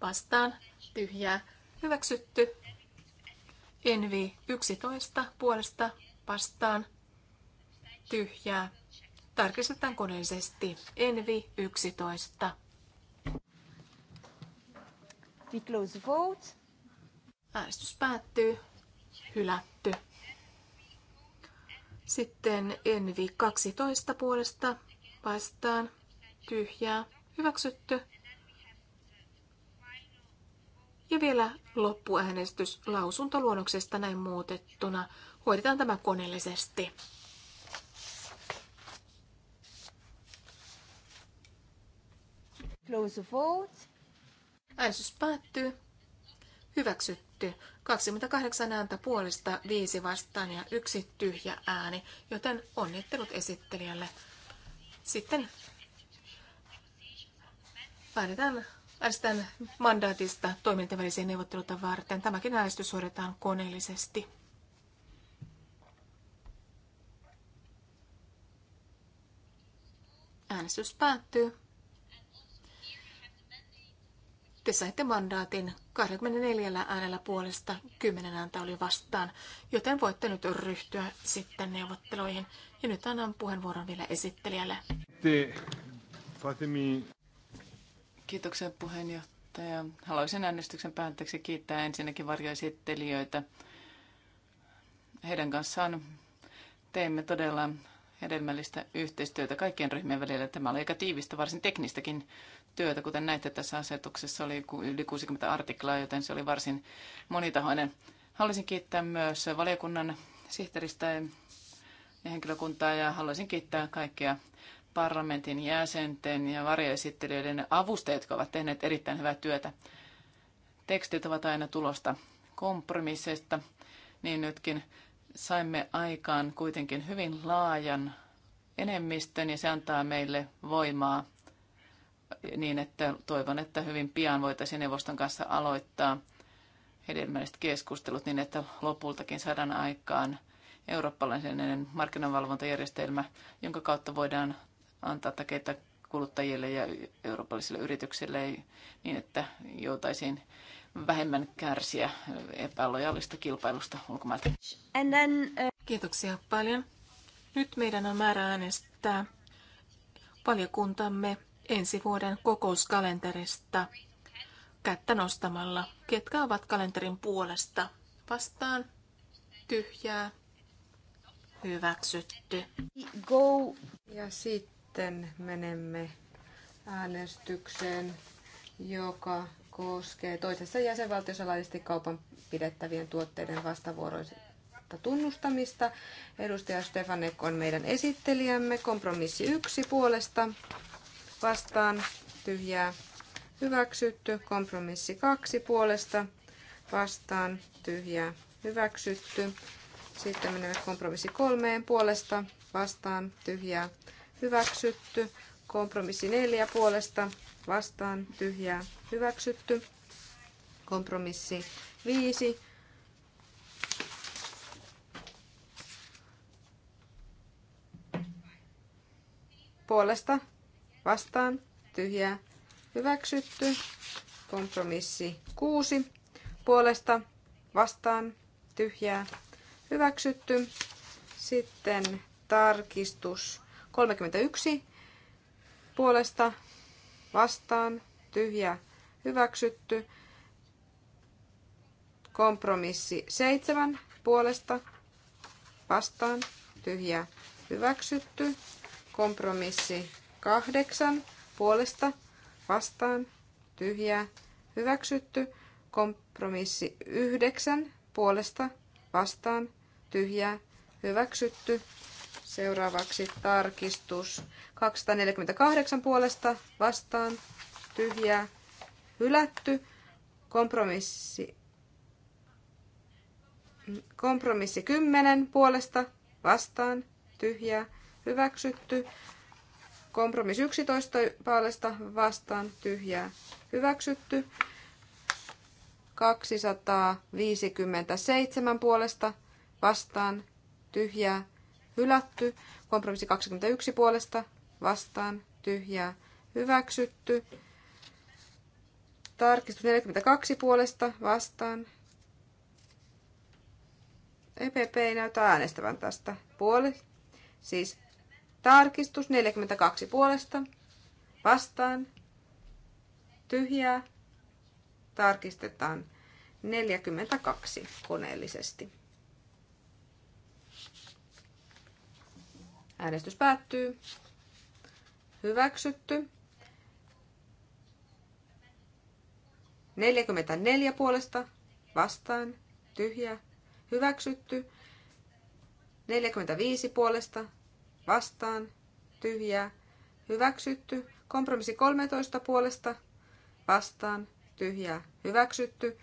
vastaan. Tyhjää hyväksytty. Envi 11 puolesta vastaan. Tyhjää. Tarkistetaan koneellisesti. Envi 11. We close vote. Äänestys päättyy. Hylätty. Sitten Envi 12 puolesta vastaan. Tyhjää. Hyväksytty. Ja vielä loppuäänestys lausuntoluonnoksesta näin muutettuna. Hoidetaan tämä koneellisesti. Close the vote. Äänestys päättyy. Hyväksytty. 28 ääntä puolesta, 5 vastaan ja yksi tyhjä ääni, joten onnittelut esittelijälle. Sitten päätetään äänestän mandaatista toimintavälisiä neuvotteluita varten. Tämäkin äänestys suoritetaan koneellisesti. Äänestys päättyy. Te saitte mandaatin 24 äänellä puolesta, 10 ääntä oli vastaan, joten voitte nyt ryhtyä sitten neuvotteluihin. Ja nyt annan puheenvuoron vielä esittelijälle. Kiitoksia puheenjohtaja. Haluaisin äänestyksen päätteeksi kiittää ensinnäkin varjoesittelijöitä. Heidän kanssaan teimme todella hedelmällistä yhteistyötä kaikkien ryhmien välillä. Tämä oli aika tiivistä, varsin teknistäkin työtä, kuten näitte tässä asetuksessa oli yli 60 artiklaa, joten se oli varsin monitahoinen. Haluaisin kiittää myös valiokunnan sihteeristä ja henkilökuntaa ja haluaisin kiittää kaikkia parlamentin jäsenten ja varjoesittelijöiden avustajat, jotka ovat tehneet erittäin hyvää työtä. Tekstit ovat aina tulosta kompromisseista, niin nytkin saimme aikaan kuitenkin hyvin laajan enemmistön ja se antaa meille voimaa niin, että toivon, että hyvin pian voitaisiin neuvoston kanssa aloittaa hedelmälliset keskustelut niin, että lopultakin saadaan aikaan eurooppalainen markkinavalvontajärjestelmä, jonka kautta voidaan antaa takeita kuluttajille ja eurooppalaisille yrityksille niin, että joutaisiin vähemmän kärsiä epälojaalista kilpailusta ulkomailta. And then, uh... Kiitoksia paljon. Nyt meidän on määrä äänestää valiokuntamme ensi vuoden kokouskalenterista kättä nostamalla. Ketkä ovat kalenterin puolesta? Vastaan. Tyhjää. Hyväksytty. Go. Ja sitten menemme äänestykseen, joka koskee toisessa jäsenvaltiossa laillisesti kaupan pidettävien tuotteiden vastavuoroista tunnustamista. Edustaja Stefanek on meidän esittelijämme. Kompromissi yksi puolesta vastaan tyhjää hyväksytty. Kompromissi kaksi puolesta vastaan tyhjää hyväksytty. Sitten menemme kompromissi kolmeen puolesta vastaan tyhjää hyväksytty. Kompromissi neljä puolesta vastaan tyhjää hyväksytty. Kompromissi 5 puolesta vastaan tyhjää hyväksytty. Kompromissi 6 puolesta vastaan tyhjää hyväksytty. Sitten tarkistus 31 puolesta vastaan, tyhjä, hyväksytty. Kompromissi 7 puolesta, vastaan, tyhjä, hyväksytty. Kompromissi 8 puolesta, vastaan, tyhjä, hyväksytty. Kompromissi 9 puolesta, vastaan, tyhjä, hyväksytty. Seuraavaksi tarkistus 248 puolesta vastaan tyhjää hylätty. Kompromissi, kompromissi 10 puolesta vastaan tyhjää hyväksytty. Kompromissi 11 puolesta vastaan tyhjää hyväksytty. 257 puolesta vastaan tyhjää hylätty. Kompromissi 21 puolesta vastaan tyhjää hyväksytty. Tarkistus 42 puolesta vastaan. EPP ei näytä äänestävän tästä puoli. Siis tarkistus 42 puolesta vastaan tyhjää tarkistetaan 42 koneellisesti. Äänestys päättyy. Hyväksytty. 44 puolesta vastaan. Tyhjä. Hyväksytty. 45 puolesta vastaan. Tyhjä. Hyväksytty. Kompromissi 13 puolesta vastaan. Tyhjä. Hyväksytty.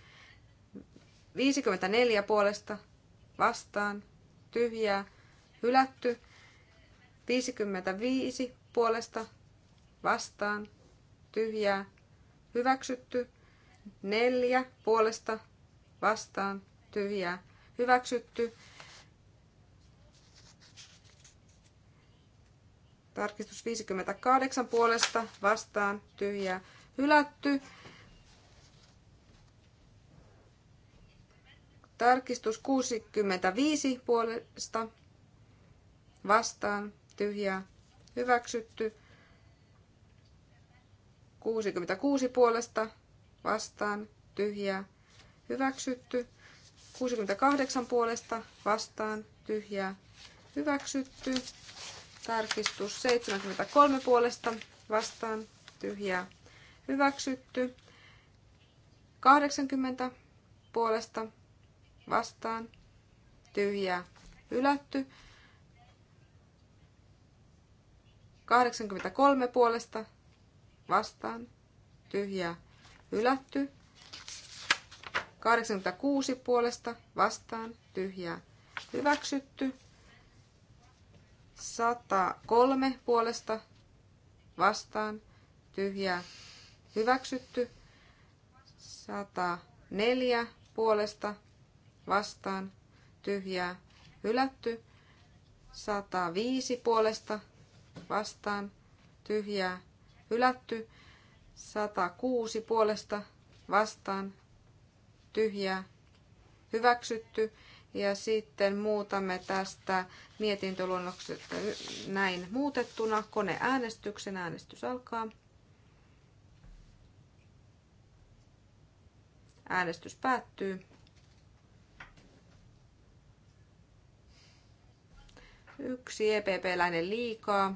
54 puolesta vastaan. Tyhjä. Hylätty. 55 puolesta vastaan tyhjää hyväksytty. 4 puolesta vastaan tyhjää hyväksytty. Tarkistus 58 puolesta vastaan tyhjää hylätty. Tarkistus 65 puolesta vastaan tyhjää hyväksytty. 66 puolesta vastaan tyhjää hyväksytty. 68 puolesta vastaan tyhjää hyväksytty. Tarkistus 73 puolesta vastaan tyhjää hyväksytty. 80 puolesta vastaan tyhjää hylätty. 83 puolesta vastaan tyhjä, hylätty. 86 puolesta vastaan tyhjä, hyväksytty. 103 puolesta vastaan tyhjä, hyväksytty. 104 puolesta vastaan tyhjä, hylätty. 105 puolesta vastaan, tyhjää, hylätty. 106 puolesta vastaan, tyhjää, hyväksytty. Ja sitten muutamme tästä mietintöluonnoksesta näin muutettuna koneäänestyksen. Äänestys alkaa. Äänestys päättyy. Yksi EPP-läinen liikaa.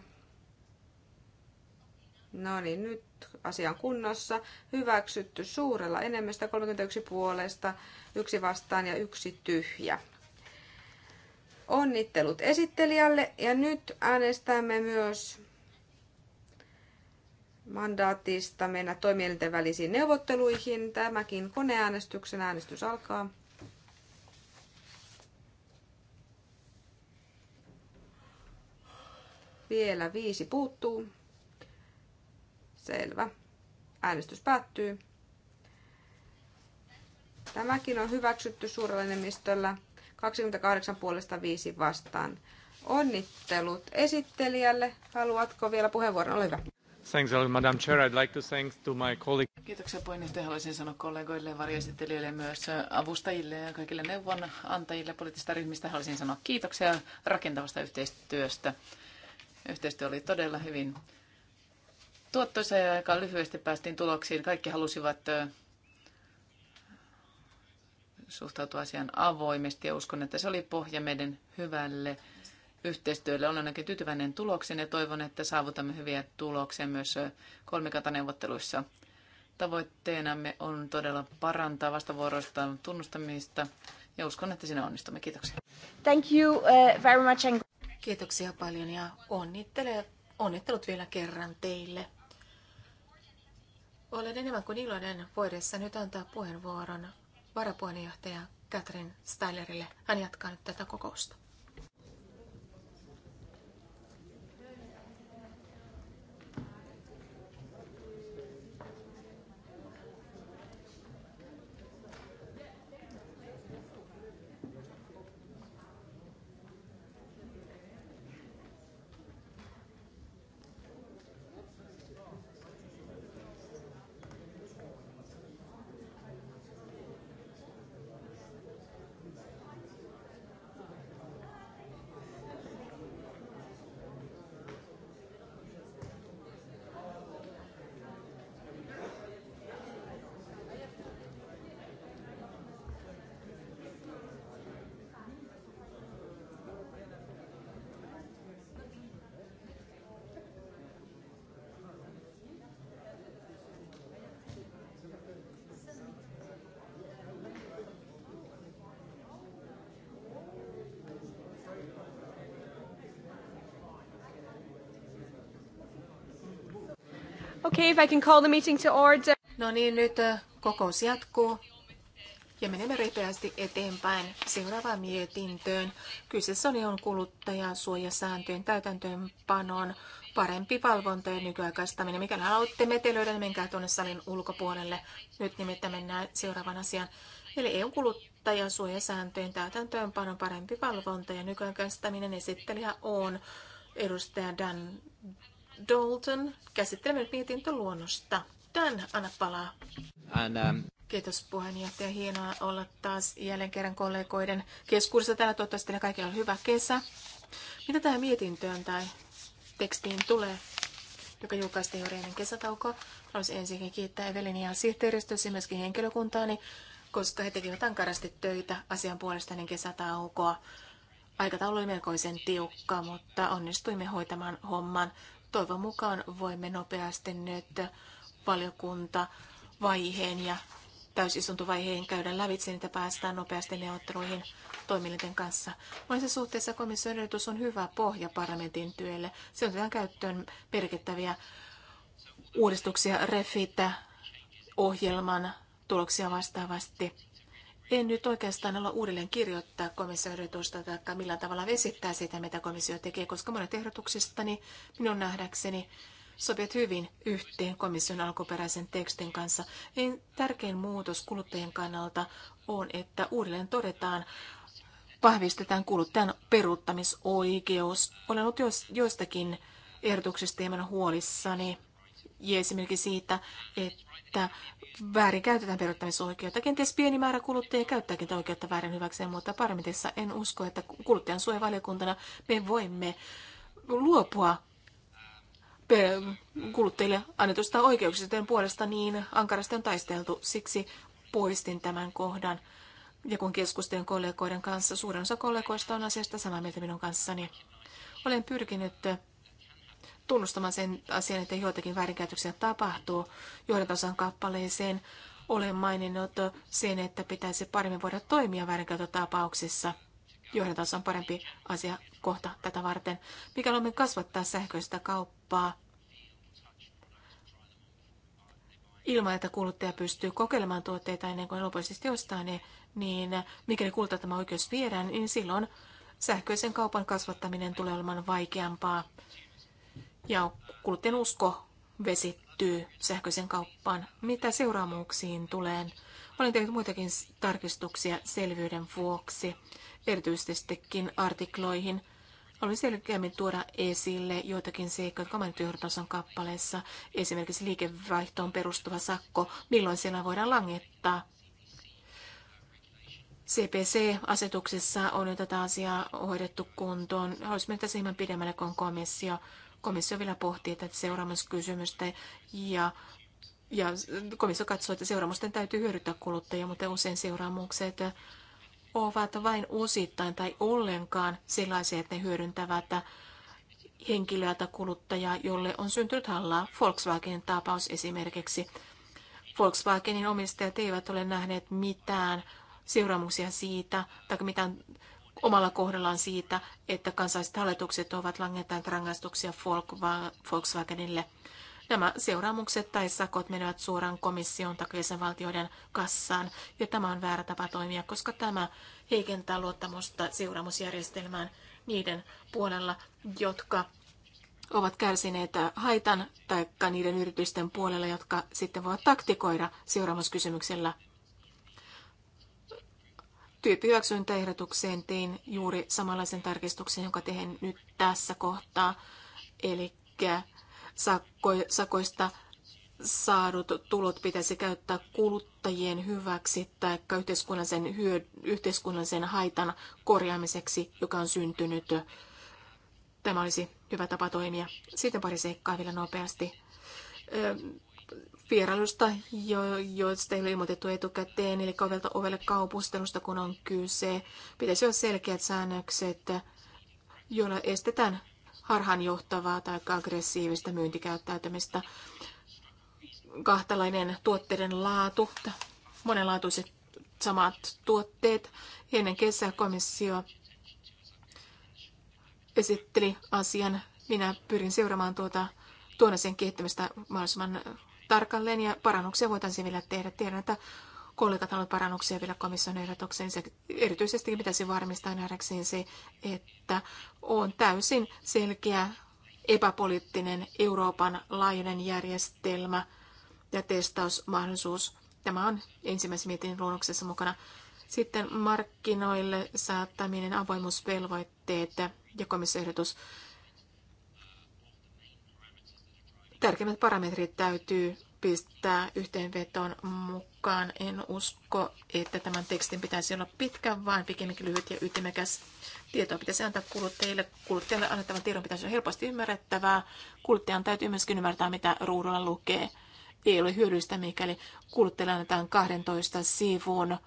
No niin, nyt asian kunnossa. Hyväksytty suurella enemmistöllä 31 puolesta, yksi vastaan ja yksi tyhjä. Onnittelut esittelijälle ja nyt äänestämme myös mandaatista mennä toimielinten välisiin neuvotteluihin. Tämäkin koneäänestyksen äänestys alkaa. Vielä viisi puuttuu. Selvä. Äänestys päättyy. Tämäkin on hyväksytty suurella enemmistöllä 28 puolesta 5 vastaan. Onnittelut esittelijälle. Haluatko vielä puheenvuoron? Ole hyvä. Thanks, Madam Chair. I'd like to thank to my colleague. Kiitoksia puheenjohtaja. Haluaisin sanoa kollegoille, varjoesittelijöille, myös avustajille ja kaikille neuvonantajille poliittisista ryhmistä. Haluaisin sanoa kiitoksia rakentavasta yhteistyöstä. Yhteistyö oli todella hyvin tuottoisa ja aika lyhyesti päästiin tuloksiin. Kaikki halusivat suhtautua asiaan avoimesti ja uskon, että se oli pohja meidän hyvälle yhteistyölle. Olen ainakin tyytyväinen tuloksen ja toivon, että saavutamme hyviä tuloksia myös kolmikantaneuvotteluissa. Tavoitteenamme on todella parantaa vastavuoroista tunnustamista ja uskon, että siinä onnistumme. Kiitoksia. Thank you uh, very much. Kiitoksia paljon ja onnittele, onnittelut vielä kerran teille. Olen enemmän kuin iloinen voidessa nyt antaa puheenvuoron varapuheenjohtaja Katrin Stylerille. Hän jatkaa nyt tätä kokousta. Okay, if I can call the meeting to order. No niin, nyt äh, kokous jatkuu. Ja menemme ripeästi eteenpäin seuraavaan mietintöön. Kyseessä on EUn kuluttajasuojasääntöjen täytäntöönpanon parempi valvonta ja nykyaikaistaminen. Mikäli haluatte metelöidä, niin menkää tuonne salin ulkopuolelle. Nyt nimittäin mennään seuraavan asian, Eli EUn kuluttajasuojasääntöjen täytäntöönpanon parempi valvonta ja nykyaikaistaminen esittelijä on edustaja Dan Dalton. Käsittelemme nyt mietintöluonnosta. Tän, anna palaa. And, um... Kiitos puheenjohtaja. Hienoa olla taas jälleen kerran kollegoiden keskuudessa. Täällä toivottavasti teillä kaikilla on hyvä kesä. Mitä tähän mietintöön tai tekstiin tulee, joka julkaistiin juuri ennen kesätaukoa? Haluaisin ensinnäkin kiittää Evelinia sihteeristössä ja myöskin henkilökuntaani, koska he tekivät ankarasti töitä asian puolesta ennen kesätaukoa. Aikataulu oli melkoisen tiukka, mutta onnistuimme hoitamaan homman Toivon mukaan voimme nopeasti nyt valiokunta vaiheen ja täysistuntovaiheen käydä lävitse, niin että päästään nopeasti neuvotteluihin toimielinten kanssa. Monessa suhteessa komission ehdotus on hyvä pohja parlamentin työlle. Se otetaan käyttöön merkittäviä uudistuksia refitä ohjelman tuloksia vastaavasti. En nyt oikeastaan olla uudelleen kirjoittaa ehdotusta tai millään tavalla vesittää sitä, mitä komissio tekee, koska monet ehdotuksistani minun nähdäkseni sopivat hyvin yhteen komission alkuperäisen tekstin kanssa. En niin tärkein muutos kuluttajien kannalta on, että uudelleen todetaan, vahvistetaan kuluttajan peruuttamisoikeus. Olen ollut joistakin ehdotuksista hieman huolissani ja esimerkiksi siitä, että väärin käytetään peruuttamisoikeutta. Kenties pieni määrä kuluttajia käyttääkin oikeutta väärin hyväkseen, mutta parlamentissa en usko, että kuluttajan suojavaliokuntana me voimme luopua kuluttajille annetusta oikeuksista puolesta niin ankarasti on taisteltu. Siksi poistin tämän kohdan. Ja kun keskustelin kollegoiden kanssa, suurin osa kollegoista on asiasta samaa mieltä minun kanssani. Olen pyrkinyt tunnustamaan sen asian, että joitakin väärinkäytöksiä tapahtuu. Johdantosan kappaleeseen olen maininnut sen, että pitäisi paremmin voida toimia väärinkäytötapauksissa. Johdantos on parempi asia kohta tätä varten. Mikä olemme kasvattaa sähköistä kauppaa ilman, että kuluttaja pystyy kokeilemaan tuotteita ennen kuin lopullisesti ostaa ne, niin mikäli kuluttaja tämä oikeus viedään, niin silloin sähköisen kaupan kasvattaminen tulee olemaan vaikeampaa ja kuluttajan usko vesittyy sähköisen kauppaan. Mitä seuraamuksiin tulee? Olen tehnyt muitakin tarkistuksia selvyyden vuoksi, erityisestikin artikloihin. Haluan selkeämmin tuoda esille joitakin seikkoja, jotka mainittu kappaleessa, esimerkiksi liikevaihtoon perustuva sakko, milloin siellä voidaan langettaa. CPC-asetuksessa on jo tätä asiaa hoidettu kuntoon. Haluaisimme tässä hieman pidemmälle kun komissio. Komissio vielä pohtii tätä seuraamuskysymystä ja ja komissio katsoo, että seuraamusten täytyy hyödyttää kuluttajia, mutta usein seuraamukset ovat vain osittain tai ollenkaan sellaisia, että ne hyödyntävät henkilöä tai kuluttajaa, jolle on syntynyt hallaa. Volkswagenin tapaus esimerkiksi. Volkswagenin omistajat eivät ole nähneet mitään seuraamuksia siitä tai mitään omalla kohdallaan siitä, että kansalliset hallitukset ovat langentaneet rangaistuksia Volkswagenille. Nämä seuraamukset tai sakot menevät suoraan komission tai jäsenvaltioiden kassaan, ja tämä on väärä tapa toimia, koska tämä heikentää luottamusta seuraamusjärjestelmään niiden puolella, jotka ovat kärsineet haitan tai niiden yritysten puolella, jotka sitten voivat taktikoida seuraamuskysymyksellä – tyyppihyväksyntäehdotukseen tein juuri samanlaisen tarkistuksen, jonka tehen nyt tässä kohtaa. Eli sakko, sakoista saadut tulot pitäisi käyttää kuluttajien hyväksi tai yhteiskunnallisen, hyö, yhteiskunnallisen haitan korjaamiseksi, joka on syntynyt. Tämä olisi hyvä tapa toimia. Sitten pari seikkaa vielä nopeasti vierailusta, jo, joista ei ole ilmoitettu etukäteen, eli kovelta ovelle kaupustelusta, kun on kyse. Pitäisi olla selkeät säännökset, joilla estetään harhaanjohtavaa tai aggressiivista myyntikäyttäytymistä. Kahtalainen tuotteiden laatu, monenlaatuiset samat tuotteet. Ennen kesää komissio esitteli asian. Minä pyrin seuraamaan tuota tuon kehittämistä mahdollisimman tarkalleen ja parannuksia voitaisiin vielä tehdä. Tiedän, että kollegat haluavat parannuksia vielä komission ehdotukseen. Se erityisesti pitäisi varmistaa nähdäkseen se, että on täysin selkeä epäpoliittinen Euroopan laajinen järjestelmä ja testausmahdollisuus. Tämä on ensimmäisen mietin luonnoksessa mukana. Sitten markkinoille saattaminen, avoimuusvelvoitteet ja komissioehdotus. tärkeimmät parametrit täytyy pistää yhteenvetoon mukaan. En usko, että tämän tekstin pitäisi olla pitkä, vaan pikemminkin lyhyt ja ytimekäs. Tietoa pitäisi antaa kuluttajille. Kuluttajalle annettavan tiedon pitäisi olla helposti ymmärrettävää. Kuluttajan täytyy myöskin ymmärtää, mitä ruudulla lukee. Ei ole hyödyllistä, mikäli kuluttajalle annetaan 12 sivun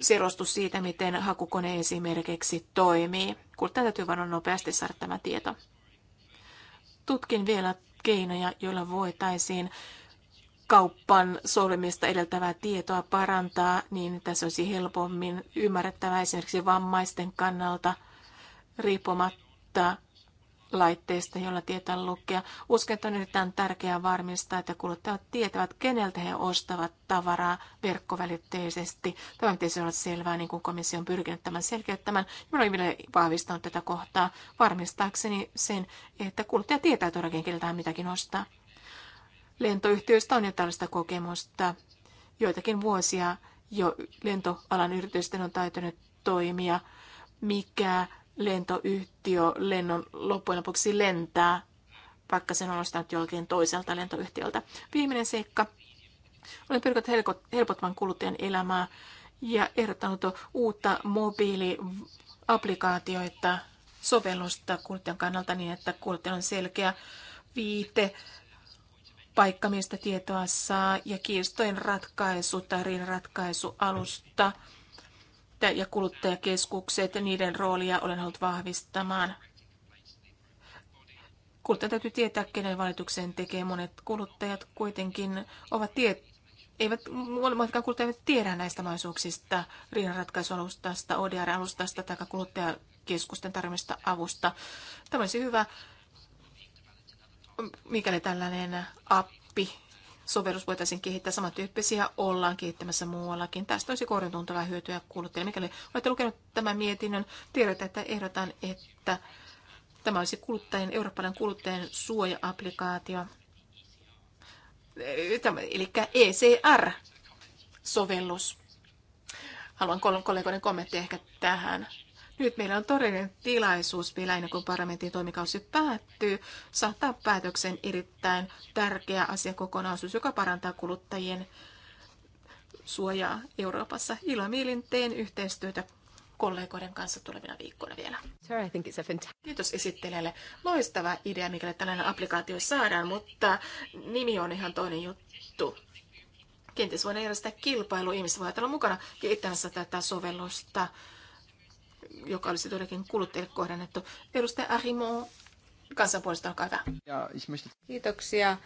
selostus siitä, miten hakukone esimerkiksi toimii. Kuluttajan täytyy vain nopeasti saada tämä tieto tutkin vielä keinoja, joilla voitaisiin kauppan solmista edeltävää tietoa parantaa, niin tässä olisi helpommin ymmärrettävää esimerkiksi vammaisten kannalta riippumatta laitteista, jolla tietää lukea. Uskon, että on erittäin tärkeää varmistaa, että kuluttajat tietävät, keneltä he ostavat tavaraa verkkovälitteisesti. Tämä pitäisi olla selvää, niin kuin komissio on pyrkinyt tämän selkeyttämään. Minä olen vielä vahvistanut tätä kohtaa varmistaakseni sen, että kuluttaja tietää todellakin, keneltä hän mitäkin ostaa. Lentoyhtiöistä on jo tällaista kokemusta. Joitakin vuosia jo lentoalan yritysten on taitunut toimia mikä lentoyhtiö lennon loppujen lopuksi lentää, vaikka sen on ostanut jollakin toiselta lentoyhtiöltä. Viimeinen seikka. Olen pyrkinyt helpottamaan kuluttajan elämää ja ehdottanut uutta mobiiliaplikaatioita sovellusta kuluttajan kannalta niin, että kuluttajan on selkeä viite paikka, mistä tietoa saa, ja kiistojen ratkaisu tai ratkaisu alusta ja kuluttajakeskukset, niiden roolia olen halunnut vahvistamaan. Kuluttaja täytyy tietää, kenen valituksen tekee. Monet kuluttajat kuitenkin ovat tie- eivät, monetkaan kuluttajat tiedä näistä mahdollisuuksista, riidanratkaisualustasta, ODR-alustasta tai kuluttajakeskusten tarjoamista avusta. Tämä olisi hyvä, mikäli tällainen appi sovellus voitaisiin kehittää. Samantyyppisiä ollaan kehittämässä muuallakin. Tästä olisi korjatuntavaa hyötyä kuluttajille. Mikäli olette lukenut tämän mietinnön, tiedätte, että ehdotan, että tämä olisi kuluttajien, eurooppalainen kuluttajien suoja-applikaatio. Tämä, eli ECR-sovellus. Haluan kollegoiden kommentti ehkä tähän. Nyt meillä on todellinen tilaisuus vielä ennen kuin parlamentin toimikausi päättyy saattaa päätöksen erittäin tärkeä asiakokonaisuus, joka parantaa kuluttajien suojaa Euroopassa. Ilomielin teen yhteistyötä kollegoiden kanssa tulevina viikkoina vielä. Sir, I think it's a fantastic... Kiitos esittelijälle. Loistava idea, mikäli tällainen applikaatio saadaan, mutta nimi on ihan toinen juttu. Kenties voidaan järjestää kilpailu, ihmiset voivat olla mukana kehittämässä tätä sovellusta joka olisi todellakin kuluttajille kohdennettu. Edustaja Arimo kansanpuolesta, olkaa hyvä. Ja, Kiitoksia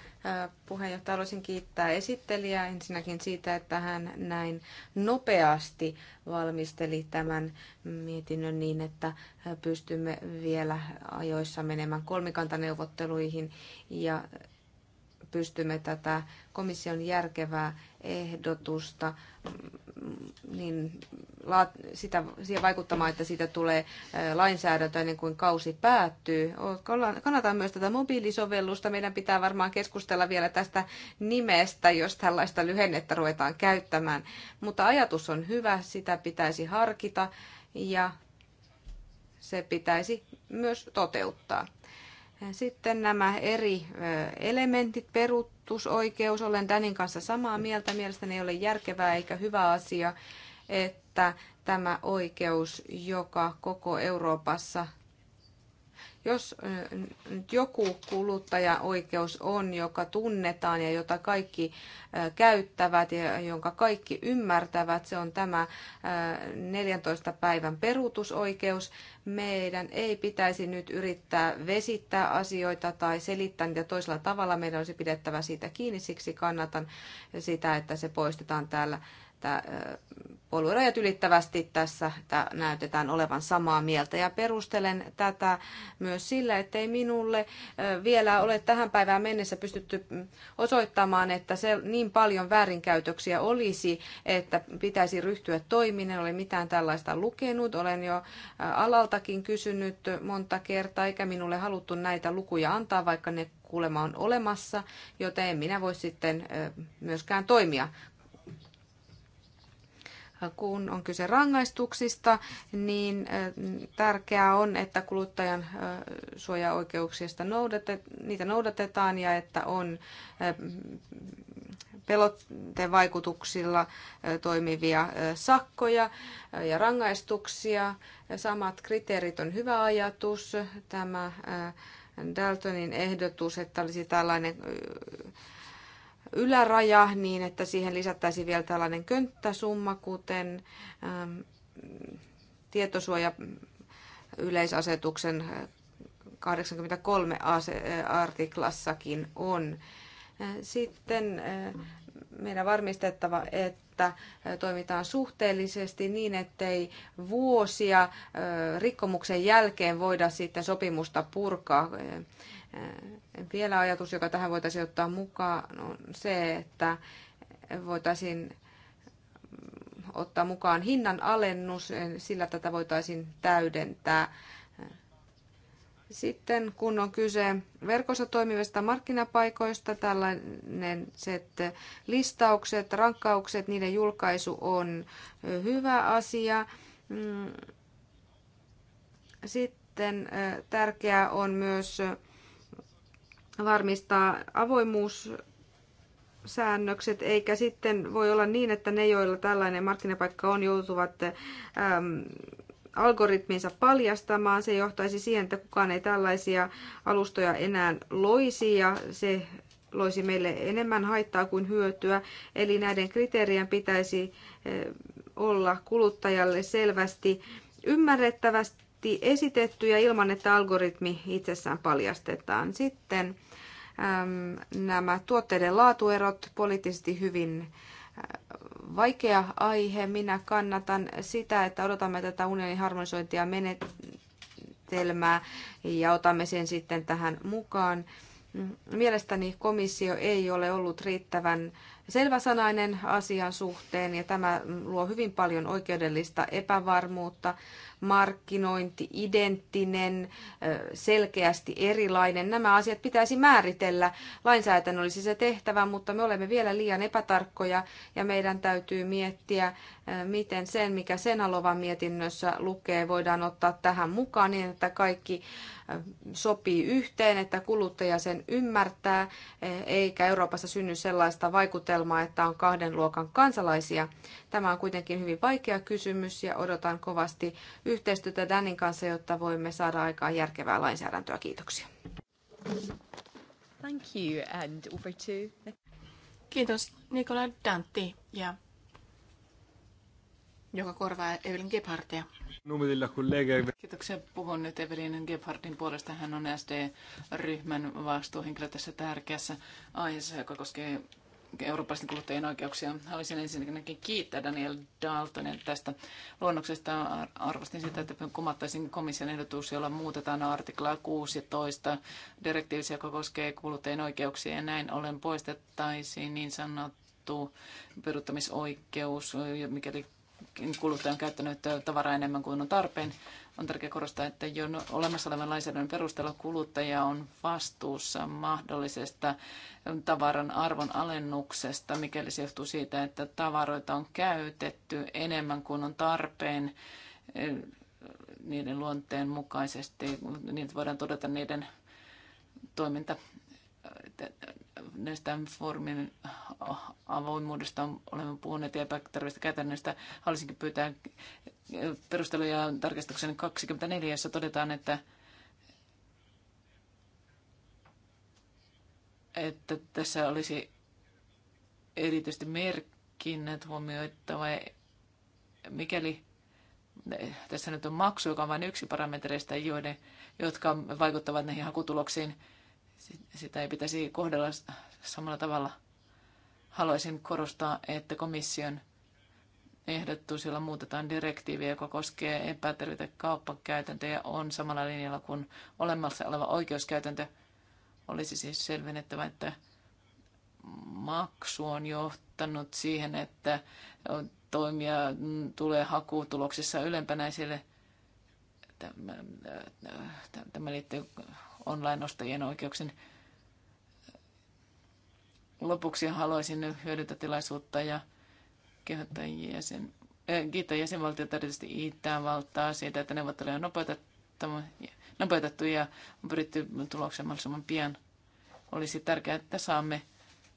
puheenjohtaja. Haluaisin kiittää esittelijää ensinnäkin siitä, että hän näin nopeasti valmisteli tämän mietinnön niin, että pystymme vielä ajoissa menemään kolmikantaneuvotteluihin ja pystymme tätä komission järkevää ehdotusta, mm, niin sitä, siihen vaikuttamaan, että siitä tulee lainsäädäntö ennen kuin kausi päättyy. Kannatan myös tätä mobiilisovellusta. Meidän pitää varmaan keskustella vielä tästä nimestä, jos tällaista lyhennettä ruvetaan käyttämään. Mutta ajatus on hyvä, sitä pitäisi harkita ja se pitäisi myös toteuttaa. Sitten nämä eri elementit, peruutusoikeus, olen Danin kanssa samaa mieltä. Mielestäni ei ole järkevää eikä hyvä asia, että tämä oikeus, joka koko Euroopassa jos nyt joku kuluttajaoikeus on, joka tunnetaan ja jota kaikki käyttävät ja jonka kaikki ymmärtävät, se on tämä 14 päivän peruutusoikeus. Meidän ei pitäisi nyt yrittää vesittää asioita tai selittää niitä toisella tavalla. Meidän olisi pidettävä siitä kiinni, siksi kannatan sitä, että se poistetaan täällä että puoluerajat ylittävästi tässä näytetään olevan samaa mieltä. Ja perustelen tätä myös sillä, ettei minulle vielä ole tähän päivään mennessä pystytty osoittamaan, että se niin paljon väärinkäytöksiä olisi, että pitäisi ryhtyä toimiin. En ole mitään tällaista lukenut. Olen jo alaltakin kysynyt monta kertaa, eikä minulle haluttu näitä lukuja antaa, vaikka ne kuulema on olemassa, joten en minä voi sitten myöskään toimia kun on kyse rangaistuksista, niin tärkeää on, että kuluttajan suojaoikeuksista noudatet, niitä noudatetaan ja että on pelottevaikutuksilla toimivia sakkoja ja rangaistuksia. Samat kriteerit on hyvä ajatus. Tämä Daltonin ehdotus, että olisi tällainen yläraja niin, että siihen lisättäisiin vielä tällainen könttäsumma, kuten ähm, tietosuoja yleisasetuksen 83 äh, artiklassakin on. Äh, sitten äh, meidän varmistettava, että toimitaan suhteellisesti niin, ettei vuosia rikkomuksen jälkeen voida sitten sopimusta purkaa. Äh, vielä ajatus, joka tähän voitaisiin ottaa mukaan, on se, että voitaisiin mm, ottaa mukaan hinnan alennus, sillä tätä voitaisiin täydentää. Sitten kun on kyse verkossa toimivista markkinapaikoista, tällainen listaukset, rankkaukset, niiden julkaisu on hyvä asia. Mm. Sitten äh, tärkeää on myös varmistaa avoimuus säännökset, eikä sitten voi olla niin, että ne, joilla tällainen markkinapaikka on, joutuvat äm, algoritminsa paljastamaan. Se johtaisi siihen, että kukaan ei tällaisia alustoja enää loisi ja se loisi meille enemmän haittaa kuin hyötyä. Eli näiden kriteerien pitäisi äh, olla kuluttajalle selvästi ymmärrettävästi esitetty ja ilman, että algoritmi itsessään paljastetaan. Sitten nämä tuotteiden laatuerot, poliittisesti hyvin äh, vaikea aihe. Minä kannatan sitä, että odotamme tätä unionin harmonisointia menetelmää ja otamme sen sitten tähän mukaan. Mielestäni komissio ei ole ollut riittävän selväsanainen asian suhteen ja tämä luo hyvin paljon oikeudellista epävarmuutta. Markkinointi, identtinen, selkeästi erilainen. Nämä asiat pitäisi määritellä. Lainsäätän olisi se tehtävä, mutta me olemme vielä liian epätarkkoja ja meidän täytyy miettiä, miten sen, mikä Senalovan mietinnössä lukee, voidaan ottaa tähän mukaan niin, että kaikki sopii yhteen, että kuluttaja sen ymmärtää, e, eikä Euroopassa synny sellaista vaikutelmaa, ongelma, että on kahden luokan kansalaisia. Tämä on kuitenkin hyvin vaikea kysymys ja odotan kovasti yhteistyötä Danin kanssa, jotta voimme saada aikaan järkevää lainsäädäntöä. Kiitoksia. Thank you and over to... Kiitos Nikola Dantti ja joka korvaa Evelyn Gebhardtia. Kiitoksia. Puhun nyt Evelyn Gebhardin puolesta. Hän on SD-ryhmän vastuuhenkilö tässä tärkeässä aiheessa, joka koskee eurooppalaisten kuluttajien oikeuksia. Haluaisin ensinnäkin kiittää Daniel Daltonen tästä luonnoksesta. Arvostin sitä, että kumattaisin komission ehdotus, jolla muutetaan artiklaa 16 direktiivisiä, joka koskee kuluttajien oikeuksia, ja näin ollen poistettaisiin niin sanottu peruuttamisoikeus, mikäli kuluttaja on käyttänyt tavaraa enemmän kuin on tarpeen. On tärkeää korostaa, että jo no- olemassa olevan lainsäädännön perusteella kuluttaja on vastuussa mahdollisesta tavaran arvon alennuksesta, mikäli se johtuu siitä, että tavaroita on käytetty enemmän kuin on tarpeen eh, niiden luonteen mukaisesti. Niitä voidaan todeta niiden toiminta näistä formin avoimuudesta olemme puhuneet ja epätarvista käytännöistä. Haluaisinkin pyytää perusteluja tarkastuksen 24, jossa todetaan, että että tässä olisi erityisesti merkinnät huomioittava, mikäli tässä nyt on maksu, joka on vain yksi parametreista, joiden, jotka vaikuttavat näihin hakutuloksiin, sitä ei pitäisi kohdella samalla tavalla. Haluaisin korostaa, että komission ehdotus, jolla muutetaan direktiiviä, joka koskee epäterveitä kauppakäytäntöjä, on samalla linjalla kuin olemassa oleva oikeuskäytäntö. Olisi siis selvennettävä, että maksu on johtanut siihen, että toimia tulee hakutuloksissa ylempänä Tämä, tämä liittyy online-ostajien oikeuksien. Lopuksi haluaisin hyödyntää tilaisuutta ja kehottaa jäsen, äh, kiittää jäsenvaltiota erityisesti Itävaltaa siitä, että neuvotteluja on nopeutettu ja on pyritty tulokseen mahdollisimman pian. Olisi tärkeää, että saamme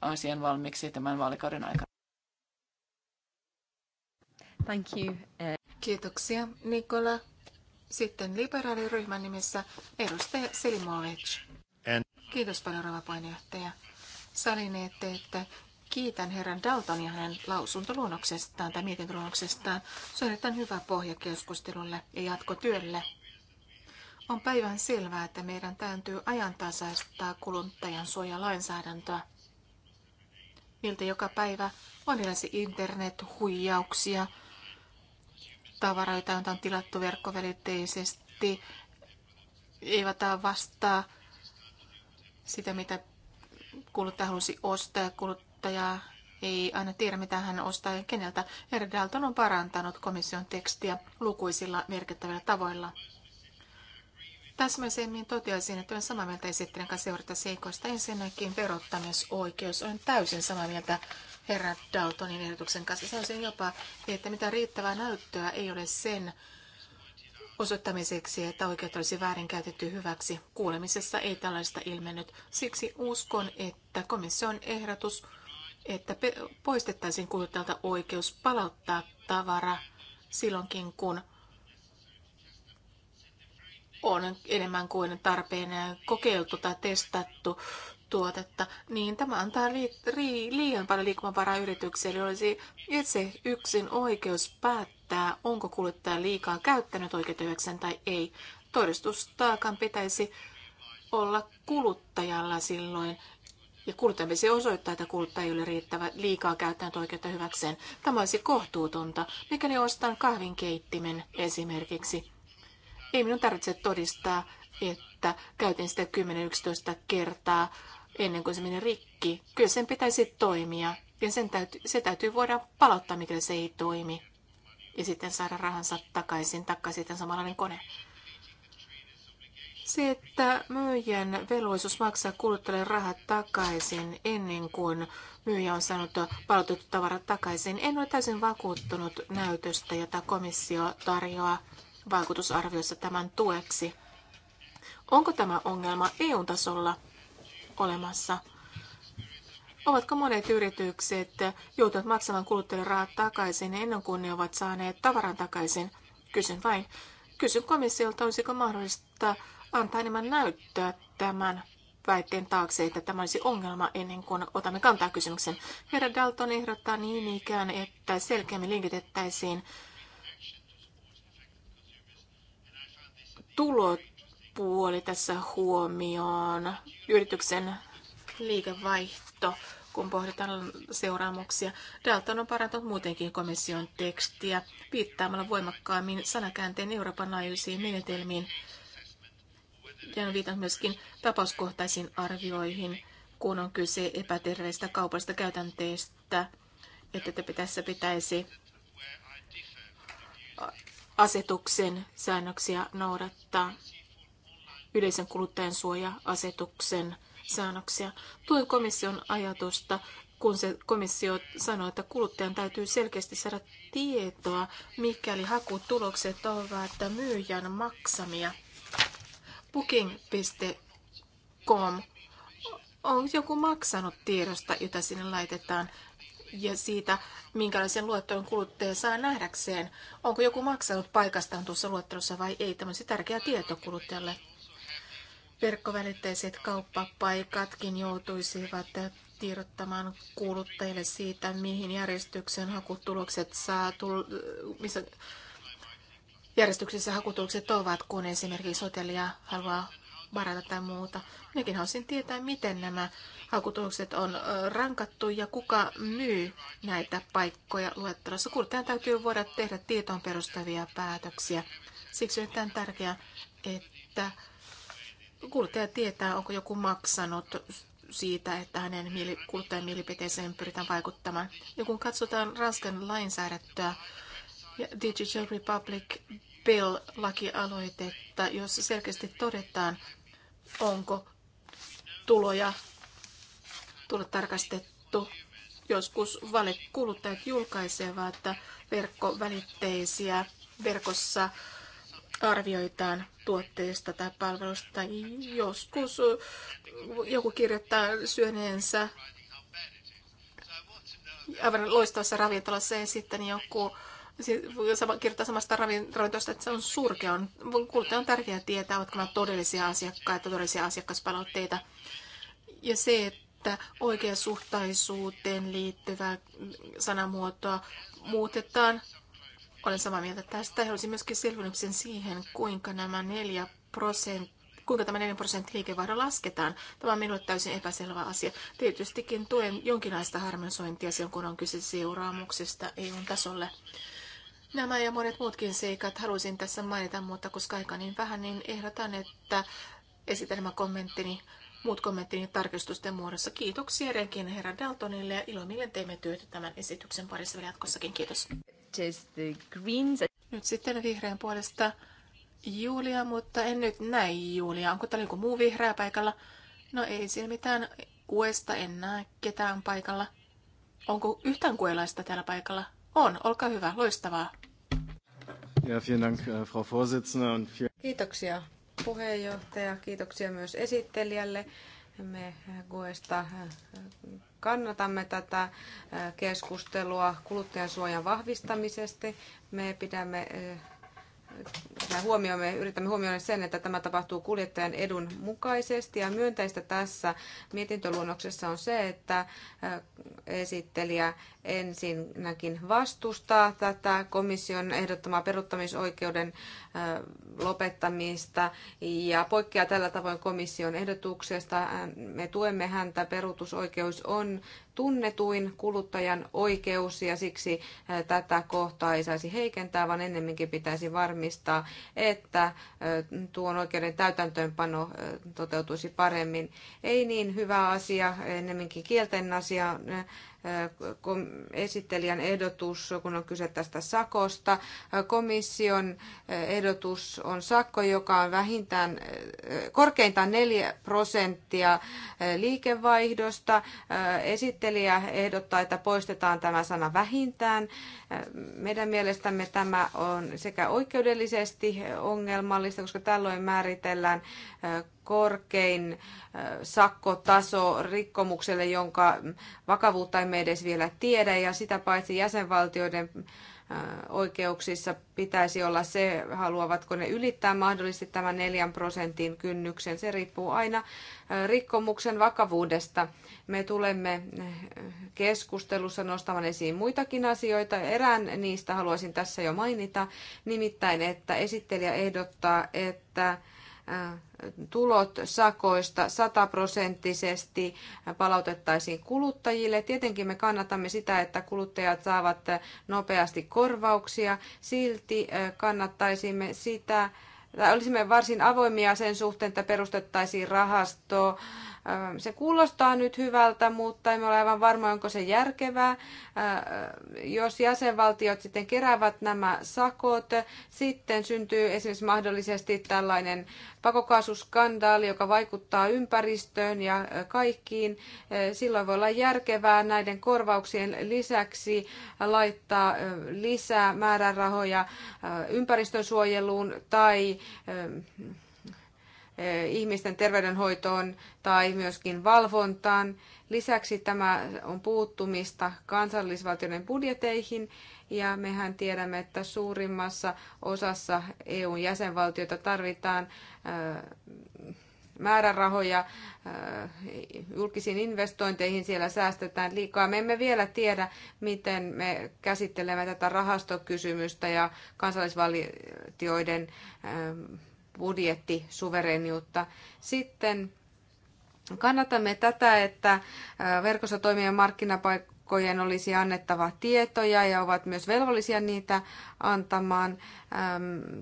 asian valmiiksi tämän vaalikauden aikana. Thank you. Eh. Kiitoksia, Nikola. Sitten liberaaliryhmän nimissä edustaja Selimovic. Kiitos paljon, rouva puheenjohtaja. Salineette, että kiitän herran Daltonia hänen lausuntoluonnoksestaan tai mietintöluonnoksestaan. Se on erittäin hyvä pohja keskustelulle ja jatkotyölle. On päivän selvää, että meidän täytyy ajantasaistaa kuluttajan suojalainsäädäntöä. Miltä joka päivä on erilaisia internethuijauksia, huijauksia tavaroita, joita on tilattu verkkovälitteisesti, eivät vastaa sitä, mitä kuluttaja halusi ostaa ja kuluttaja ei aina tiedä, mitä hän ostaa ja keneltä. Erdalton on parantanut komission tekstiä lukuisilla merkittävillä tavoilla. Täsmäisemmin toteaisin, että olen samaa mieltä esittelen kanssa seurata seikoista. Ensinnäkin verottamisoikeus. on täysin samaa mieltä herra Daltonin ehdotuksen kanssa. Sanoisin jopa, että mitä riittävää näyttöä ei ole sen osoittamiseksi, että oikeutta olisi väärinkäytetty hyväksi. Kuulemisessa ei tällaista ilmennyt. Siksi uskon, että komission ehdotus, että poistettaisiin kuluttajalta oikeus palauttaa tavara silloinkin, kun on enemmän kuin tarpeen kokeiltu tai testattu tuotetta, niin tämä antaa liian paljon liikkumavaraa yritykselle. Olisi itse yksin oikeus päättää, onko kuluttaja liikaa käyttänyt oikeutyöksen tai ei. Todistustaakan pitäisi olla kuluttajalla silloin, ja pitäisi osoittaa, että kuluttaja ei ole riittävä liikaa käyttänyt oikeutta hyväkseen. Tämä olisi kohtuutonta, mikäli ostan kahvinkeittimen esimerkiksi. Ei minun tarvitse todistaa, että että käytin sitä 10-11 kertaa ennen kuin se meni rikki. Kyllä sen pitäisi toimia ja sen täytyy, se täytyy voida palauttaa, mikäli se ei toimi. Ja sitten saada rahansa takaisin, takaisin sitten samanlainen kone. Se, että myyjän velvollisuus maksaa kuluttajalle rahat takaisin ennen kuin myyjä on saanut palautettu tavarat takaisin, en ole täysin vakuuttunut näytöstä, jota komissio tarjoaa vaikutusarviossa tämän tueksi. Onko tämä ongelma EU-tasolla olemassa? Ovatko monet yritykset joutuneet maksamaan kuluttajille rahat takaisin ennen kuin ne ovat saaneet tavaran takaisin? Kysyn vain. Kysyn komissiolta, olisiko mahdollista antaa enemmän näyttöä tämän väitteen taakse, että tämä olisi ongelma ennen kuin otamme kantaa kysymyksen. Herra Dalton ehdottaa niin ikään, että selkeämmin linkitettäisiin tulot puoli tässä huomioon, yrityksen liikevaihto, kun pohditaan seuraamuksia. Dalton on parantanut muutenkin komission tekstiä viittaamalla voimakkaammin sanakäänteen Euroopan laajuisiin menetelmiin. Ja on viitannut myöskin tapauskohtaisiin arvioihin, kun on kyse epäterveistä kaupallisista käytänteistä, että tässä pitäisi asetuksen säännöksiä noudattaa yleisen kuluttajansuoja-asetuksen säännöksiä. Tuen komission ajatusta, kun se komissio sanoi, että kuluttajan täytyy selkeästi saada tietoa, mikäli hakutulokset ovat myyjän maksamia. Booking.com on joku maksanut tiedosta, jota sinne laitetaan, ja siitä, minkälaisen luettelon kuluttaja saa nähdäkseen. Onko joku maksanut paikastaan tuossa luettelossa vai ei? Tämä on tärkeä tieto kuluttajalle. Verkkovälitteiset kauppapaikatkin joutuisivat tiedottamaan kuluttajille siitä, mihin järjestyksen hakutulokset saa, missä järjestyksessä hakutulokset ovat, kun esimerkiksi hotellia haluaa varata tai muuta. Minäkin haluaisin tietää, miten nämä hakutulokset on rankattu ja kuka myy näitä paikkoja luettelossa. Kuluttajan täytyy voida tehdä tietoon perustavia päätöksiä. Siksi on tärkeää, että kuluttaja tietää, onko joku maksanut siitä, että hänen kuluttajan mielipiteeseen pyritään vaikuttamaan. Ja kun katsotaan Ranskan lainsäädäntöä ja Digital Republic Bill-lakialoitetta, jossa selkeästi todetaan, onko tuloja tullut tarkastettu. Joskus valekuluttajat julkaisevat verkkovälitteisiä verkossa arvioitaan tuotteesta tai palvelusta. Joskus joku kirjoittaa syöneensä aivan loistavassa ravintolassa ja sitten joku kirjoittaa samasta ravintolasta, että se on surkea. On, on tärkeää tietää, ovatko nämä todellisia asiakkaita, todellisia asiakaspalautteita. Ja se, että oikeasuhtaisuuteen liittyvää sanamuotoa muutetaan olen samaa mieltä tästä. He olisivat myöskin selvennyksen siihen, kuinka nämä 4 prosenttia kuinka tämä 4 prosentin liikevaihdo lasketaan. Tämä on minulle täysin epäselvä asia. Tietystikin tuen jonkinlaista harmonisointia silloin, kun on kyse seuraamuksesta EU-tasolle. Nämä ja monet muutkin seikat haluaisin tässä mainita, mutta koska aika niin vähän, niin ehdotan, että kommenttini muut kommenttini tarkistusten muodossa. Kiitoksia Renkin herra Daltonille ja ilomielen teemme työtä tämän esityksen parissa vielä jatkossakin. Kiitos. Nyt sitten vihreän puolesta Julia, mutta en nyt näe Julia. Onko täällä joku muu vihreä paikalla? No ei siellä mitään. Kuesta en näe ketään paikalla. Onko yhtään kuelaista täällä paikalla? On, olkaa hyvä, loistavaa. Ja, vielen Dank, äh, Frau Vorsitzende. Kiitoksia puheenjohtaja. Kiitoksia myös esittelijälle. Me Guesta kannatamme tätä keskustelua kuluttajansuojan vahvistamisesta. Me pidämme eh, me huomioimme, yritämme huomioida sen, että tämä tapahtuu kuljettajan edun mukaisesti. Ja myönteistä tässä mietintöluonnoksessa on se, että esittelijä ensinnäkin vastustaa tätä komission ehdottamaa peruuttamisoikeuden lopettamista ja poikkeaa tällä tavoin komission ehdotuksesta. Me tuemme häntä. Peruutusoikeus on tunnetuin kuluttajan oikeus ja siksi eh, tätä kohtaa ei saisi heikentää, vaan ennemminkin pitäisi varmistaa, että eh, tuon oikeuden täytäntöönpano eh, toteutuisi paremmin. Ei niin hyvä asia, ennemminkin kielten asia esittelijän ehdotus, kun on kyse tästä sakosta. Komission eh, ehdotus on sakko, joka on vähintään eh, korkeintaan 4 prosenttia eh, liikevaihdosta. Esittelijä ehdottaa, että poistetaan tämä sana vähintään. Meidän mielestämme tämä on sekä oikeudellisesti ongelmallista, koska tällöin määritellään korkein sakkotaso rikkomukselle, jonka vakavuutta emme edes vielä tiedä, ja sitä paitsi jäsenvaltioiden oikeuksissa pitäisi olla se, haluavatko ne ylittää mahdollisesti tämän 4 prosentin kynnyksen. Se riippuu aina rikkomuksen vakavuudesta. Me tulemme keskustelussa nostamaan esiin muitakin asioita. Erään niistä haluaisin tässä jo mainita, nimittäin, että esittelijä ehdottaa, että tulot sakoista sataprosenttisesti palautettaisiin kuluttajille. Tietenkin me kannatamme sitä, että kuluttajat saavat nopeasti korvauksia. Silti kannattaisimme sitä, olisimme varsin avoimia sen suhteen, että perustettaisiin rahasto se kuulostaa nyt hyvältä, mutta emme ole aivan varma, onko se järkevää. Jos jäsenvaltiot sitten keräävät nämä sakot, sitten syntyy esimerkiksi mahdollisesti tällainen pakokaasuskandaali, joka vaikuttaa ympäristöön ja kaikkiin. Silloin voi olla järkevää näiden korvauksien lisäksi laittaa lisää määrärahoja ympäristönsuojeluun tai Eh, ihmisten terveydenhoitoon tai myöskin valvontaan. Lisäksi tämä on puuttumista kansallisvaltioiden budjeteihin ja mehän tiedämme, että suurimmassa osassa EUn jäsenvaltioita tarvitaan eh, määrärahoja eh, julkisiin investointeihin siellä säästetään liikaa. Me emme vielä tiedä, miten me käsittelemme tätä rahastokysymystä ja kansallisvaltioiden budjettisuvereniutta. Sitten kannatamme tätä, että verkossa toimivien markkinapaikkojen olisi annettava tietoja ja ovat myös velvollisia niitä antamaan.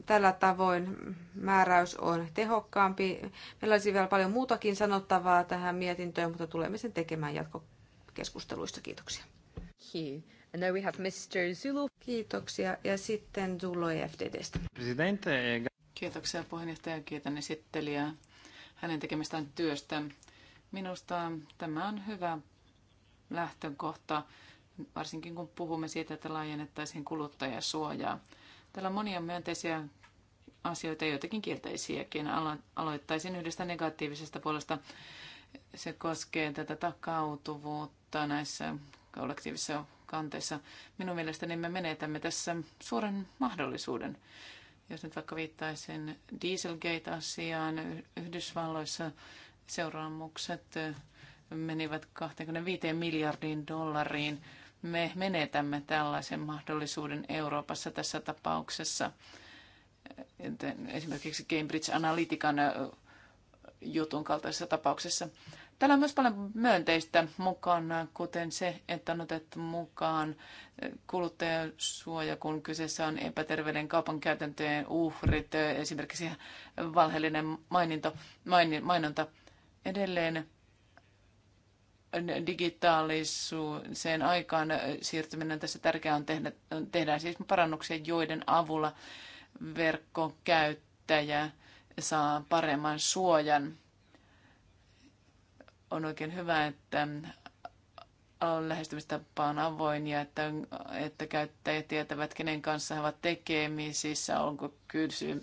Tällä tavoin määräys on tehokkaampi. Meillä olisi vielä paljon muutakin sanottavaa tähän mietintöön, mutta tulemme sen tekemään jatkokeskusteluista. Kiitoksia. Kiitos. And now we have Mr. Zulu. Kiitoksia. Ja sitten Zulo EFDDstä. Presidente. Eh, Kiitoksia puheenjohtaja, kiitän esittelijää hänen tekemistään työstä. Minusta tämä on hyvä lähtökohta, varsinkin kun puhumme siitä, että laajennettaisiin kuluttajasuojaa. Täällä on monia myönteisiä asioita, joitakin kielteisiäkin. Aloittaisin yhdestä negatiivisesta puolesta. Se koskee tätä takautuvuutta näissä kollektiivisissa kanteissa. Minun mielestäni me menetämme tässä suuren mahdollisuuden. Jos nyt vaikka viittaisin Dieselgate-asiaan Yhdysvalloissa, seuraamukset menivät 25 miljardiin dollariin. Me menetämme tällaisen mahdollisuuden Euroopassa tässä tapauksessa. Esimerkiksi Cambridge Analytican eh, jutun kaltaisessa tapauksessa. Täällä on myös paljon myönteistä mukana, kuten se, että on otettu mukaan eh, kuluttajasuoja, kun kyseessä on epäterveiden kaupankäytäntöjen uhrit, eh, esimerkiksi valheellinen maininto, mainin, mainonta. Edelleen digitaalisuuteen aikaan eh, siirtyminen tässä tärkeää on tehdä, tehdään siis parannuksia, joiden avulla verkkokäyttäjä saa paremman suojan on oikein hyvä, että alan lähestymistapa on avoin ja että, että käyttäjät tietävät, kenen kanssa he ovat tekemisissä, onko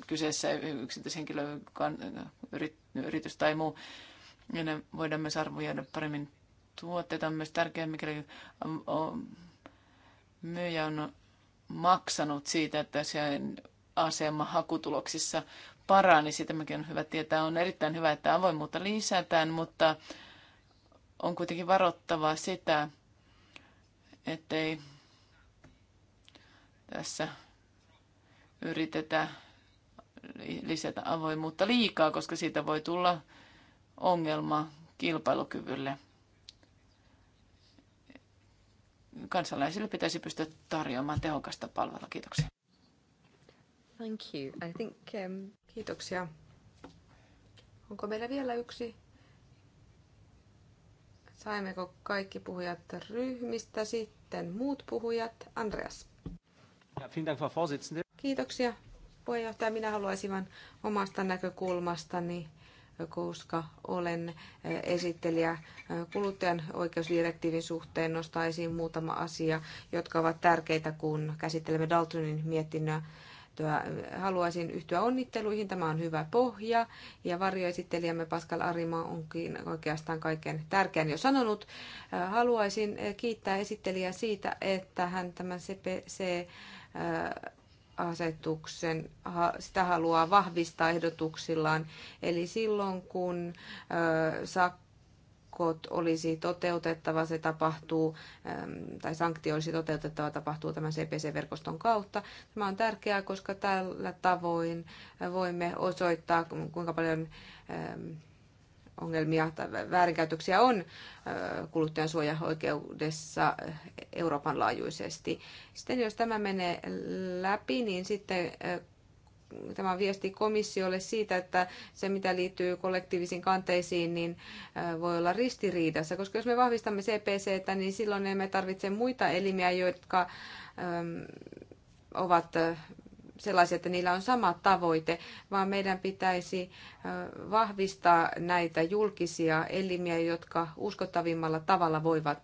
kyseessä yksityishenkilö, yritys tai muu. Ja ne voidaan myös arvioida paremmin tuotteita. On myös tärkeää, mikäli um, um, myyjä on maksanut siitä, että sen asema hakutuloksissa parani. Sitä on hyvä tietää. On erittäin hyvä, että avoimuutta lisätään, mutta on kuitenkin varottava sitä, ettei tässä yritetä lisätä avoimuutta liikaa, koska siitä voi tulla ongelma kilpailukyvylle. Kansalaisille pitäisi pystyä tarjoamaan tehokasta palvelua. Kiitoksia. Thank you. I think, um... Kiitoksia. Onko meillä vielä yksi Saimmeko kaikki puhujat ryhmistä? Sitten muut puhujat. Andreas. Kiitoksia puheenjohtaja. Minä haluaisin vain omasta näkökulmastani koska olen eh, esittelijä eh, kuluttajan oikeusdirektiivin suhteen, nostaisin muutama asia, jotka ovat tärkeitä, kun käsittelemme Daltonin mietinnöä mietintöä. Haluaisin yhtyä onnitteluihin. Tämä on hyvä pohja. Ja varjoesittelijämme Pascal Arima onkin oikeastaan kaiken tärkeän jo sanonut. Haluaisin kiittää esittelijää siitä, että hän tämän CPC äh, asetuksen, sitä haluaa vahvistaa ehdotuksillaan. Eli silloin kun äh, sakko sakot olisi toteutettava, se tapahtuu, tai sanktio olisi toteutettava, tapahtuu tämän CPC-verkoston kautta. Tämä on tärkeää, koska tällä tavoin voimme osoittaa, kuinka paljon ongelmia tai väärinkäytöksiä on äh, kuluttajan suojaoikeudessa äh, Euroopan laajuisesti. Sitten jos tämä menee läpi, niin sitten äh, tämä viesti komissiolle siitä, että se mitä liittyy kollektiivisiin kanteisiin, niin voi olla ristiriidassa, koska jos me vahvistamme CPC, niin silloin emme tarvitse muita elimiä, jotka ovat sellaisia, että niillä on sama tavoite, vaan meidän pitäisi vahvistaa näitä julkisia elimiä, jotka uskottavimmalla tavalla voivat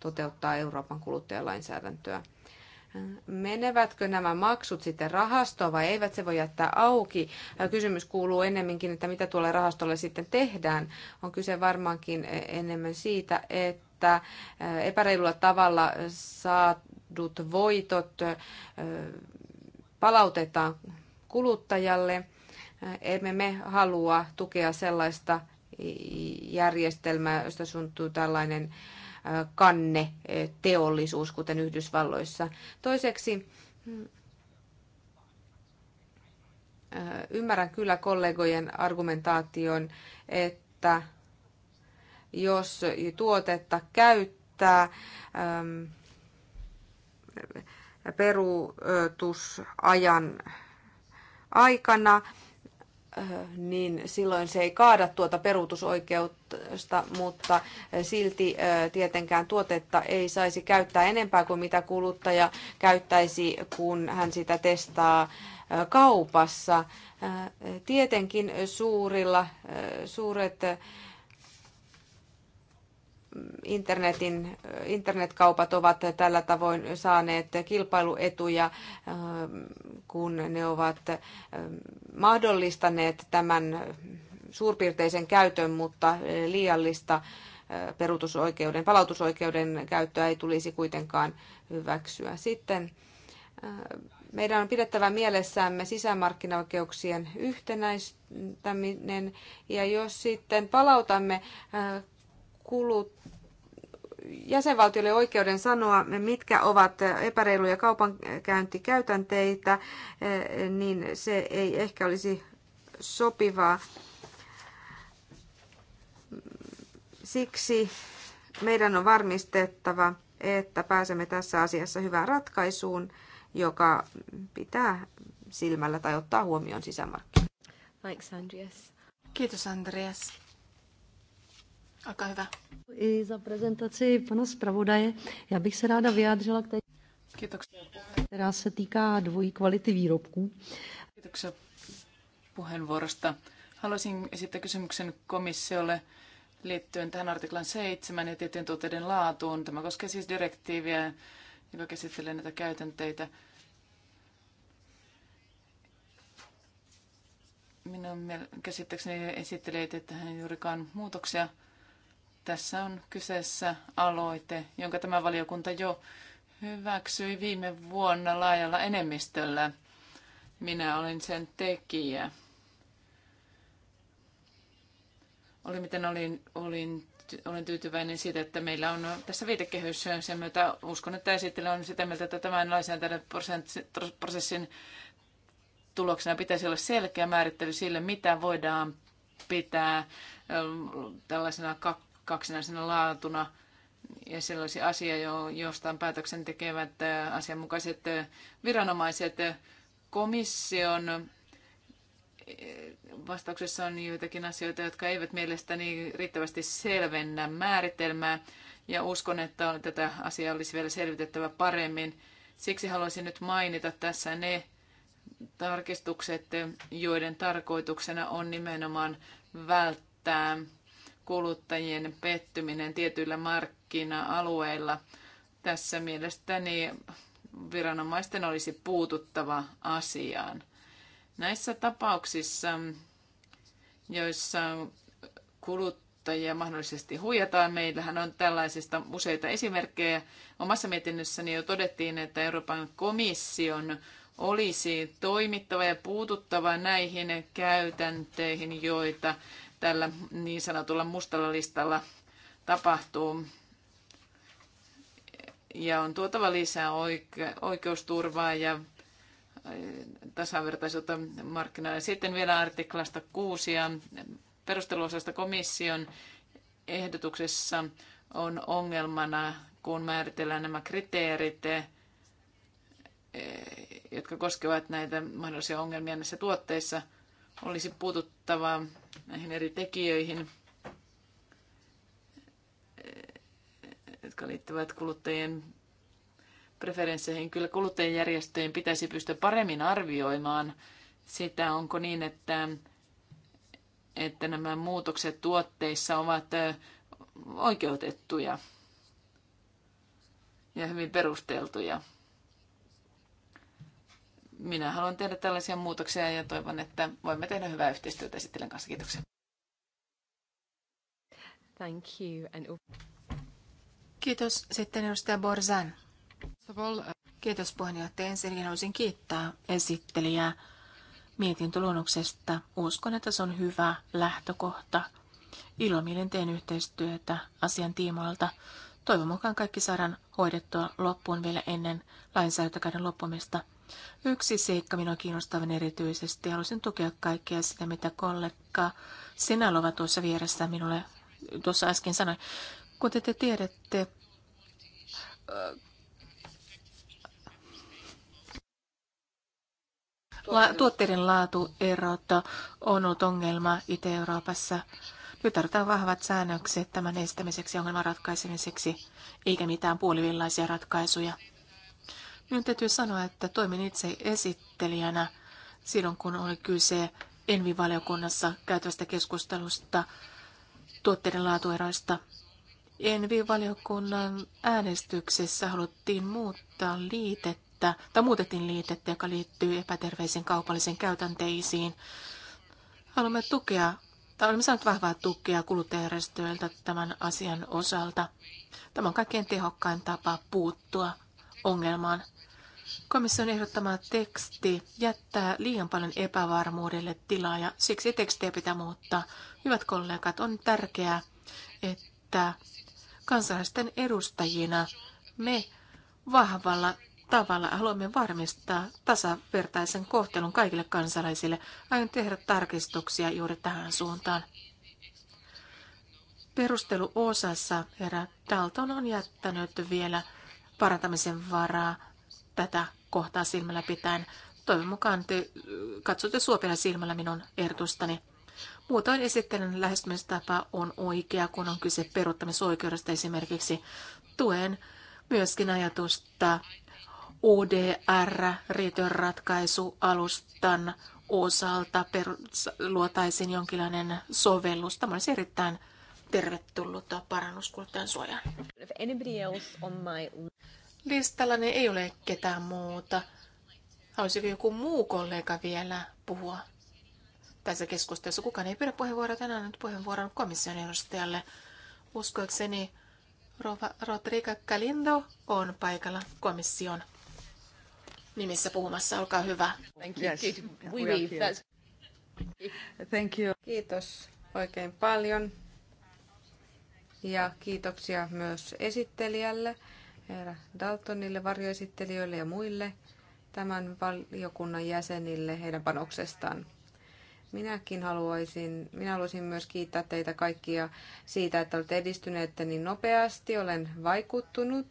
toteuttaa Euroopan kuluttajalainsäädäntöä. Menevätkö nämä maksut sitten rahastoon vai eivät se voi jättää auki? Kysymys kuuluu ennemminkin, että mitä tuolle rahastolle sitten tehdään. On kyse varmaankin enemmän siitä, että epäreilulla tavalla saadut voitot palautetaan kuluttajalle. Emme me halua tukea sellaista järjestelmää, josta suuntuu tällainen äh, kanneteollisuus, kuten Yhdysvalloissa. Toiseksi ymmärrän kyllä kollegojen argumentaation, että jos tuotetta käyttää ähm, peruutusajan aikana, Äh, niin silloin se ei kaada tuota peruutusoikeutta, mutta äh, silti äh, tietenkään tuotetta ei saisi käyttää enempää kuin mitä kuluttaja käyttäisi, kun hän sitä testaa kaupassa. Tietenkin suurilla, suuret internetin, internetkaupat ovat tällä tavoin saaneet kilpailuetuja, kun ne ovat eh, mahdollistaneet tämän suurpiirteisen käytön, mutta liiallista eh, perutusoikeuden, palautusoikeuden käyttöä ei tulisi kuitenkaan hyväksyä. Sitten eh, meidän on pidettävä mielessämme sisämarkkinaoikeuksien yhtenäistäminen, ja jos sitten palautamme kulut, jäsenvaltioille oikeuden sanoa, mitkä ovat epäreiluja kaupankäyntikäytänteitä, niin se ei ehkä olisi sopivaa. Siksi meidän on varmistettava, että pääsemme tässä asiassa hyvään ratkaisuun, joka pitää silmällä tai ottaa huomioon sisämarkkinat. Thanks, Andreas. Kiitos, Andreas. Olkaa hyvä. I za prezentaci pana zpravodaje. Já bych se ráda vyjádřila k té, Kiitoksia. která se týká dvojí kvality výrobků. Kiitoksia puheenvuorosta. Haluaisin esittää kysymyksen komissiolle liittyen tähän artiklan 7 ja tiettyjen tuotteiden laatuun. Tämä koskee siis direktiiviä, joka käsittelee näitä käytänteitä. Minun käsittääkseni esittelee, että tähän ei juurikaan muutoksia tässä on kyseessä aloite, jonka tämä valiokunta jo hyväksyi viime vuonna laajalla enemmistöllä. Minä olin sen tekijä. Oli miten olin, olin, olen tyytyväinen siitä, että meillä on tässä viitekehys sen myötä. Uskon, että esittely on sitä mieltä, että tämän lainsäädäntöprosessin tuloksena pitäisi olla selkeä määrittely sille, mitä voidaan pitää tällaisena kaksinaisena laatuna. Ja se olisi asia, on päätöksen tekevät asianmukaiset viranomaiset. Komission vastauksessa on joitakin asioita, jotka eivät mielestäni riittävästi selvennä määritelmää. Ja uskon, että tätä asiaa olisi vielä selvitettävä paremmin. Siksi haluaisin nyt mainita tässä ne tarkistukset, joiden tarkoituksena on nimenomaan välttää kuluttajien pettyminen tietyillä markkina-alueilla. Tässä mielestäni viranomaisten olisi puututtava asiaan. Näissä tapauksissa, joissa kuluttajia mahdollisesti huijataan, meillähän on tällaisista useita esimerkkejä. Omassa mietinnössäni jo todettiin, että Euroopan komission olisi toimittava ja puututtava näihin käytänteihin, joita tällä niin sanotulla mustalla listalla tapahtuu. Ja on tuotava lisää oike- oikeusturvaa ja eh, tasavertaisuutta markkinoille. Sitten vielä artiklasta 6 ja perusteluosasta komission ehdotuksessa on ongelmana, kun määritellään nämä kriteerit, eh, jotka koskevat näitä mahdollisia ongelmia näissä tuotteissa, olisi puututtava näihin eri tekijöihin, jotka liittyvät kuluttajien preferensseihin. Kyllä järjestöjen pitäisi pystyä paremmin arvioimaan sitä, onko niin, että, että nämä muutokset tuotteissa ovat oikeutettuja ja hyvin perusteltuja minä haluan tehdä tällaisia muutoksia ja toivon, että voimme tehdä hyvää yhteistyötä esittelen kanssa. Kiitoksia. Thank you. And... Kiitos. Sitten edustaja Borzan. Uh, Kiitos puheenjohtaja. Ensinnäkin haluaisin kiittää esittelijää mietintöluonnoksesta. Uskon, että se on hyvä lähtökohta. Ilomielen teen yhteistyötä asian tiimoilta. Toivon mukaan kaikki saadaan hoidettua loppuun vielä ennen lainsäädäntökäden loppumista. Yksi seikka minua kiinnostavan erityisesti. Haluaisin tukea kaikkea sitä, mitä kollega Sinalova tuossa vieressä minulle tuossa äsken sanoi. Kuten te tiedätte, äh, La- tuotteiden laatuerot on ollut ongelma Itä-Euroopassa. Nyt tarvitaan vahvat säännökset tämän estämiseksi ja ongelman ratkaisemiseksi, eikä mitään puolivillaisia ratkaisuja. Minun täytyy sanoa, että toimin itse esittelijänä silloin, kun oli kyse Envi-valiokunnassa käytävästä keskustelusta tuotteiden laatueroista. Envi-valiokunnan äänestyksessä haluttiin muuttaa liitettä, tai muutettiin liitettä, joka liittyy epäterveisiin kaupallisiin käytänteisiin. Haluamme tukea, tai olemme saaneet vahvaa tukea kuluttajärjestöiltä tämän asian osalta. Tämä on kaikkein tehokkain tapa puuttua ongelmaan. Komission ehdottama teksti jättää liian paljon epävarmuudelle tilaa ja siksi tekstiä pitää muuttaa. Hyvät kollegat, on tärkeää, että kansalaisten edustajina me vahvalla tavalla haluamme varmistaa tasavertaisen kohtelun kaikille kansalaisille. Aion tehdä tarkistuksia juuri tähän suuntaan. Perusteluosassa herra Dalton on jättänyt vielä parantamisen varaa tätä kohtaa silmällä pitäen. Toivon mukaan te katsotte suopilla silmällä minun ehdotustani. Muutoin esittelen lähestymistapa on oikea, kun on kyse peruuttamisoikeudesta esimerkiksi. Tuen myöskin ajatusta UDR-riitön ratkaisualustan osalta per, luotaisiin jonkinlainen sovellus. Tämä olisi erittäin tervetullut parannus kuluttajan suojaan. Listallani ei ole ketään muuta. Haluaisiko joku muu kollega vielä puhua? Tässä keskustelussa kukaan ei pyydä puheenvuoroa tänään nyt puheenvuoron komission edustajalle. Uskoakseni Rova Rodriga Calindo on paikalla komission nimissä puhumassa. Olkaa hyvä. Thank you. Yes. We Thank you. Kiitos oikein paljon. Ja kiitoksia myös esittelijälle herra Daltonille, varjoesittelijöille ja muille tämän valiokunnan jäsenille heidän panoksestaan. Minäkin haluaisin, minä haluaisin myös kiittää teitä kaikkia siitä, että olette edistyneet niin nopeasti. Olen vaikuttunut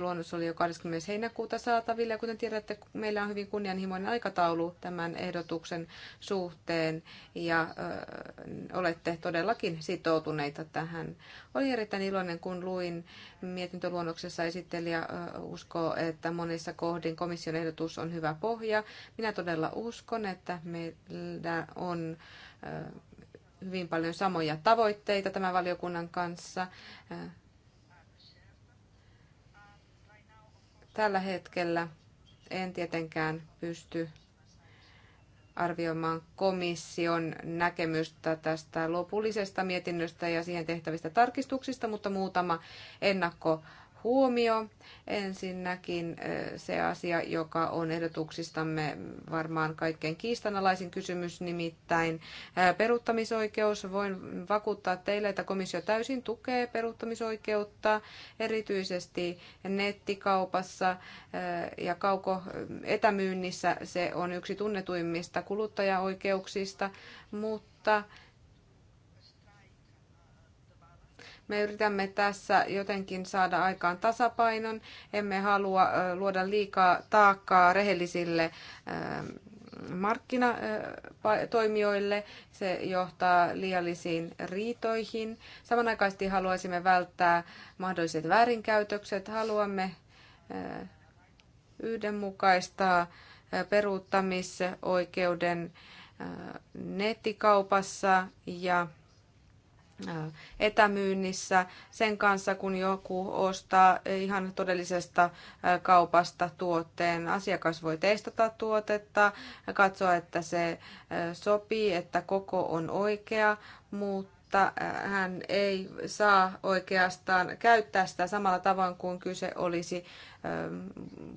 luonnos oli jo 20. heinäkuuta saatavilla ja kuten tiedätte, meillä on hyvin kunnianhimoinen aikataulu tämän ehdotuksen suhteen ja olette todellakin sitoutuneita tähän. Oli erittäin iloinen, kun luin mietintöluonnoksessa esittelijä uskoo, että monissa kohdin komission ehdotus on hyvä pohja. Minä todella uskon, että meillä on hyvin paljon samoja tavoitteita tämän valiokunnan kanssa. Tällä hetkellä en tietenkään pysty arvioimaan komission näkemystä tästä lopullisesta mietinnöstä ja siihen tehtävistä tarkistuksista, mutta muutama ennakko huomio. Ensinnäkin se asia, joka on ehdotuksistamme varmaan kaikkein kiistanalaisin kysymys, nimittäin peruuttamisoikeus. Voin vakuuttaa teille, että komissio täysin tukee peruuttamisoikeutta, erityisesti nettikaupassa ja kaukoetämyynnissä. etämyynnissä Se on yksi tunnetuimmista kuluttajaoikeuksista, mutta Me yritämme tässä jotenkin saada aikaan tasapainon. Emme halua luoda liikaa taakkaa rehellisille markkinatoimijoille. Se johtaa liiallisiin riitoihin. Samanaikaisesti haluaisimme välttää mahdolliset väärinkäytökset. Haluamme yhdenmukaistaa peruuttamisoikeuden nettikaupassa ja etämyynnissä sen kanssa, kun joku ostaa ihan todellisesta kaupasta tuotteen. Asiakas voi testata tuotetta, katsoa, että se sopii, että koko on oikea, mutta hän ei saa oikeastaan käyttää sitä samalla tavoin kuin kyse olisi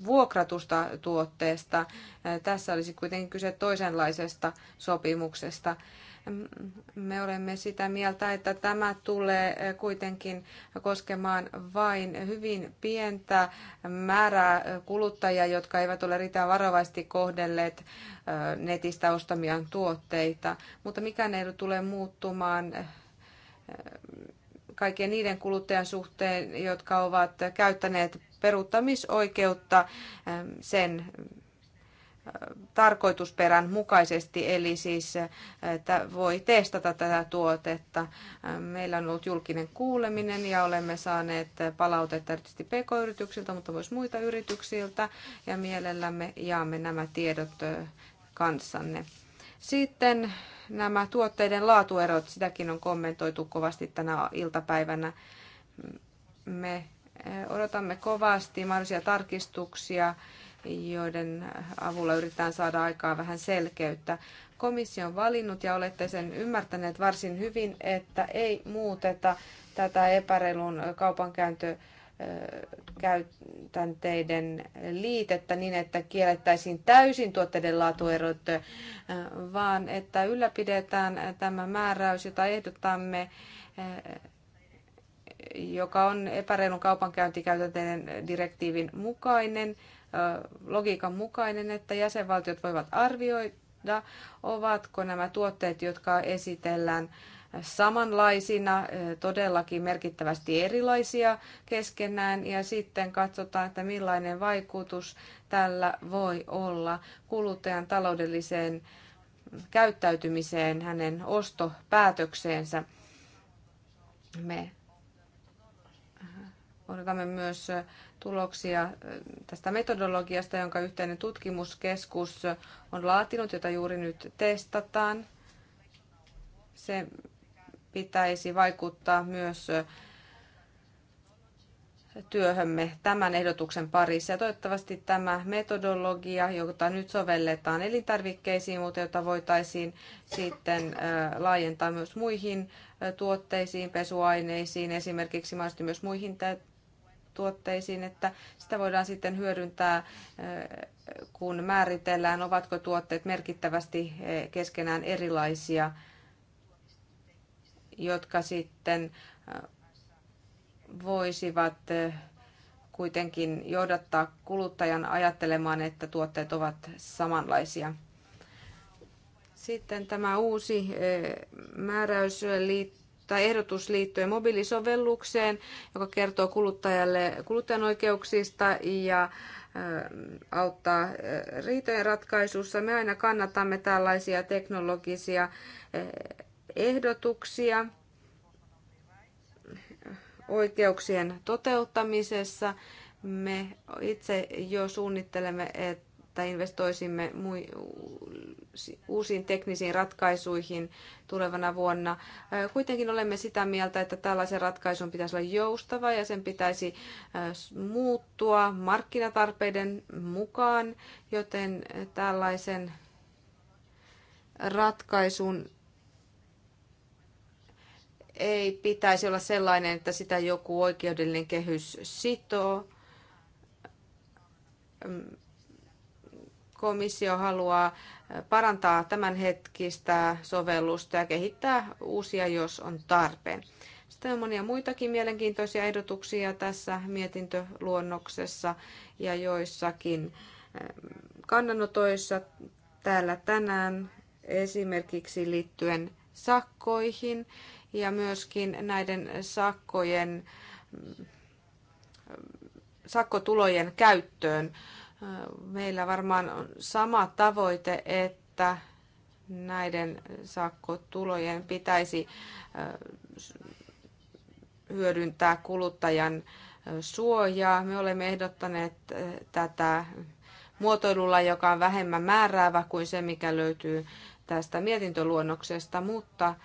vuokratusta tuotteesta. Tässä olisi kuitenkin kyse toisenlaisesta sopimuksesta. Me olemme sitä mieltä, että tämä tulee kuitenkin koskemaan vain hyvin pientä määrää kuluttajia, jotka eivät ole riittävän varovasti kohdelleet netistä ostamiaan tuotteita. Mutta mikään ei tule muuttumaan kaikkien niiden kuluttajan suhteen, jotka ovat käyttäneet peruuttamisoikeutta sen tarkoitusperän mukaisesti, eli siis äh, että voi testata tätä tuotetta. Äh, meillä on ollut julkinen kuuleminen ja olemme saaneet palautetta erityisesti pk-yrityksiltä, mutta myös muita yrityksiltä, ja mielellämme jaamme nämä tiedot äh, kanssanne. Sitten nämä tuotteiden laatuerot, sitäkin on kommentoitu kovasti tänä iltapäivänä. Me odotamme kovasti mahdollisia tarkistuksia joiden avulla yritetään saada aikaa vähän selkeyttä. Komissio on valinnut ja olette sen ymmärtäneet varsin hyvin, että ei muuteta tätä epäreilun kaupankäyntö käytänteiden liitettä niin, että kiellettäisiin täysin tuotteiden laatuerot, vaan että ylläpidetään tämä määräys, jota ehdotamme, joka on epäreilun kaupankäyntikäytänteiden direktiivin mukainen – logiikan mukainen, että jäsenvaltiot voivat arvioida, ovatko nämä tuotteet, jotka esitellään samanlaisina, todellakin merkittävästi erilaisia keskenään ja sitten katsotaan, että millainen vaikutus tällä voi olla kuluttajan taloudelliseen käyttäytymiseen, hänen ostopäätökseensä. Me odotamme myös tuloksia tästä metodologiasta, jonka yhteinen tutkimuskeskus on laatinut, jota juuri nyt testataan. Se pitäisi vaikuttaa myös työhömme tämän ehdotuksen parissa. Ja toivottavasti tämä metodologia, jota nyt sovelletaan elintarvikkeisiin, mutta jota voitaisiin sitten laajentaa myös muihin tuotteisiin, pesuaineisiin, esimerkiksi mahdollisesti myös muihin tuotteisiin, että sitä voidaan sitten hyödyntää, eh, kun määritellään, ovatko tuotteet merkittävästi eh, keskenään erilaisia, jotka sitten eh, voisivat kuitenkin johdattaa kuluttajan ajattelemaan, että tuotteet ovat samanlaisia. Sitten tämä uusi määräys liittyy tai ehdotus liittyen mobiilisovellukseen, joka kertoo kuluttajalle kuluttajan oikeuksista ja auttaa riitojen ratkaisussa. Me aina kannatamme tällaisia teknologisia ehdotuksia oikeuksien toteuttamisessa. Me itse jo suunnittelemme, että että investoisimme uusiin teknisiin ratkaisuihin tulevana vuonna. Kuitenkin olemme sitä mieltä, että tällaisen ratkaisun pitäisi olla joustava ja sen pitäisi muuttua markkinatarpeiden mukaan, joten tällaisen ratkaisun ei pitäisi olla sellainen, että sitä joku oikeudellinen kehys sitoo komissio haluaa parantaa tämänhetkistä sovellusta ja kehittää uusia, jos on tarpeen. Sitten on monia muitakin mielenkiintoisia ehdotuksia tässä mietintöluonnoksessa ja joissakin eh, kannanotoissa täällä tänään esimerkiksi liittyen sakkoihin ja myöskin näiden sakkojen mm, sakkotulojen käyttöön. Meillä varmaan on sama tavoite, että näiden sakkotulojen pitäisi hyödyntää kuluttajan suojaa. Me olemme ehdottaneet tätä muotoilulla, joka on vähemmän määräävä kuin se, mikä löytyy tästä mietintöluonnoksesta, mutta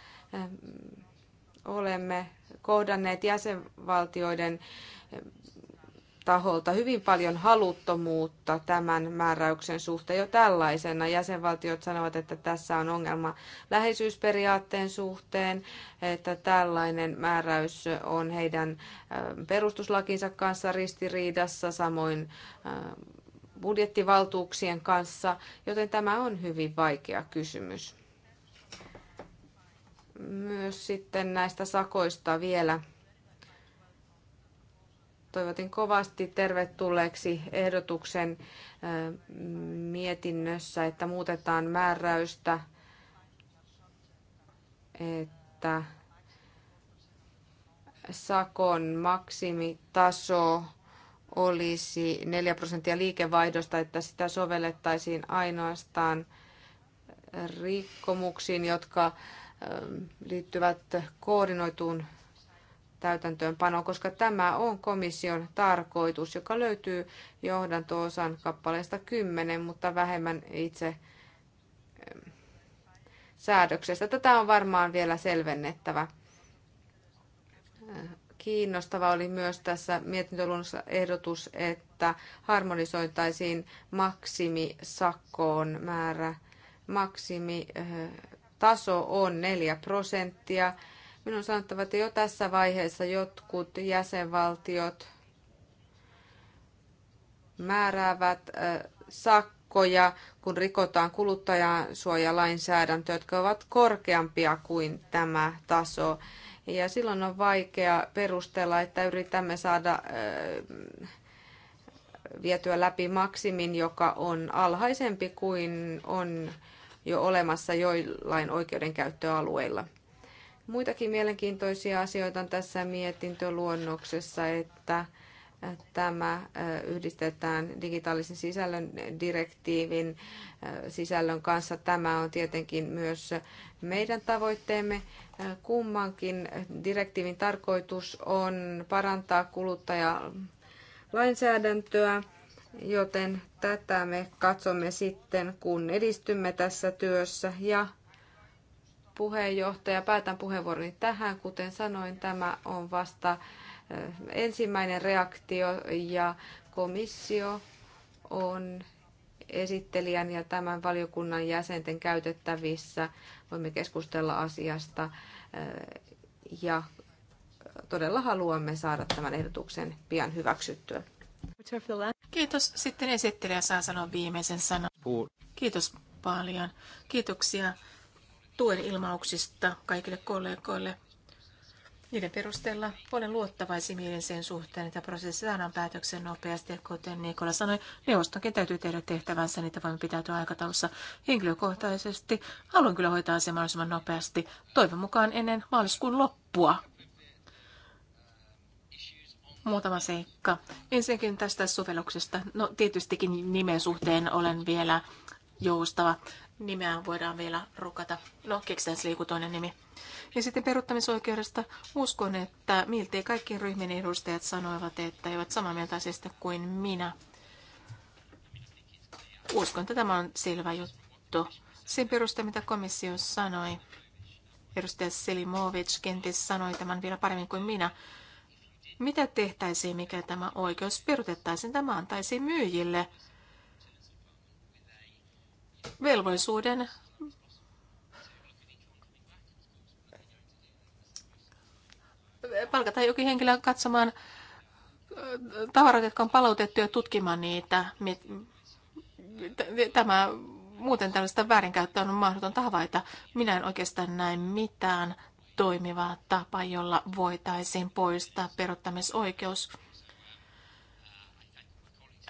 olemme kohdanneet jäsenvaltioiden taholta hyvin paljon haluttomuutta tämän määräyksen suhteen jo tällaisena. Jäsenvaltiot sanovat, että tässä on ongelma läheisyysperiaatteen suhteen, että tällainen määräys on heidän ähm, perustuslakinsa kanssa ristiriidassa, samoin ähm, budjettivaltuuksien kanssa, joten tämä on hyvin vaikea kysymys. Myös sitten näistä sakoista vielä toivotin kovasti tervetulleeksi ehdotuksen mietinnössä, että muutetaan määräystä, että sakon maksimitaso olisi 4 prosenttia liikevaihdosta, että sitä sovellettaisiin ainoastaan rikkomuksiin, jotka liittyvät koordinoituun täytäntöönpanoon, koska tämä on komission tarkoitus, joka löytyy johdanto-osan kappaleesta 10, mutta vähemmän itse säädöksestä. Tätä on varmaan vielä selvennettävä. Kiinnostava oli myös tässä mietintöluonnossa ehdotus, että harmonisoitaisiin maksimisakkoon määrä. Maksimitaso eh, on 4 prosenttia Minun on sanottava, että jo tässä vaiheessa jotkut jäsenvaltiot määräävät sakkoja, kun rikotaan kuluttajansuojalainsäädäntöä, jotka ovat korkeampia kuin tämä taso. Ja silloin on vaikea perustella, että yritämme saada vietyä läpi maksimin, joka on alhaisempi kuin on jo olemassa joillain oikeudenkäyttöalueilla. Muitakin mielenkiintoisia asioita on tässä mietintöluonnoksessa, että tämä yhdistetään digitaalisen sisällön direktiivin sisällön kanssa. Tämä on tietenkin myös meidän tavoitteemme. Kummankin direktiivin tarkoitus on parantaa kuluttajalainsäädäntöä, joten tätä me katsomme sitten, kun edistymme tässä työssä ja puheenjohtaja. Päätän puheenvuoroni tähän. Kuten sanoin, tämä on vasta eh, ensimmäinen reaktio ja komissio on esittelijän ja tämän valiokunnan jäsenten käytettävissä. Voimme keskustella asiasta eh, ja todella haluamme saada tämän ehdotuksen pian hyväksyttyä. Kiitos. Sitten esittelijä saa sanoa viimeisen sanan. Kiitos paljon. Kiitoksia tuen ilmauksista kaikille kollegoille. Niiden perusteella olen luottavaisin mielen sen suhteen, että prosessi saadaan päätöksen nopeasti, kuten Nikola sanoi, neuvostonkin täytyy tehdä tehtävänsä, niitä voimme pitäytyä aikataulussa henkilökohtaisesti. Haluan kyllä hoitaa asian mahdollisimman nopeasti, toivon mukaan ennen maaliskuun loppua. Muutama seikka. Ensinnäkin tästä sovelluksesta. No tietystikin nimen suhteen olen vielä joustava nimeään voidaan vielä rukata. No, keksitään se joku toinen nimi. Ja sitten peruuttamisoikeudesta uskon, että miltei kaikkien ryhmien edustajat sanoivat, että eivät samaa mieltä asiasta kuin minä. Uskon, että tämä on selvä juttu. Sen perusteella, mitä komissio sanoi, edustaja Selimovic kenties sanoi tämän vielä paremmin kuin minä, mitä tehtäisiin, mikä tämä oikeus perutettaisiin? Tämä antaisi myyjille velvollisuuden palkata jokin henkilö katsomaan tavarat, jotka on palautettu ja tutkimaan niitä. Tämä muuten tällaista väärinkäyttöä on mahdotonta havaita. Minä en oikeastaan näe mitään toimivaa tapaa, jolla voitaisiin poistaa peruuttamisoikeus.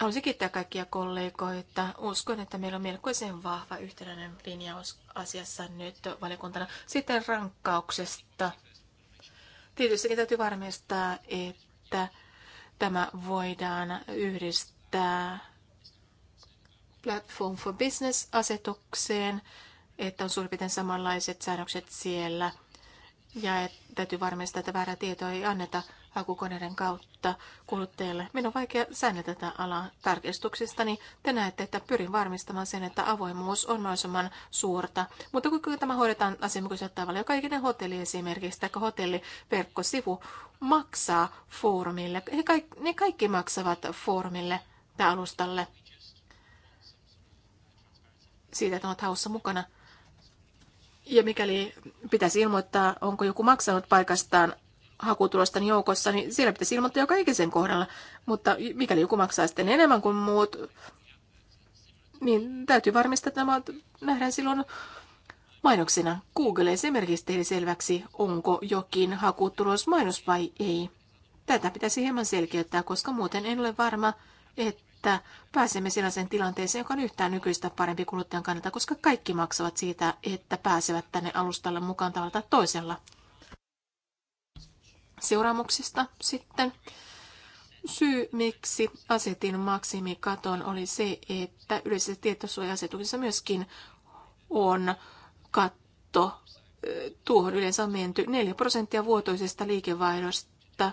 Haluaisin kiittää kaikkia kollegoita. Uskon, että meillä on melkoisen vahva yhtenäinen linjaus asiassa nyt valiokuntana. Sitten rankkauksesta. tietysti täytyy varmistaa, että tämä voidaan yhdistää Platform for Business-asetukseen, että on suurin piirtein samanlaiset säännökset siellä. Ja täytyy varmistaa, että väärää tietoa ei anneta hakukoneiden kautta kuluttajalle. Minun on vaikea säännä tätä alaa niin Te näette, että pyrin varmistamaan sen, että avoimuus on mahdollisimman suurta. Mutta kun tämä hoidetaan asianmukaisella tavalla, joka ikinen hotelli esimerkiksi tai hotelliverkkosivu maksaa foorumille. He kaikki, ne kaikki maksavat foorumille tai alustalle siitä, että olet haussa mukana. Ja mikäli pitäisi ilmoittaa, onko joku maksanut paikastaan hakutulosten joukossa, niin siellä pitäisi ilmoittaa joka ikisen kohdalla. Mutta mikäli joku maksaa sitten enemmän kuin muut, niin täytyy varmistaa, että nämä nähdään silloin mainoksena. Google esimerkiksi tehdä selväksi, onko jokin hakutulos mainos vai ei. Tätä pitäisi hieman selkeyttää, koska muuten en ole varma, että pääsemme sellaiseen tilanteeseen, joka on yhtään nykyistä parempi kuluttajan kannalta, koska kaikki maksavat siitä, että pääsevät tänne alustalle mukaan tavalla toisella seuraamuksista sitten. Syy, miksi asetin maksimikaton, oli se, että yleisessä tietosuoja-asetuksessa myöskin on katto. Tuohon yleensä on menty 4 prosenttia vuotoisesta liikevaihdosta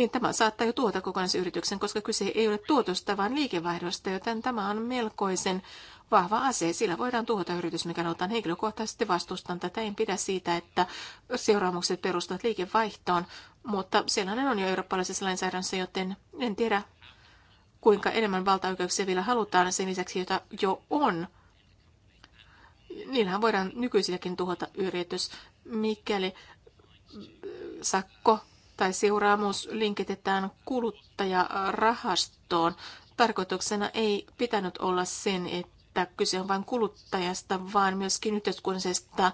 niin tämä saattaa jo tuota kokonaisyrityksen, koska kyse ei ole tuotosta, vaan liikevaihdosta, joten tämä on melkoisen vahva ase. Sillä voidaan tuota yritys, mikä otan henkilökohtaisesti vastustan tätä. En pidä siitä, että seuraamukset perustuvat liikevaihtoon, mutta sellainen on jo eurooppalaisessa lainsäädännössä, joten en tiedä, kuinka enemmän valtaoikeuksia vielä halutaan sen lisäksi, jota jo on. Niillähän voidaan nykyisilläkin tuhota yritys, mikäli sakko tai seuraamus linkitetään kuluttajarahastoon. Tarkoituksena ei pitänyt olla sen, että kyse on vain kuluttajasta, vaan myöskin yhteiskunnallisesta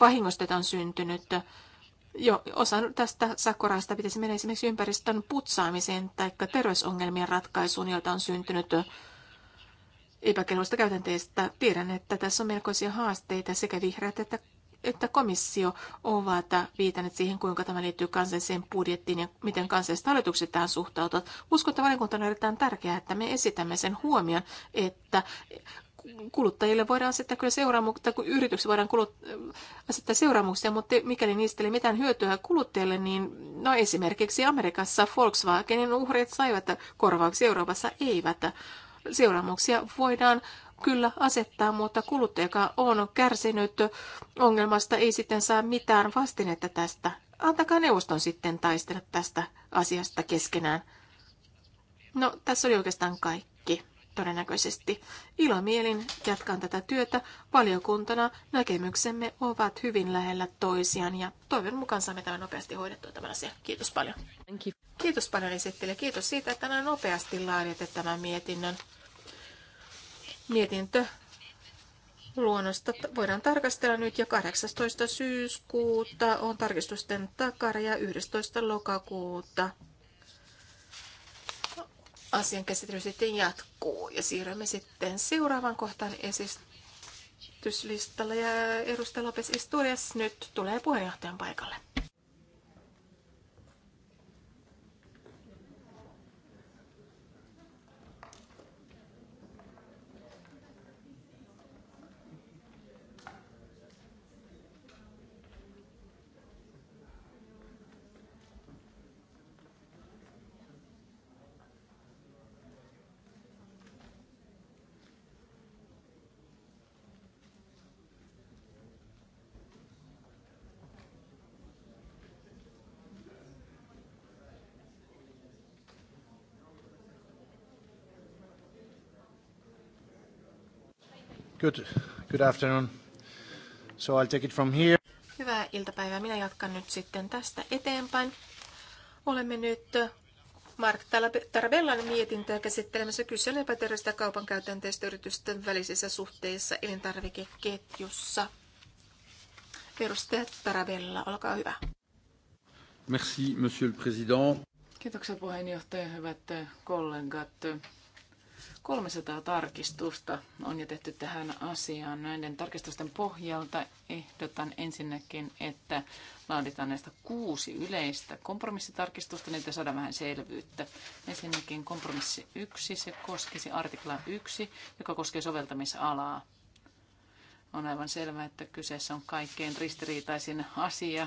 vahingosta, jota on syntynyt. Jo, osa tästä sakkorahasta pitäisi mennä esimerkiksi ympäristön putsaamiseen tai terveysongelmien ratkaisuun, joita on syntynyt epäkelvoista käytänteistä. Tiedän, että tässä on melkoisia haasteita sekä vihreät että että komissio ovat viitanneet siihen, kuinka tämä liittyy kansalliseen budjettiin ja miten kansalliset hallitukset tähän suhtautuvat. Uskon, että valiokunta on erittäin tärkeää, että me esitämme sen huomion, että kuluttajille voidaan asettaa kyllä seuraamuksia, kun yrityksiä voidaan kulut, asettaa seuraamuksia, mutta mikäli niistä ei mitään hyötyä kuluttajille, niin no esimerkiksi Amerikassa Volkswagenin uhreet saivat korvauksia, Euroopassa eivät. Seuraamuksia voidaan kyllä asettaa, mutta kuluttaja, joka on kärsinyt ongelmasta, ei sitten saa mitään vastinetta tästä. Antakaa neuvoston sitten taistella tästä asiasta keskenään. No, tässä oli oikeastaan kaikki todennäköisesti. Ilomielin jatkan tätä työtä. Valiokuntana näkemyksemme ovat hyvin lähellä toisiaan ja toivon mukaan saamme tämän nopeasti hoidettua tämän asian. Kiitos paljon. Kiitos paljon esittelijä. Kiitos siitä, että näin nopeasti laaditte tämän mietinnön. Mietintö luonnosta voidaan tarkastella nyt ja 18. syyskuuta on tarkistusten takara ja 11. lokakuuta asian käsittely sitten jatkuu ja siirrymme sitten seuraavaan kohtaan esityslistalle ja edustaja Lopes Isturias nyt tulee puheenjohtajan paikalle. Good, good afternoon. So I'll take it from here. Hyvää iltapäivää. Minä jatkan nyt sitten tästä eteenpäin. Olemme nyt Mark Tarabellan mietintöä käsittelemässä kyse epäterveistä kaupankäytänteistä yritysten välisissä suhteissa elintarvikeketjussa. Edustaja Tarabella, olkaa hyvä. Merci, monsieur le président. Kiitoksia puheenjohtaja, hyvät kollegat. 300 tarkistusta on jo tehty tähän asiaan. Näiden tarkistusten pohjalta ehdotan ensinnäkin, että laaditaan näistä kuusi yleistä kompromissitarkistusta, niin että saadaan vähän selvyyttä. Ensinnäkin kompromissi 1, se koskisi artikla 1, joka koskee soveltamisalaa. On aivan selvää, että kyseessä on kaikkein ristiriitaisin asia,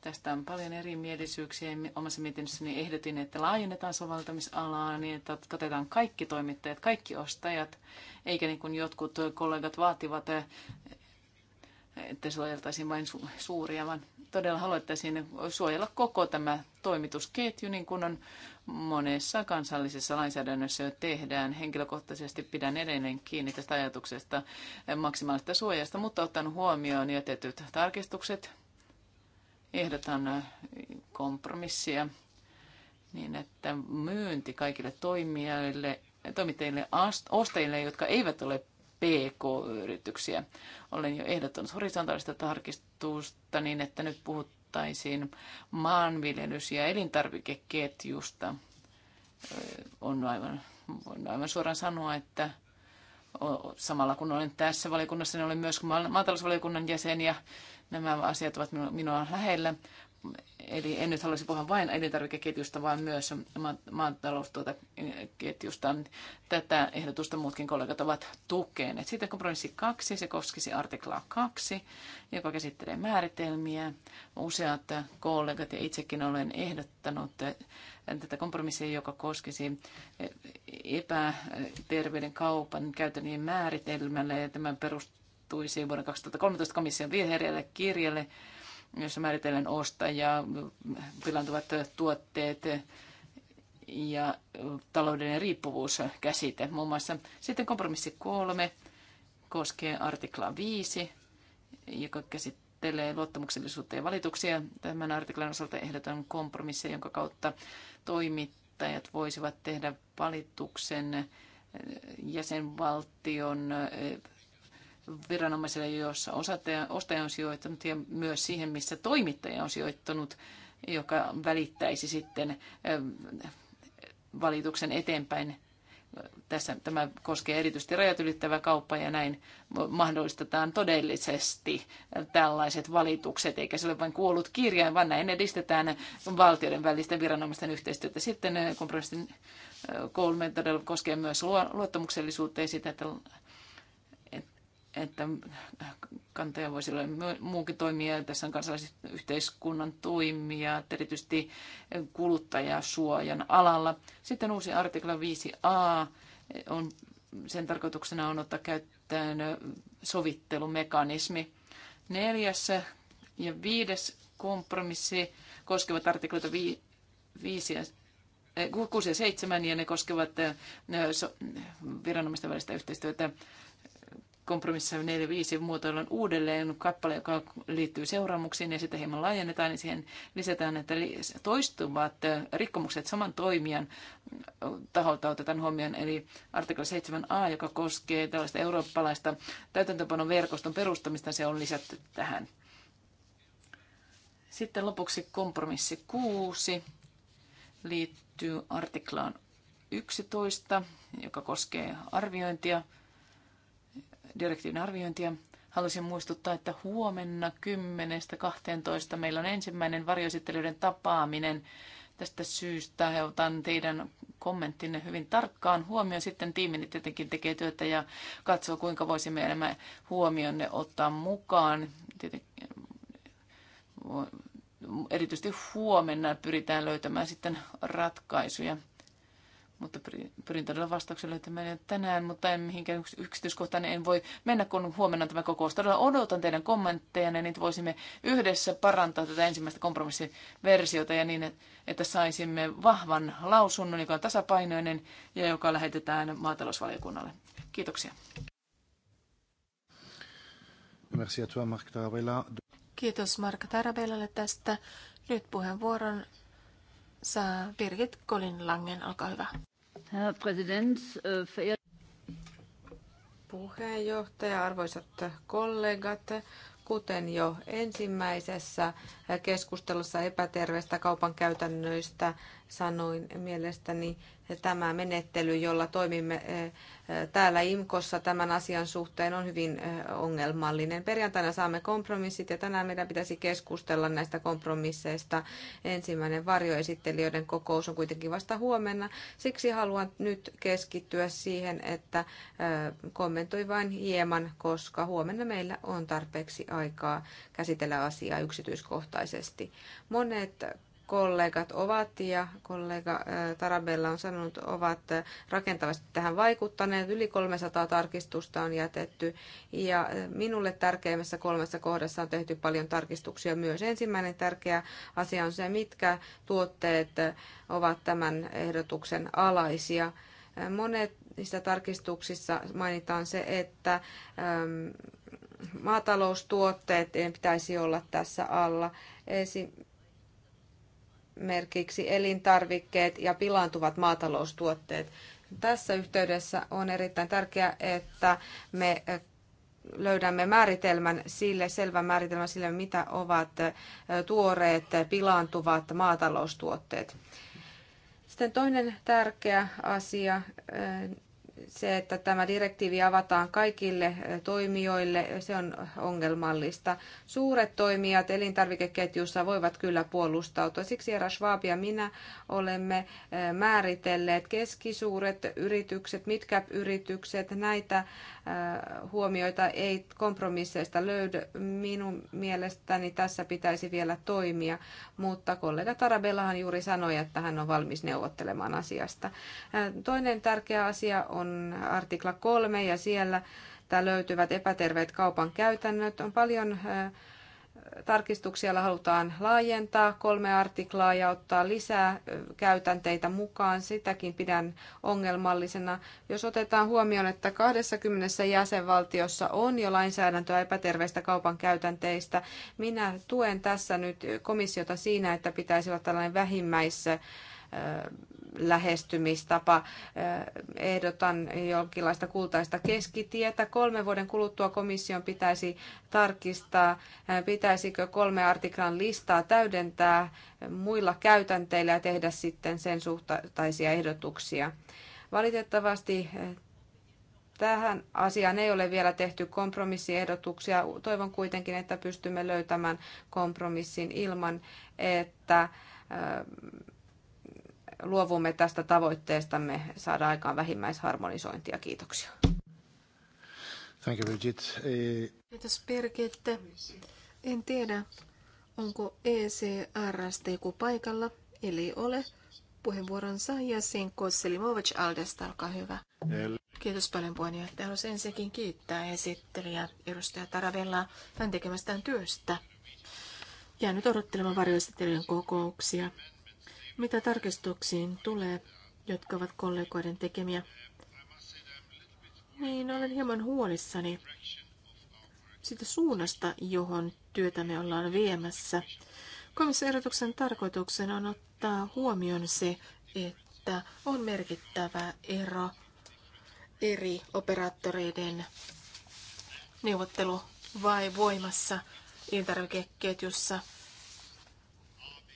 Tästä on paljon erimielisyyksiä. Omassa mietinnössäni ehdotin, että laajennetaan soveltamisalaa niin, että katetaan kaikki toimittajat, kaikki ostajat, eikä niin kuin jotkut kollegat vaativat, että suojeltaisiin vain su- suuria, vaan todella haluttaisiin suojella koko tämä toimitusketju, niin kuin on monessa kansallisessa lainsäädännössä jo tehdään. Henkilökohtaisesti pidän edelleen kiinni tästä ajatuksesta maksimaalista suojasta, mutta ottan huomioon jätetyt tarkistukset, ehdotan kompromissia niin, että myynti kaikille toimijoille, toimittajille, ostajille, jotka eivät ole PK-yrityksiä. Olen jo ehdottanut horisontaalista tarkistusta niin, että nyt puhuttaisiin maanviljelys- ja elintarvikeketjusta. On aivan, voin aivan suoraan sanoa, että samalla kun olen tässä valiokunnassa, niin olen myös maatalousvaliokunnan jäsen ja Nämä asiat ovat minua lähellä. Eli en nyt haluaisi puhua vain elintarvikeketjusta, vaan myös maataloustuotaketjusta. Tätä ehdotusta muutkin kollegat ovat tukeneet. Sitten kompromissi kaksi, se koskisi artiklaa kaksi, joka käsittelee määritelmiä. Useat kollegat ja itsekin olen ehdottanut tätä kompromissia, joka koskisi epäterveyden kaupan käytön määritelmälle. Ja tämän perust- asettuisi vuonna 2013 komission vihreälle kirjalle, jossa määritellään ostaja, pilantuvat tuotteet ja taloudellinen riippuvuus käsite muun muassa. Sitten kompromissi kolme koskee artiklaa 5, joka käsittelee luottamuksellisuutta ja valituksia. Tämän artiklan osalta ehdotan kompromissia, jonka kautta toimittajat voisivat tehdä valituksen jäsenvaltion viranomaisille, joissa ostaja on sijoittanut ja myös siihen, missä toimittaja on sijoittanut, joka välittäisi sitten ähm, valituksen eteenpäin. Tässä tämä koskee erityisesti rajat ylittävää kauppaa ja näin mahdollistetaan todellisesti tällaiset valitukset, eikä se ole vain kuollut kirjain, vaan näin edistetään valtioiden välisten viranomaisten yhteistyötä. Sitten äh, kompromissin äh, kolme todella koskee myös luottamuksellisuutta ja sitä, että että kantaja voisi olla muukin toimija. Tässä on kansalaisyhteiskunnan toimija, erityisesti kuluttajasuojan alalla. Sitten uusi artikla 5a on sen tarkoituksena on ottaa käyttöön sovittelumekanismi. Neljäs ja viides kompromissi koskevat artikloita 5 ja 6 eh, ja 7, ja ne koskevat eh, viranomaisten välistä yhteistyötä kompromissa 4.5 muotoillaan uudelleen kappale, joka liittyy seuraamuksiin ja sitä hieman laajennetaan, niin siihen lisätään, että toistuvat rikkomukset saman toimijan taholta otetaan huomioon, eli artikla 7a, joka koskee tällaista eurooppalaista täytäntöpanon verkoston perustamista, se on lisätty tähän. Sitten lopuksi kompromissi 6 liittyy artiklaan 11, joka koskee arviointia direktiivin arviointia. Haluaisin muistuttaa, että huomenna 10.12. meillä on ensimmäinen varjoesittelyiden tapaaminen. Tästä syystä otan teidän kommenttinne hyvin tarkkaan huomioon. Sitten tiimini tietenkin tekee työtä ja katsoo, kuinka voisimme enemmän huomionne ottaa mukaan. Tietenkin, mm, erityisesti huomenna pyritään löytämään sitten ratkaisuja mutta pyrin todella että löytämään tänään, mutta en mihinkään yksityiskohtaan niin en voi mennä, kun huomenna tämä kokous. Todella odotan teidän kommentteja, niin niitä voisimme yhdessä parantaa tätä ensimmäistä kompromissiversiota ja niin, että saisimme vahvan lausunnon, joka on tasapainoinen ja joka lähetetään maatalousvaliokunnalle. Kiitoksia. Kiitos Mark Tarabellalle tästä. Nyt puheenvuoron saa Birgit Kolin Langen, olkaa hyvä. Herr Präsident, äh, puheenjohtaja, arvoisat kollegat. Kuten jo ensimmäisessä keskustelussa epäterveistä kaupan käytännöistä sanoin, mielestäni tämä menettely, jolla toimimme eh, eh, täällä IMKossa tämän asian suhteen, on hyvin eh, ongelmallinen. Perjantaina saamme kompromissit ja tänään meidän pitäisi keskustella näistä kompromisseista. Ensimmäinen varjoesittelijöiden kokous on kuitenkin vasta huomenna. Siksi haluan nyt keskittyä siihen, että kommentoi vain hieman, koska huomenna meillä on tarpeeksi aikaa käsitellä asiaa yksityiskohtaisesti. Monet kollegat ovat ja kollega Tarabella on sanonut, ovat rakentavasti tähän vaikuttaneet. Yli 300 tarkistusta on jätetty ja minulle tärkeimmässä kolmessa kohdassa on tehty paljon tarkistuksia myös. Ensimmäinen tärkeä asia on se, mitkä tuotteet ovat tämän ehdotuksen alaisia. Monet niissä tarkistuksissa mainitaan se, että maataloustuotteet pitäisi olla tässä alla. Esimerkiksi esimerkiksi elintarvikkeet ja pilaantuvat maataloustuotteet. Tässä yhteydessä on erittäin tärkeää, että me eh, löydämme määritelmän sille, selvän määritelmän sille, mitä ovat eh, tuoreet pilaantuvat maataloustuotteet. Sitten toinen tärkeä asia eh, se, että tämä direktiivi avataan kaikille toimijoille, se on ongelmallista. Suuret toimijat elintarvikeketjussa voivat kyllä puolustautua. Siksi Era Schwab ja minä olemme määritelleet keskisuuret yritykset, mitkä-yritykset. Näitä huomioita ei kompromisseista löydy. Minun mielestäni tässä pitäisi vielä toimia, mutta kollega Tarabellahan juuri sanoi, että hän on valmis neuvottelemaan asiasta. Toinen tärkeä asia on on artikla 3 ja siellä löytyvät epäterveet kaupan käytännöt. On paljon tarkistuksia, joilla halutaan laajentaa kolme artiklaa ja ottaa lisää käytänteitä mukaan. Sitäkin pidän ongelmallisena. Jos otetaan huomioon, että 20 jäsenvaltiossa on jo lainsäädäntöä epäterveistä kaupan käytänteistä, minä tuen tässä nyt komissiota siinä, että pitäisi olla tällainen vähimmäis lähestymistapa. Ehdotan jonkinlaista kultaista keskitietä. Kolmen vuoden kuluttua komission pitäisi tarkistaa, pitäisikö kolme artiklan listaa täydentää muilla käytänteillä ja tehdä sitten sen suhtaisia ehdotuksia. Valitettavasti tähän asiaan ei ole vielä tehty kompromissiehdotuksia. Toivon kuitenkin, että pystymme löytämään kompromissin ilman, että luovumme tästä tavoitteestamme saada aikaan vähimmäisharmonisointia. Kiitoksia. Thank you, Bridget. Eh, Kiitos Birgit. En tiedä, onko ECRST joku paikalla, eli ole. Puheenvuoron saa Jasin Kosselimovic Aldesta, olkaa hyvä. Kiitos paljon puheenjohtaja. Haluaisin ensinnäkin kiittää esittelijä edustaja taravella hän tekemästään työstä. Jään nyt odottelemaan varjoesittelijän kokouksia. Mitä tarkistuksiin tulee, jotka ovat kollegoiden tekemiä, niin olen hieman huolissani siitä suunnasta, johon työtämme ollaan viemässä. Komissioehdotuksen tarkoituksena on ottaa huomioon se, että on merkittävä ero eri operaattoreiden neuvottelu vai voimassa intervikeketjussa.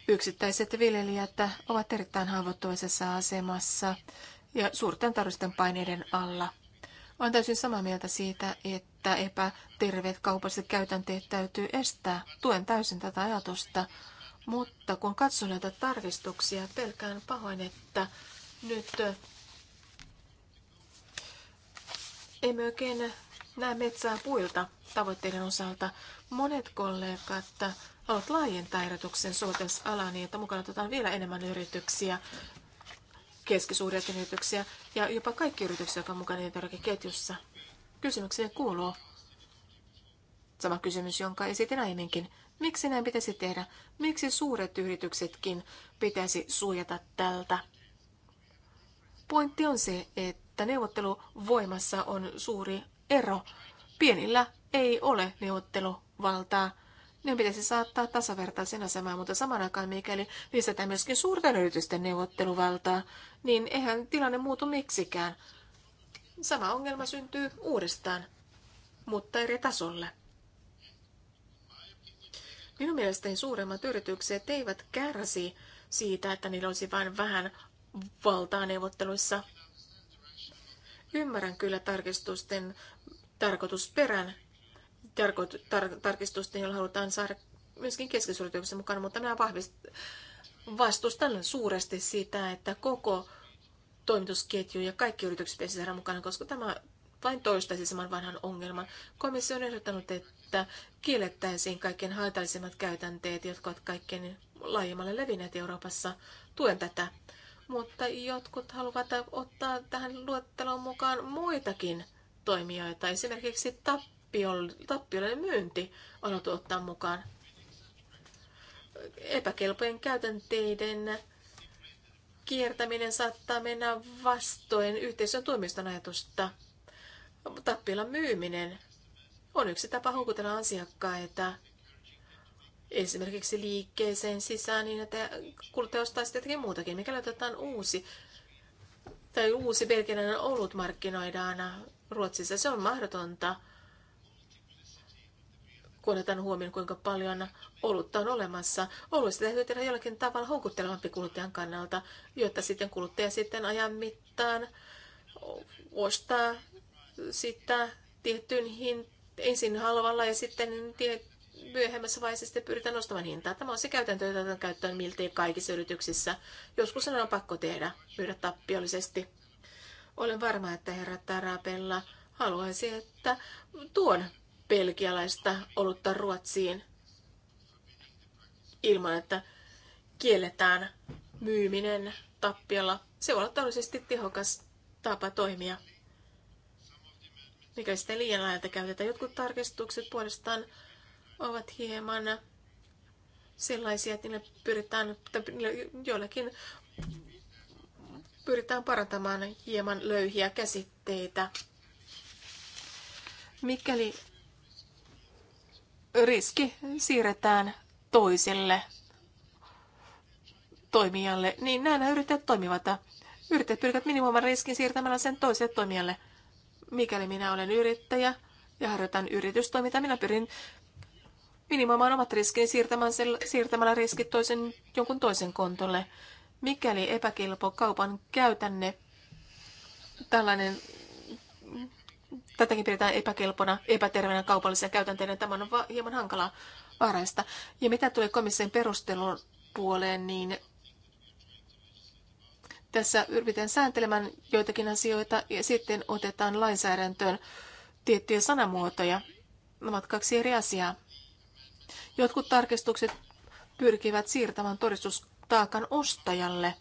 Yksittäiset viljelijät ovat erittäin haavoittuvaisessa asemassa ja suurten taloudellisten paineiden alla. Olen täysin samaa mieltä siitä, että epäterveet kaupalliset käytänteet täytyy estää. Tuen täysin tätä ajatusta, mutta kun katson näitä tarkistuksia, pelkään pahoin, että nyt emme oikein nämä metsää puilta tavoitteiden osalta. Monet kollegat haluavat laajentaa erotuksen soveltamisalaa niin, että mukana otetaan vielä enemmän yrityksiä, keskisuuria yrityksiä ja jopa kaikki yritykset, jotka ovat mukana ketjussa. Kysymykseen kuuluu sama kysymys, jonka esitin aiemminkin. Miksi näin pitäisi tehdä? Miksi suuret yrityksetkin pitäisi suojata tältä? Pointti on se, että neuvotteluvoimassa on suuri ero. Pienillä ei ole neuvotteluvaltaa. Ne pitäisi saattaa tasavertaisen asemaan, mutta saman aikaan mikäli lisätään myöskin suurten yritysten neuvotteluvaltaa, niin eihän tilanne muutu miksikään. Sama ongelma syntyy uudestaan, mutta eri tasolle. Minun mielestäni suuremmat yritykset eivät kärsi siitä, että niillä olisi vain vähän valtaa neuvotteluissa, Ymmärrän kyllä tarkistusten tarkoitusperän, tarko- tar- tarkistusten, joilla halutaan saada myöskin keskisuorituksen mukaan, mutta minä vahvist- vastustan suuresti sitä, että koko toimitusketju ja kaikki yritykset pitäisi saada mukana, koska tämä vain toistaisi saman vanhan ongelman. Komissio on ehdottanut, että kiellettäisiin kaikkien haitallisimmat käytänteet, jotka ovat kaikkein laajemmalle levinneet Euroopassa. Tuen tätä mutta jotkut haluavat ottaa tähän luetteloon mukaan muitakin toimijoita. Esimerkiksi tappiollinen myynti on otettu ottaa mukaan. Epäkelpojen käytänteiden kiertäminen saattaa mennä vastoin yhteisön tuomiston ajatusta. Tappiolla myyminen on yksi tapa houkutella asiakkaita esimerkiksi liikkeeseen sisään niin, että kuluttaja ostaa sitten jotakin muutakin. Mikäli otetaan uusi tai uusi belgialainen olut markkinoidaan Ruotsissa, se on mahdotonta, kun otetaan huomioon, kuinka paljon olutta on olemassa. Oluista täytyy tehdä jollakin tavalla houkuttelevampi kuluttajan kannalta, jotta sitten kuluttaja sitten ajan mittaan ostaa sitä tiettyyn hintaan ensin halvalla ja sitten tiet, myöhemmässä vaiheessa sitten pyritään nostamaan hintaa. Tämä on se käytäntö, jota on käyttöön miltei kaikissa yrityksissä. Joskus on pakko tehdä, myydä tappiollisesti. Olen varma, että herra Tarapella haluaisi, että tuon belgialaista olutta Ruotsiin ilman, että kielletään myyminen tappiolla. Se voi olla taloudellisesti tehokas tapa toimia mikä sitten liian laajalta käytetään. Jotkut tarkistukset puolestaan ovat hieman sellaisia, että niille pyritään, joillakin pyritään parantamaan hieman löyhiä käsitteitä. Mikäli riski siirretään toiselle toimijalle, niin nämä yrittäjät toimivat. Yrittäjät pyrkivät minimoimaan riskin siirtämällä sen toiselle toimijalle. Mikäli minä olen yrittäjä ja harjoitan yritystoimintaa, minä pyrin minimoimaan omat riskini siirtämällä riskit toisen, jonkun toisen kontolle. Mikäli epäkelpo kaupan käytänne, tällainen, tätäkin pidetään epäkelpona, epäterveenä kaupallisia käytänteiden tämä on va- hieman hankalaa varaista. Ja mitä tulee komission perustelun puoleen, niin tässä yritetään sääntelemään joitakin asioita ja sitten otetaan lainsäädäntöön tiettyjä sanamuotoja. Nämä ovat kaksi eri asiaa. Jotkut tarkistukset pyrkivät siirtämään todistustaakan ostajalle,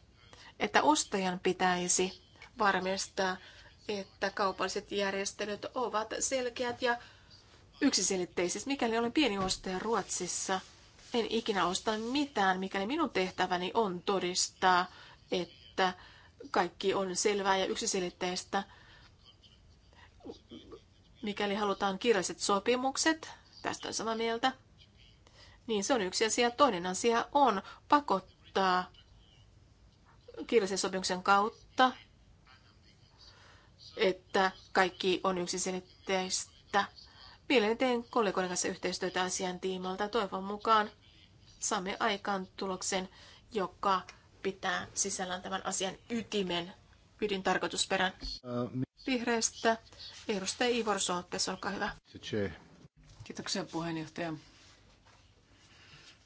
että ostajan pitäisi varmistaa, että kaupalliset järjestelyt ovat selkeät ja yksiselitteiset. Mikäli olen pieni ostaja Ruotsissa, en ikinä osta mitään, mikäli minun tehtäväni on todistaa, että kaikki on selvää ja yksiselitteistä. Mikäli halutaan kirjalliset sopimukset, tästä on samaa mieltä, niin se on yksi asia. Toinen asia on pakottaa kirjallisen sopimuksen kautta, että kaikki on yksiselitteistä. Mielelläni teen kollegoiden kanssa yhteistyötä asian tiimalta. Toivon mukaan saamme aikaan tuloksen, joka pitää sisällään tämän asian ytimen, ydin tarkoitusperän. Vihreästä edustaja Ivor Soopes, olkaa hyvä. Kiitoksia puheenjohtaja.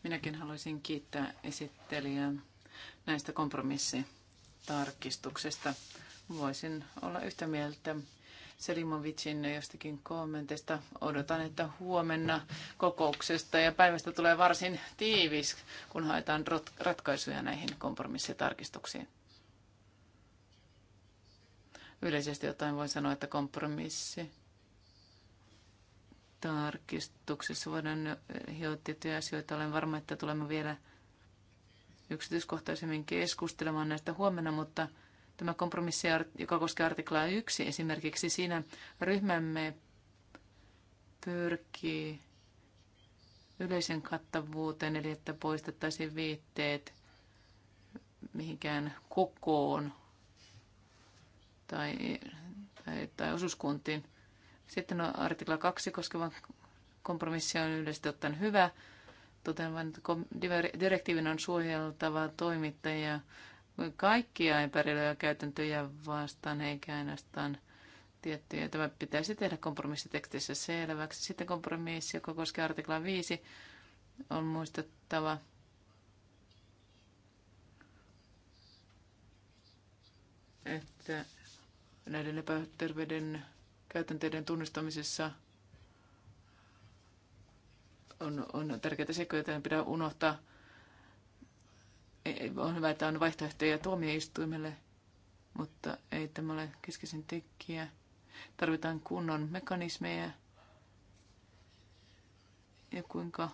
Minäkin haluaisin kiittää esittelijää näistä kompromissitarkistuksista. Voisin olla yhtä mieltä Selimovicin jostakin kommenteista. Odotan, että huomenna kokouksesta ja päivästä tulee varsin tiivis, kun haetaan ratkaisuja näihin kompromissitarkistuksiin. Yleisesti jotain voin sanoa, että kompromissi tarkistuksessa voidaan hioa tiettyjä asioita. Olen varma, että tulemme vielä yksityiskohtaisemmin keskustelemaan näistä huomenna, mutta tämä kompromissi, joka koskee artiklaa 1 esimerkiksi, siinä ryhmämme pyrkii yleisen kattavuuteen, eli että poistettaisiin viitteet mihinkään kokoon tai, tai, tai osuuskuntiin. Sitten on artikla 2 koskeva kompromissi on yleisesti ottaen hyvä. Totean vain, että direktiivin on suojeltava toimittajia kaikkia epäreiluja käytäntöjä vastaan, eikä ainoastaan tiettyjä. Tämä pitäisi tehdä kompromissitekstissä selväksi. Sitten kompromissi, joka koskee artikla 5, on muistettava että näiden epäterveyden käytänteiden tunnistamisessa on, on tärkeitä seikkoja, joita ei pidä unohtaa. On hyvä, että on vaihtoehtoja tuomioistuimelle, mutta ei tämä ole keskeisin tekijä. Tarvitaan kunnon mekanismeja ja kuinka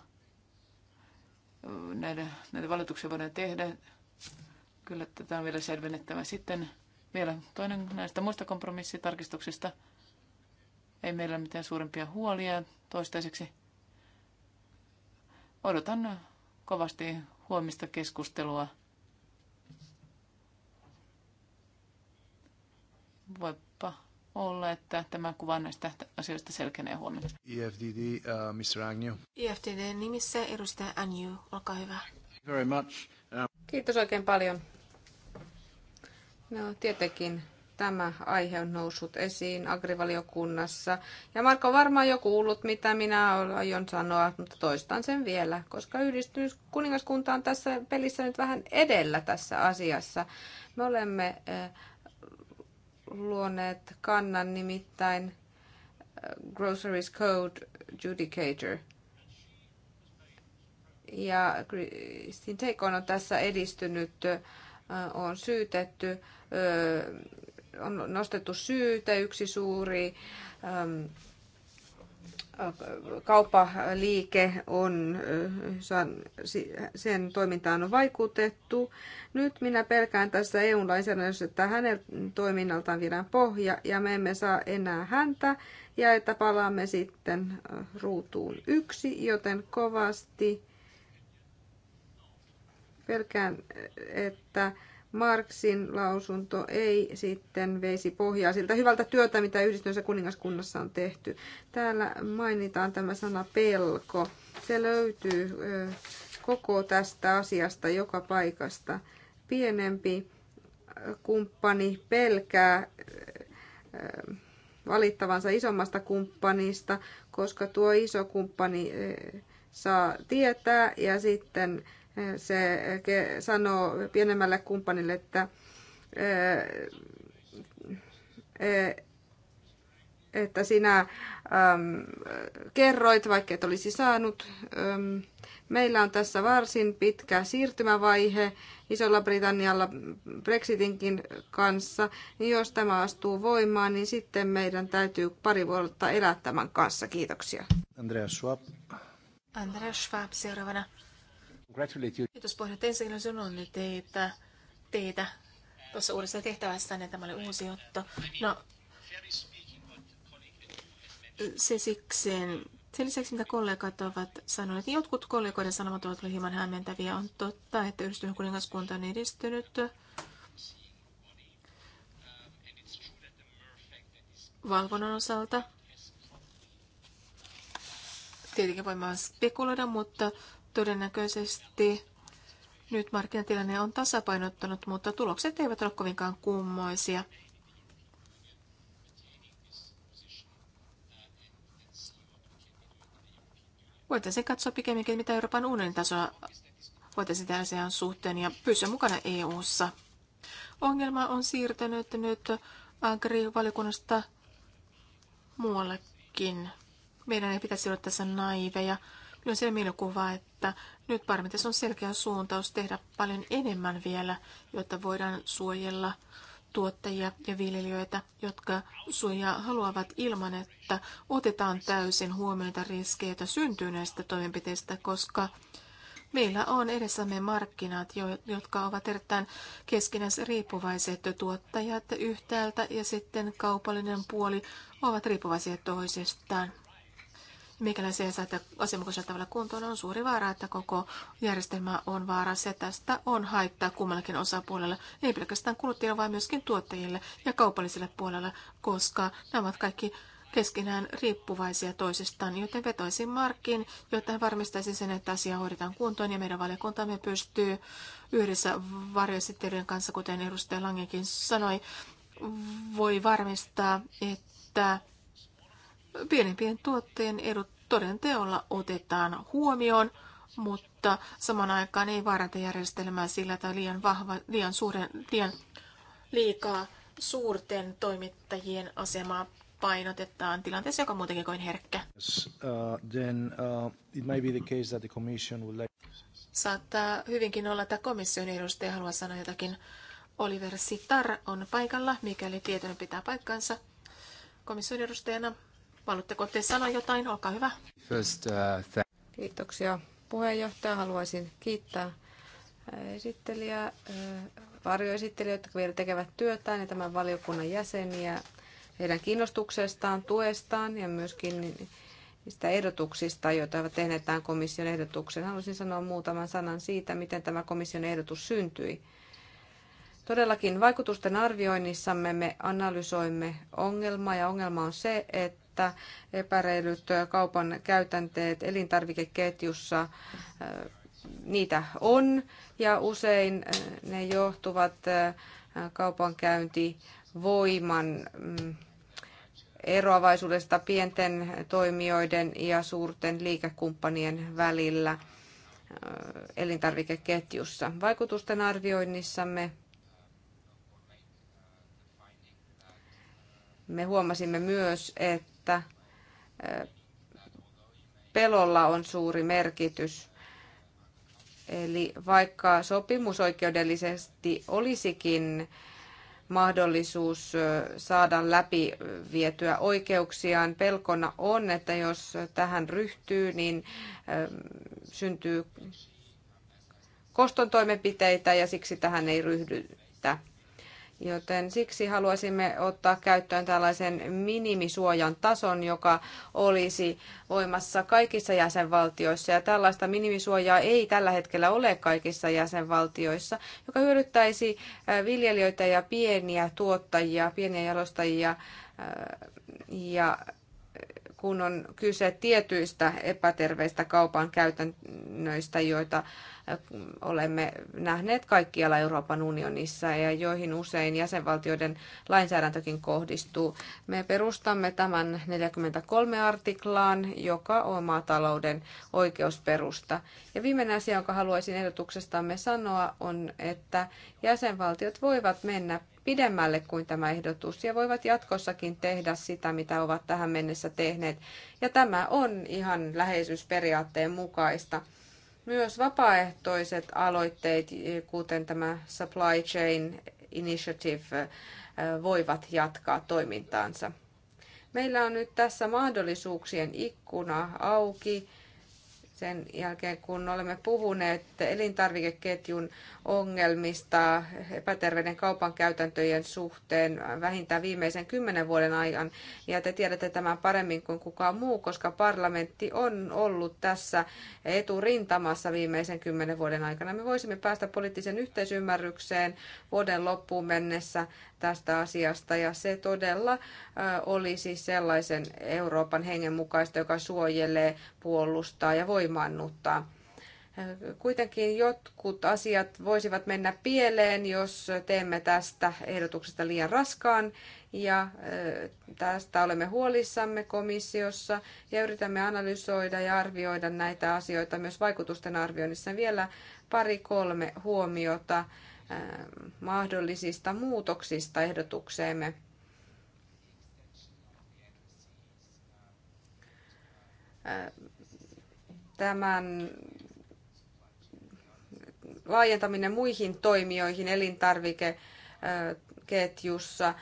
näitä, näitä valituksia voidaan tehdä. Kyllä tätä on vielä selvennettävä. Sitten vielä toinen näistä muista kompromissitarkistuksista – ei meillä mitään suurempia huolia toistaiseksi. Odotan kovasti huomista keskustelua. Voipa olla, että tämä kuva näistä asioista selkenee huomenna. EFDD, uh, Mr. Agnew. EFDD nimissä edustaja Agnew, olkaa hyvä. Very much. Uh, Kiitos oikein paljon. No tietenkin tämä aihe on noussut esiin agrivaliokunnassa. Ja Marko, varmaan jo kuullut, mitä minä aion sanoa, mutta toistan sen vielä, koska yhdistynyt kuningaskunta on tässä pelissä nyt vähän edellä tässä asiassa. Me olemme eh, luoneet kannan nimittäin eh, Groceries Code Judicator. Ja Kristin Teikon on tässä edistynyt, eh, on syytetty on nostettu syytä. Yksi suuri Ähm, kauppaliike on, äh, sen toimintaan on vaikutettu. Nyt minä pelkään tässä EU-lainsäädännössä, että hänen toiminnaltaan viedään pohja ja me emme saa enää häntä ja että palaamme sitten äh, ruutuun yksi, joten kovasti pelkään, että Marksin lausunto ei sitten veisi pohjaa siltä hyvältä työtä, mitä yhdistyneessä kuningaskunnassa on tehty. Täällä mainitaan tämä sana pelko. Se löytyy koko tästä asiasta joka paikasta. Pienempi kumppani pelkää valittavansa isommasta kumppanista, koska tuo iso kumppani saa tietää ja sitten se eh, sanoo pienemmälle kumppanille, että eh, eh, että sinä äm, kerroit, vaikka et olisi saanut. Äm, meillä on tässä varsin pitkä siirtymävaihe Isolla Britannialla Brexitinkin kanssa, niin jos tämä astuu voimaan, niin sitten meidän täytyy pari vuotta elää tämän kanssa. Kiitoksia. Andreas Schwab. Andreas Schwab seuraavana congratulate you. Kiitos pohjat ensinnäkin sanon teitä, teitä tuossa uudessa niin Tämä oli uusi otto. No, se siksi, Sen lisäksi, mitä kollegat ovat sanoneet, niin jotkut kollegoiden sanomat ovat olleet hieman hämmentäviä. On totta, että yhdistynyt kuningaskunta on edistynyt. valvonnan osalta. Tietenkin voimme spekuloida, mutta Todennäköisesti nyt markkinatilanne on tasapainottanut, mutta tulokset eivät ole kovinkaan kummoisia. Voitaisiin katsoa pikemminkin, mitä Euroopan unionin tasoa voitaisiin tehdä asian suhteen ja pysyä mukana EU-ssa. Ongelma on siirtänyt nyt agri-valikunnasta muuallekin. Meidän ei pitäisi olla tässä naiveja. Kyllä siellä mielikuva, että nyt parlamentissa on selkeä suuntaus tehdä paljon enemmän vielä, jotta voidaan suojella tuottajia ja viljelijöitä, jotka suojaa haluavat ilman, että otetaan täysin huomioita riskejä, joita syntyy näistä toimenpiteistä, koska meillä on edessämme markkinat, jotka ovat erittäin keskinäis riippuvaiset tuottajat yhtäältä ja sitten kaupallinen puoli ovat riippuvaisia toisestaan mikäläisiä saada asianmukaisella tavalla kuntoon, on suuri vaara, että koko järjestelmä on vaara. Se tästä on haittaa kummallakin osapuolella, ei pelkästään kuluttajille, vaan myöskin tuottajille ja kaupalliselle puolelle, koska nämä ovat kaikki keskenään riippuvaisia toisistaan, joten vetoisin markkin, jotta hän varmistaisi sen, että asia hoidetaan kuntoon ja meidän valiokuntamme pystyy yhdessä varjoesittelyjen kanssa, kuten edustaja Langekin sanoi, voi varmistaa, että pienempien tuotteen edut toden teolla otetaan huomioon, mutta saman aikaan ei vaarata järjestelmää sillä tai liian, vahva, liian, suuren, liian liikaa suurten toimittajien asemaa painotetaan tilanteessa, joka on muutenkin kuin herkkä. Uh, uh, Saattaa hyvinkin olla, että komission edustaja haluaa sanoa jotakin. Oliver Sitar on paikalla, mikäli tietoinen pitää paikkansa komission edustajana. Haluatteko te sanoa jotain? Olkaa hyvä. First, uh, Kiitoksia puheenjohtaja. Haluaisin kiittää äh, esittelijää, äh, varjoesittelijöitä, jotka vielä tekevät työtään ja tämän valiokunnan jäseniä heidän kiinnostuksestaan, tuestaan ja myöskin niistä ehdotuksista, joita ovat tehneet tämän komission ehdotuksen. Haluaisin sanoa muutaman sanan siitä, miten tämä komission ehdotus syntyi. Todellakin vaikutusten arvioinnissamme me analysoimme ongelmaa ja ongelma on se, että että epäreilyt kaupan käytänteet elintarvikeketjussa äh, niitä on ja usein äh, ne johtuvat äh, kaupankäyntivoiman mm, eroavaisuudesta pienten toimijoiden ja suurten liikekumppanien välillä elintarvikeketjussa. Vaikutusten arvioinnissamme me huomasimme myös, että että pelolla on suuri merkitys. Eli vaikka sopimusoikeudellisesti olisikin mahdollisuus saada läpi vietyä oikeuksiaan. Pelkona on, että jos tähän ryhtyy, niin syntyy koston toimenpiteitä ja siksi tähän ei ryhdytä. Joten siksi haluaisimme ottaa käyttöön tällaisen minimisuojan tason, joka olisi voimassa kaikissa jäsenvaltioissa. Ja tällaista minimisuojaa ei tällä hetkellä ole kaikissa jäsenvaltioissa, joka hyödyttäisi äh, viljelijöitä ja pieniä tuottajia, pieniä jalostajia äh, ja äh, kun on kyse tietyistä epäterveistä kaupan käytännöistä, joita olemme nähneet kaikkialla Euroopan unionissa ja joihin usein jäsenvaltioiden lainsäädäntökin kohdistuu. Me perustamme tämän 43 artiklaan, joka on maatalouden oikeusperusta. Ja viimeinen asia, jonka haluaisin ehdotuksestamme sanoa, on, että jäsenvaltiot voivat mennä pidemmälle kuin tämä ehdotus ja voivat jatkossakin tehdä sitä, mitä ovat tähän mennessä tehneet. Ja tämä on ihan läheisyysperiaatteen mukaista myös vapaaehtoiset aloitteet, kuten tämä Supply Chain Initiative, voivat jatkaa toimintaansa. Meillä on nyt tässä mahdollisuuksien ikkuna auki sen jälkeen, kun olemme puhuneet elintarvikeketjun ongelmista epäterveiden kaupankäytäntöjen suhteen vähintään viimeisen kymmenen vuoden ajan. Ja te tiedätte tämän paremmin kuin kukaan muu, koska parlamentti on ollut tässä eturintamassa viimeisen kymmenen vuoden aikana. Me voisimme päästä poliittisen yhteisymmärrykseen vuoden loppuun mennessä tästä asiasta ja se todella äh, olisi siis sellaisen Euroopan hengen mukaista, joka suojelee, puolustaa ja voimaannuttaa. Äh, kuitenkin jotkut asiat voisivat mennä pieleen, jos teemme tästä ehdotuksesta liian raskaan ja äh, tästä olemme huolissamme komissiossa ja yritämme analysoida ja arvioida näitä asioita myös vaikutusten arvioinnissa. Vielä pari kolme huomiota mahdollisista muutoksista ehdotukseemme. Tämän laajentaminen muihin toimijoihin elintarvikeketjussa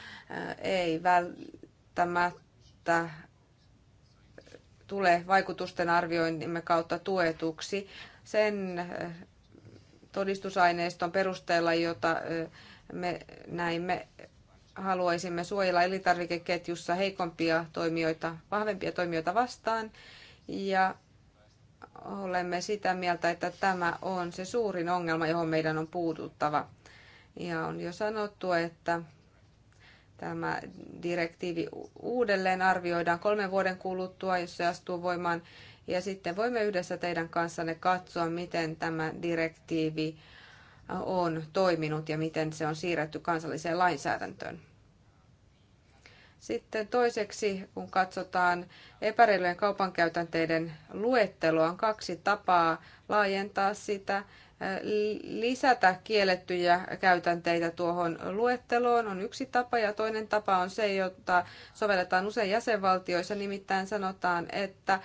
ei välttämättä tule vaikutusten arviointimme kautta tuetuksi. Sen todistusaineiston perusteella, jota me näimme haluaisimme suojella elintarvikeketjussa heikompia toimijoita, vahvempia toimijoita vastaan. Ja olemme sitä mieltä, että tämä on se suurin ongelma, johon meidän on puututtava. Ja on jo sanottu, että tämä direktiivi uudelleen arvioidaan kolmen vuoden kuluttua, jos se astuu voimaan ja sitten voimme yhdessä teidän kanssanne katsoa, miten tämä direktiivi äh, on toiminut ja miten se on siirretty kansalliseen lainsäädäntöön. Sitten toiseksi, kun katsotaan epäreilujen kaupankäytänteiden luettelua, on kaksi tapaa laajentaa sitä lisätä kiellettyjä käytänteitä tuohon luetteloon on yksi tapa ja toinen tapa on se, jota sovelletaan usein jäsenvaltioissa, nimittäin sanotaan, että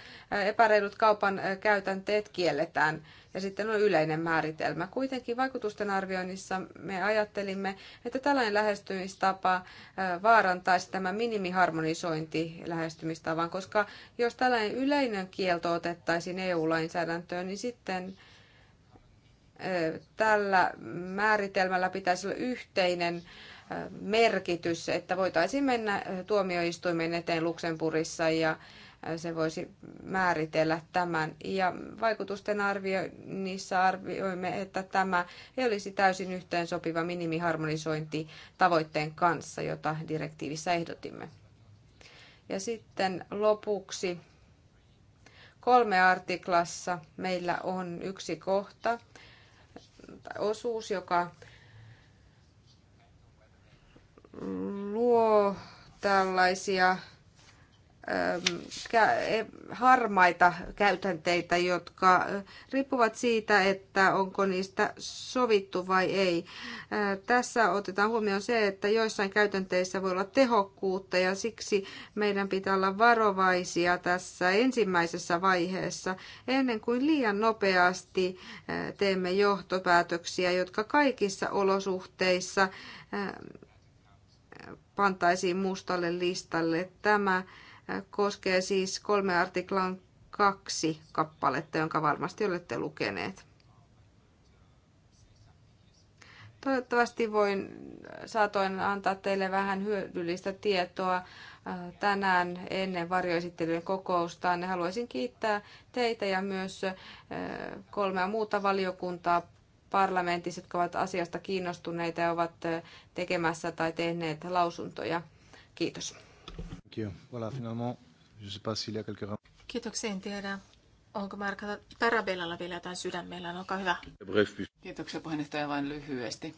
epäreilut kaupan käytänteet kielletään ja sitten on yleinen määritelmä. Kuitenkin vaikutusten arvioinnissa me ajattelimme, että tällainen lähestymistapa vaarantaisi tämän minimiharmonisointi lähestymistavan, koska jos tällainen yleinen kielto otettaisiin EU-lainsäädäntöön, niin sitten tällä määritelmällä pitäisi olla yhteinen merkitys, että voitaisiin mennä tuomioistuimen eteen Luxemburgissa ja se voisi määritellä tämän. Ja vaikutusten arvioinnissa arvioimme, että tämä ei olisi täysin yhteen sopiva minimiharmonisointi tavoitteen kanssa, jota direktiivissä ehdotimme. Ja sitten lopuksi kolme artiklassa meillä on yksi kohta, tai osuus, joka luo tällaisia Ähm, e-, harmaita käytänteitä, jotka riippuvat siitä, että onko niistä sovittu vai ei. Tässä otetaan huomioon se, että joissain käytänteissä voi olla tehokkuutta ja siksi meidän pitää olla varovaisia tässä ensimmäisessä vaiheessa ennen kuin liian nopeasti teemme johtopäätöksiä, jotka kaikissa olosuhteissa pantaisiin mustalle listalle. Tämä Äh, koskee siis kolme artiklan kaksi kappaletta, jonka varmasti olette lukeneet. Toivottavasti voin, saatoin antaa teille vähän hyödyllistä tietoa äh, tänään ennen varjoesittelyjen kokousta. Haluaisin kiittää teitä ja myös äh, kolmea muuta valiokuntaa parlamentissa, jotka ovat asiasta kiinnostuneita ja ovat tekemässä tai tehneet lausuntoja. Kiitos. Kiitoksia, en tiedä. Onko Marka Tarabellalla vielä jotain sydämellä? Onko hyvä. Kiitoksia puheenjohtaja vain lyhyesti.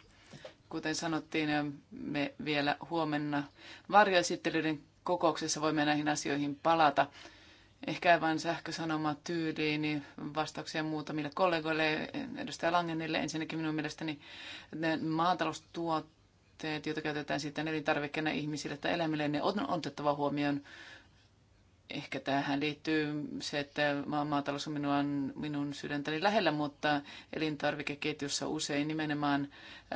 Kuten sanottiin, me vielä huomenna varjoesittelyiden kokouksessa voimme näihin asioihin palata. Ehkä vain sähkösanoma tyyliin, niin vastauksia muutamille kollegoille, edustaja Langenille. Ensinnäkin minun mielestäni maataloustuot tuotteet, joita käytetään sitten elintarvikkeena ihmisille tai eläimille, ne niin on otettava huomioon ehkä tähän liittyy se, että maatalous on minua, minun sydäntäni lähellä, mutta elintarvikeketjussa usein nimenomaan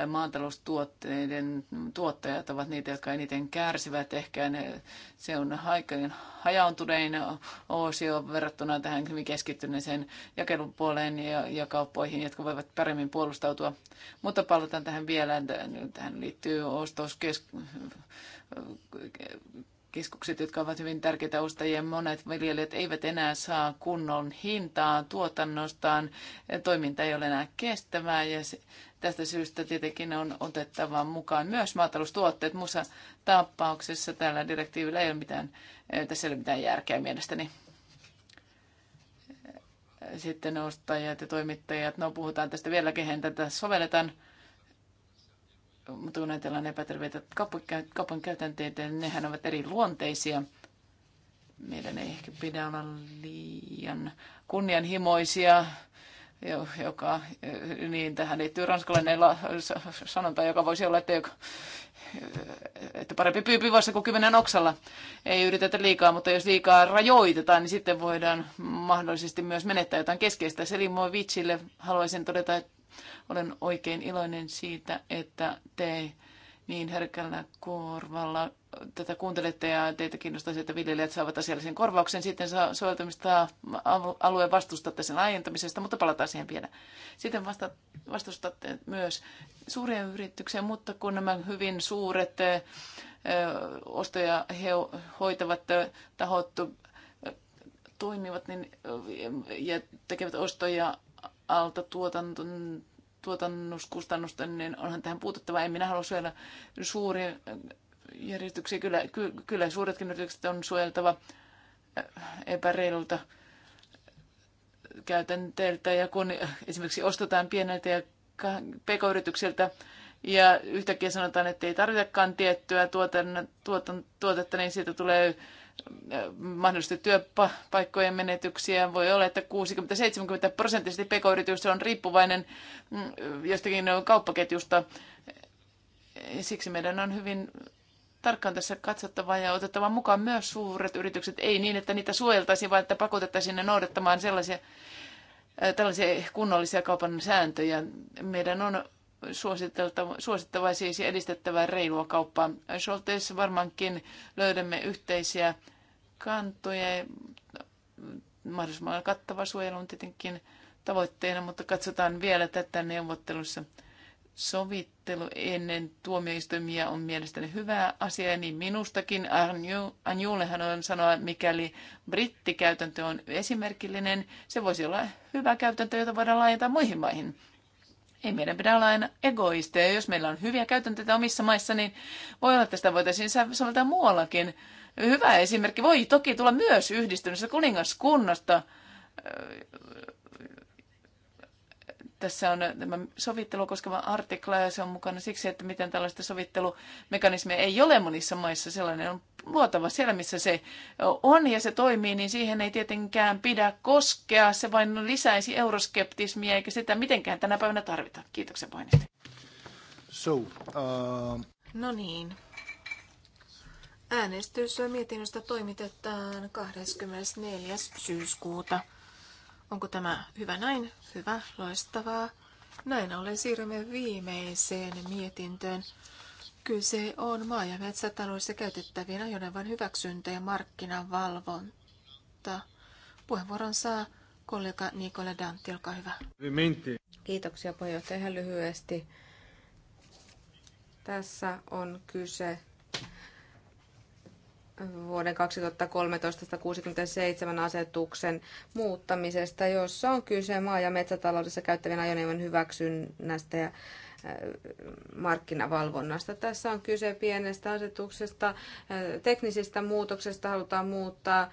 maataloustuotteiden tuottajat ovat niitä, jotka eniten kärsivät. Ehkä ne, se on aikainen hajaantunein osio verrattuna tähän hyvin keskittyneeseen jakelupuoleen puoleen ja, ja kauppoihin, jotka voivat paremmin puolustautua. Mutta palataan tähän vielä. Tähän liittyy ostoskeskus keskukset, jotka ovat hyvin tärkeitä ostajia. Monet viljelijät eivät enää saa kunnon hintaa tuotannostaan. Toiminta ei ole enää kestävää ja tästä syystä tietenkin on otettava mukaan myös maataloustuotteet. Muussa tapauksessa tällä direktiivillä ei ole mitään, eh, tässä ei ole mitään järkeä mielestäni. Sitten ostajat ja toimittajat, no puhutaan tästä vieläkin, tätä sovelletaan mutta ajatellaan epäterveitä kaupan käytänteitä, niin nehän ovat eri luonteisia. Meidän ei ehkä pidä olla liian kunnianhimoisia, joka, niin tähän liittyy ranskalainen sanonta, joka voisi olla, että, joka, että parempi pyypi pivossa kuin kymmenen oksalla. Ei yritetä liikaa, mutta jos liikaa rajoitetaan, niin sitten voidaan mahdollisesti myös menettää jotain keskeistä. Selimo Vitsille haluaisin todeta, että olen oikein iloinen siitä, että te niin herkällä korvalla tätä kuuntelette ja teitä kiinnostaisi, että viljelijät saavat asiallisen korvauksen. Sitten soveltamista alueen vastustatte sen laajentamisesta, mutta palataan siihen vielä. Sitten vasta, vastustatte myös suuria yrityksiä, mutta kun nämä hyvin suuret ö, ostoja he hoitavat tahot toimivat niin, ja tekevät ostoja alta tuotanton tuotannuskustannusten, niin onhan tähän puututtava. En minä halua suojella suuria äh, järjestyksiä. Kyllä, ky, kyllä suuretkin yritykset on suojeltava äh, epäreilulta käytänteeltä. Ja kun esimerkiksi ostetaan pieneltä ja pk ja yhtäkkiä sanotaan, että ei tarvitakaan tiettyä tuotetta, niin siitä tulee mahdollisesti työpaikkojen menetyksiä. Voi olla, että 60-70 prosenttisesti pk-yritys on riippuvainen mm, jostakin kauppaketjusta. Siksi meidän on hyvin tarkkaan tässä katsottava ja otettava mukaan myös suuret yritykset. Ei niin, että niitä suojeltaisiin, vaan että pakotettaisiin ne noudattamaan sellaisia äh, tällaisia kunnollisia kaupan sääntöjä. Meidän on suosittava siis ja edistettävä reilua kauppaa. Scholtes varmaankin löydämme yhteisiä kantoja mahdollisimman kattava suojelu on tietenkin tavoitteena, mutta katsotaan vielä tätä neuvottelussa. Sovittelu ennen tuomioistuimia on mielestäni hyvä asia, niin minustakin. Anjullehan on sanoa, mikäli brittikäytäntö on esimerkillinen, se voisi olla hyvä käytäntö, jota voidaan laajentaa muihin maihin. Ei meidän pidä olla aina egoisteja. Jos meillä on hyviä käytänteitä omissa maissa, niin voi olla, että sitä voitaisiin soveltaa muuallakin. Hyvä esimerkki voi toki tulla myös yhdistyneestä kuningaskunnasta tässä on tämä sovittelu koskeva artikla ja se on mukana siksi, että miten tällaista sovittelumekanismia ei ole monissa maissa. Sellainen on luotava siellä, missä se on ja se toimii, niin siihen ei tietenkään pidä koskea. Se vain lisäisi euroskeptismiä eikä sitä mitenkään tänä päivänä tarvita. Kiitoksia painista. So, uh... No niin. Äänestys mietinnöstä toimitetaan 24. syyskuuta. Onko tämä hyvä näin? Hyvä, loistavaa. Näin ollen siirrymme viimeiseen mietintöön. Kyse on maa- ja metsätaloudessa käytettävien ajoneuvon hyväksyntä ja markkinavalvonta. Puheenvuoron saa kollega Nikola Dantti, olkaa hyvä. Kiitoksia puheenjohtaja ihan lyhyesti. Tässä on kyse vuoden 2013-67 asetuksen muuttamisesta, jossa on kyse maa- ja metsätaloudessa käyttävien ajoneuvojen hyväksynnästä ja markkinavalvonnasta. Tässä on kyse pienestä asetuksesta, äh, teknisistä muutoksesta halutaan muuttaa äh,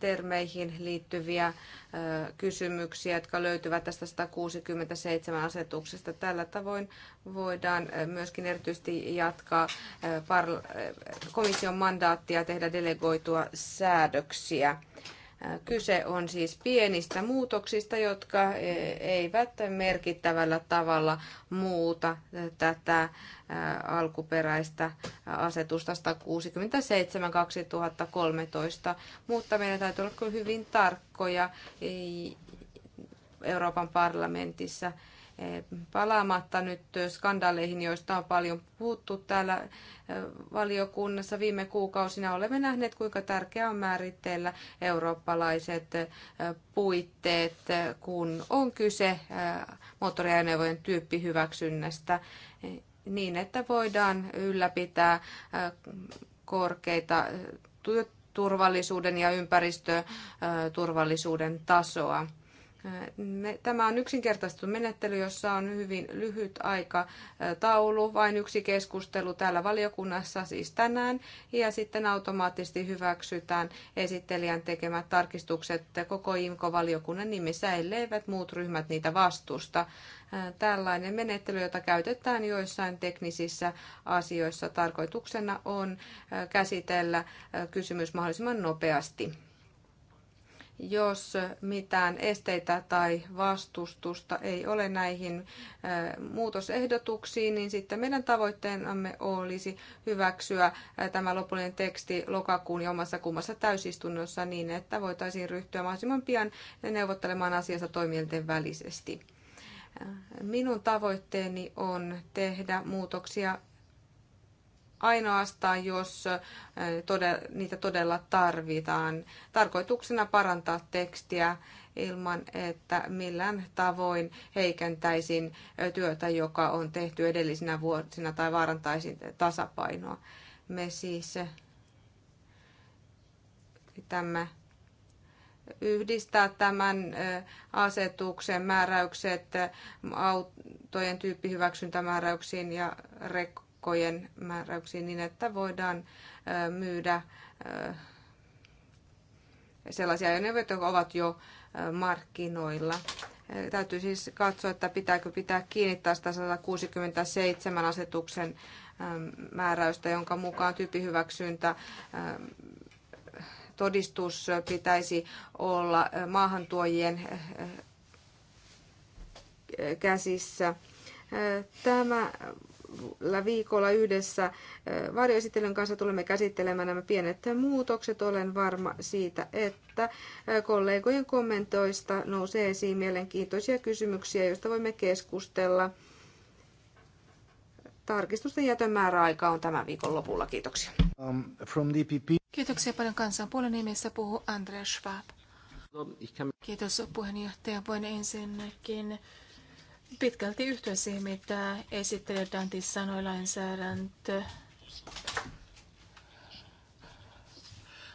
termeihin liittyviä äh, kysymyksiä, jotka löytyvät tästä 167 asetuksesta. Tällä tavoin voidaan myöskin erityisesti jatkaa komission mandaattia tehdä delegoitua säädöksiä. Kyse on siis pienistä muutoksista, jotka e, eivät merkittävällä tavalla muuta tätä alkuperäistä asetusta 167-2013, mutta meidän täytyy olla kyllä hyvin tarkkoja Euroopan parlamentissa – Palaamatta nyt skandaaleihin, joista on paljon puhuttu täällä eh, valiokunnassa viime kuukausina, olemme nähneet, kuinka tärkeää on määritellä eurooppalaiset eh, puitteet, eh, kun on kyse moottoriajoneuvojen tyyppihyväksynnästä, niin että voidaan ylläpitää korkeita turvallisuuden ja ympäristöturvallisuuden tasoa Tämä on yksinkertaistettu menettely, jossa on hyvin lyhyt aika taulu, vain yksi keskustelu täällä valiokunnassa siis tänään, ja sitten automaattisesti hyväksytään esittelijän tekemät tarkistukset koko IMKO-valiokunnan nimissä, elleivät muut ryhmät niitä vastusta. Tällainen menettely, jota käytetään joissain teknisissä asioissa, tarkoituksena on käsitellä kysymys mahdollisimman nopeasti. Jos mitään esteitä tai vastustusta ei ole näihin muutosehdotuksiin, niin sitten meidän tavoitteenamme olisi hyväksyä tämä lopullinen teksti lokakuun omassa kummassa täysistunnossa niin, että voitaisiin ryhtyä mahdollisimman pian neuvottelemaan asiasta toimielten välisesti. Minun tavoitteeni on tehdä muutoksia ainoastaan, jos niitä todella tarvitaan. Tarkoituksena parantaa tekstiä ilman, että millään tavoin heikentäisin työtä, joka on tehty edellisinä vuosina tai vaarantaisin tasapainoa. Me siis pitämme yhdistää tämän asetuksen määräykset autojen tyyppihyväksyntämääräyksiin ja rek- tiukkojen määräyksiin niin, että voidaan myydä sellaisia ajoneuvoja, jotka ovat jo markkinoilla. Täytyy siis katsoa, että pitääkö pitää kiinni tästä 167 asetuksen määräystä, jonka mukaan tyyppihyväksyntä todistus pitäisi olla maahantuojien käsissä. Tämä tällä viikolla yhdessä eh, varjoesittelyn kanssa tulemme käsittelemään nämä pienet muutokset. Olen varma siitä, että eh, kollegojen kommentoista nousee esiin mielenkiintoisia kysymyksiä, joista voimme keskustella. Tarkistusten jätön määräaika on tämän viikon lopulla. Kiitoksia. Um, from DPP. E Kiitoksia paljon kansanpuolen nimessä puhuu Andreas Schwab. Um, Kiitos puheenjohtaja. Voin ensinnäkin pitkälti yhtyä siihen, mitä esittelijä Dante sanoi lainsäädäntö.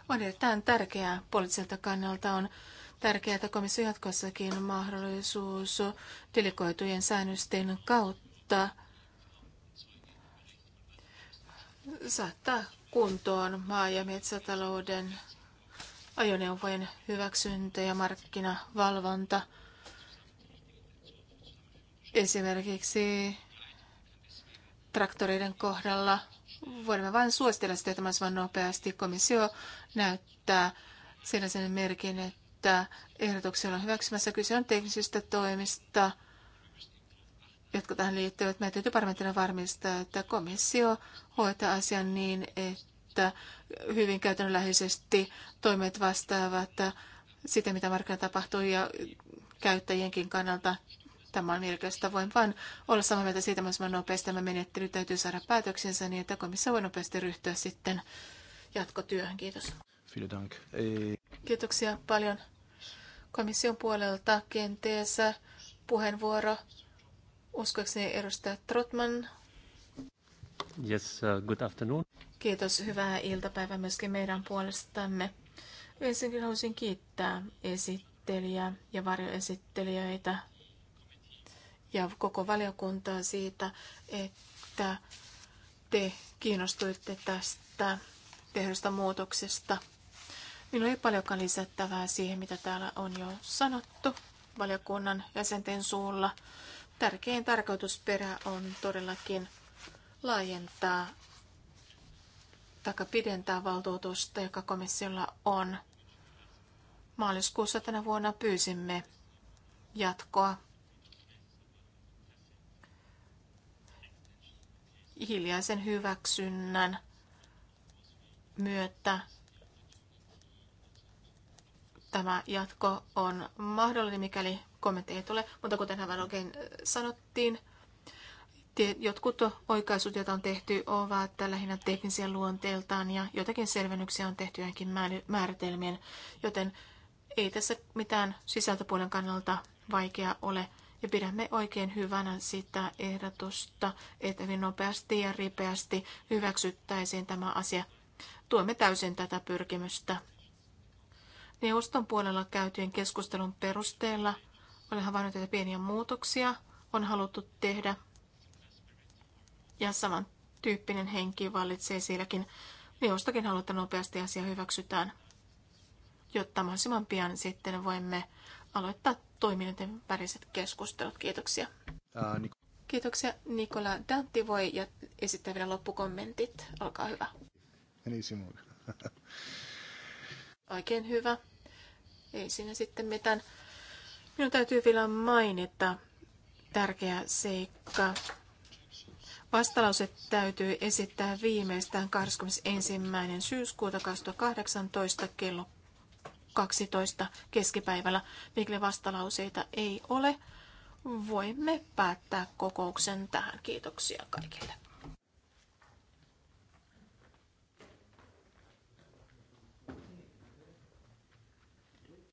On erittäin tärkeää poliittiselta kannalta on tärkeää, että komissio jatkossakin on mahdollisuus delegoitujen säännösten kautta saattaa kuntoon maa- ja metsätalouden ajoneuvojen hyväksyntä ja markkinavalvonta – Esimerkiksi traktoreiden kohdalla voimme vain suositella sitä, että mahdollisimman nopeasti komissio näyttää sen merkin, että ehdotuksia on hyväksymässä. Kyse on teknisistä toimista, jotka tähän liittyvät. Meidän täytyy parlamentina varmistaa, että komissio hoitaa asian niin, että hyvin käytännönläheisesti toimet vastaavat sitä, mitä markkinoilla tapahtuu ja käyttäjienkin kannalta Tämä on mielekästä. Voin vain olla samaa mieltä siitä, että nopeasti tämä menettely täytyy saada päätöksensä niin, että komissio voi nopeasti ryhtyä sitten jatkotyöhön. Kiitos. Kiitoksia paljon komission puolelta. Kenties puheenvuoro uskoakseni edustaja Trotman. Yes, uh, good afternoon. Kiitos. Hyvää iltapäivää myöskin meidän puolestamme. Ensinnäkin haluaisin kiittää esittelijää ja varjoesittelijöitä ja koko valiokuntaa siitä, että te kiinnostuitte tästä tehdystä muutoksesta. Minulla ei paljonkaan lisättävää siihen, mitä täällä on jo sanottu valiokunnan jäsenten suulla. Tärkein tarkoitusperä on todellakin laajentaa tai pidentää valtuutusta, joka komissiolla on. Maaliskuussa tänä vuonna pyysimme jatkoa hiljaisen hyväksynnän myötä tämä jatko on mahdollinen, mikäli kommentteja tulee. Mutta kuten hän oikein sanottiin, jotkut oikaisut, joita on tehty, ovat lähinnä teknisiä luonteeltaan ja jotakin selvennyksiä on tehty johonkin määritelmien, joten ei tässä mitään sisältöpuolen kannalta vaikea ole ja pidämme oikein hyvänä sitä ehdotusta, että hyvin nopeasti ja ripeästi hyväksyttäisiin tämä asia. Tuemme täysin tätä pyrkimystä. Neuvoston puolella käytyjen keskustelun perusteella olen havainnut, että pieniä muutoksia on haluttu tehdä. Ja samantyyppinen henki vallitsee sielläkin. Neuvostokin haluaa, nopeasti asia hyväksytään, jotta mahdollisimman pian sitten voimme aloittaa toiminnan väliset keskustelut. Kiitoksia. Ää, Nik- Kiitoksia. Nikola Dantti voi ja esittää vielä loppukommentit. Olkaa hyvä. Benissimo. Oikein hyvä. Ei siinä sitten mitään. Minun täytyy vielä mainita tärkeä seikka. Vastalause täytyy esittää viimeistään 21. syyskuuta 2018 kello 12 keskipäivällä. Mikli vastalauseita ei ole. Voimme päättää kokouksen tähän. Kiitoksia kaikille.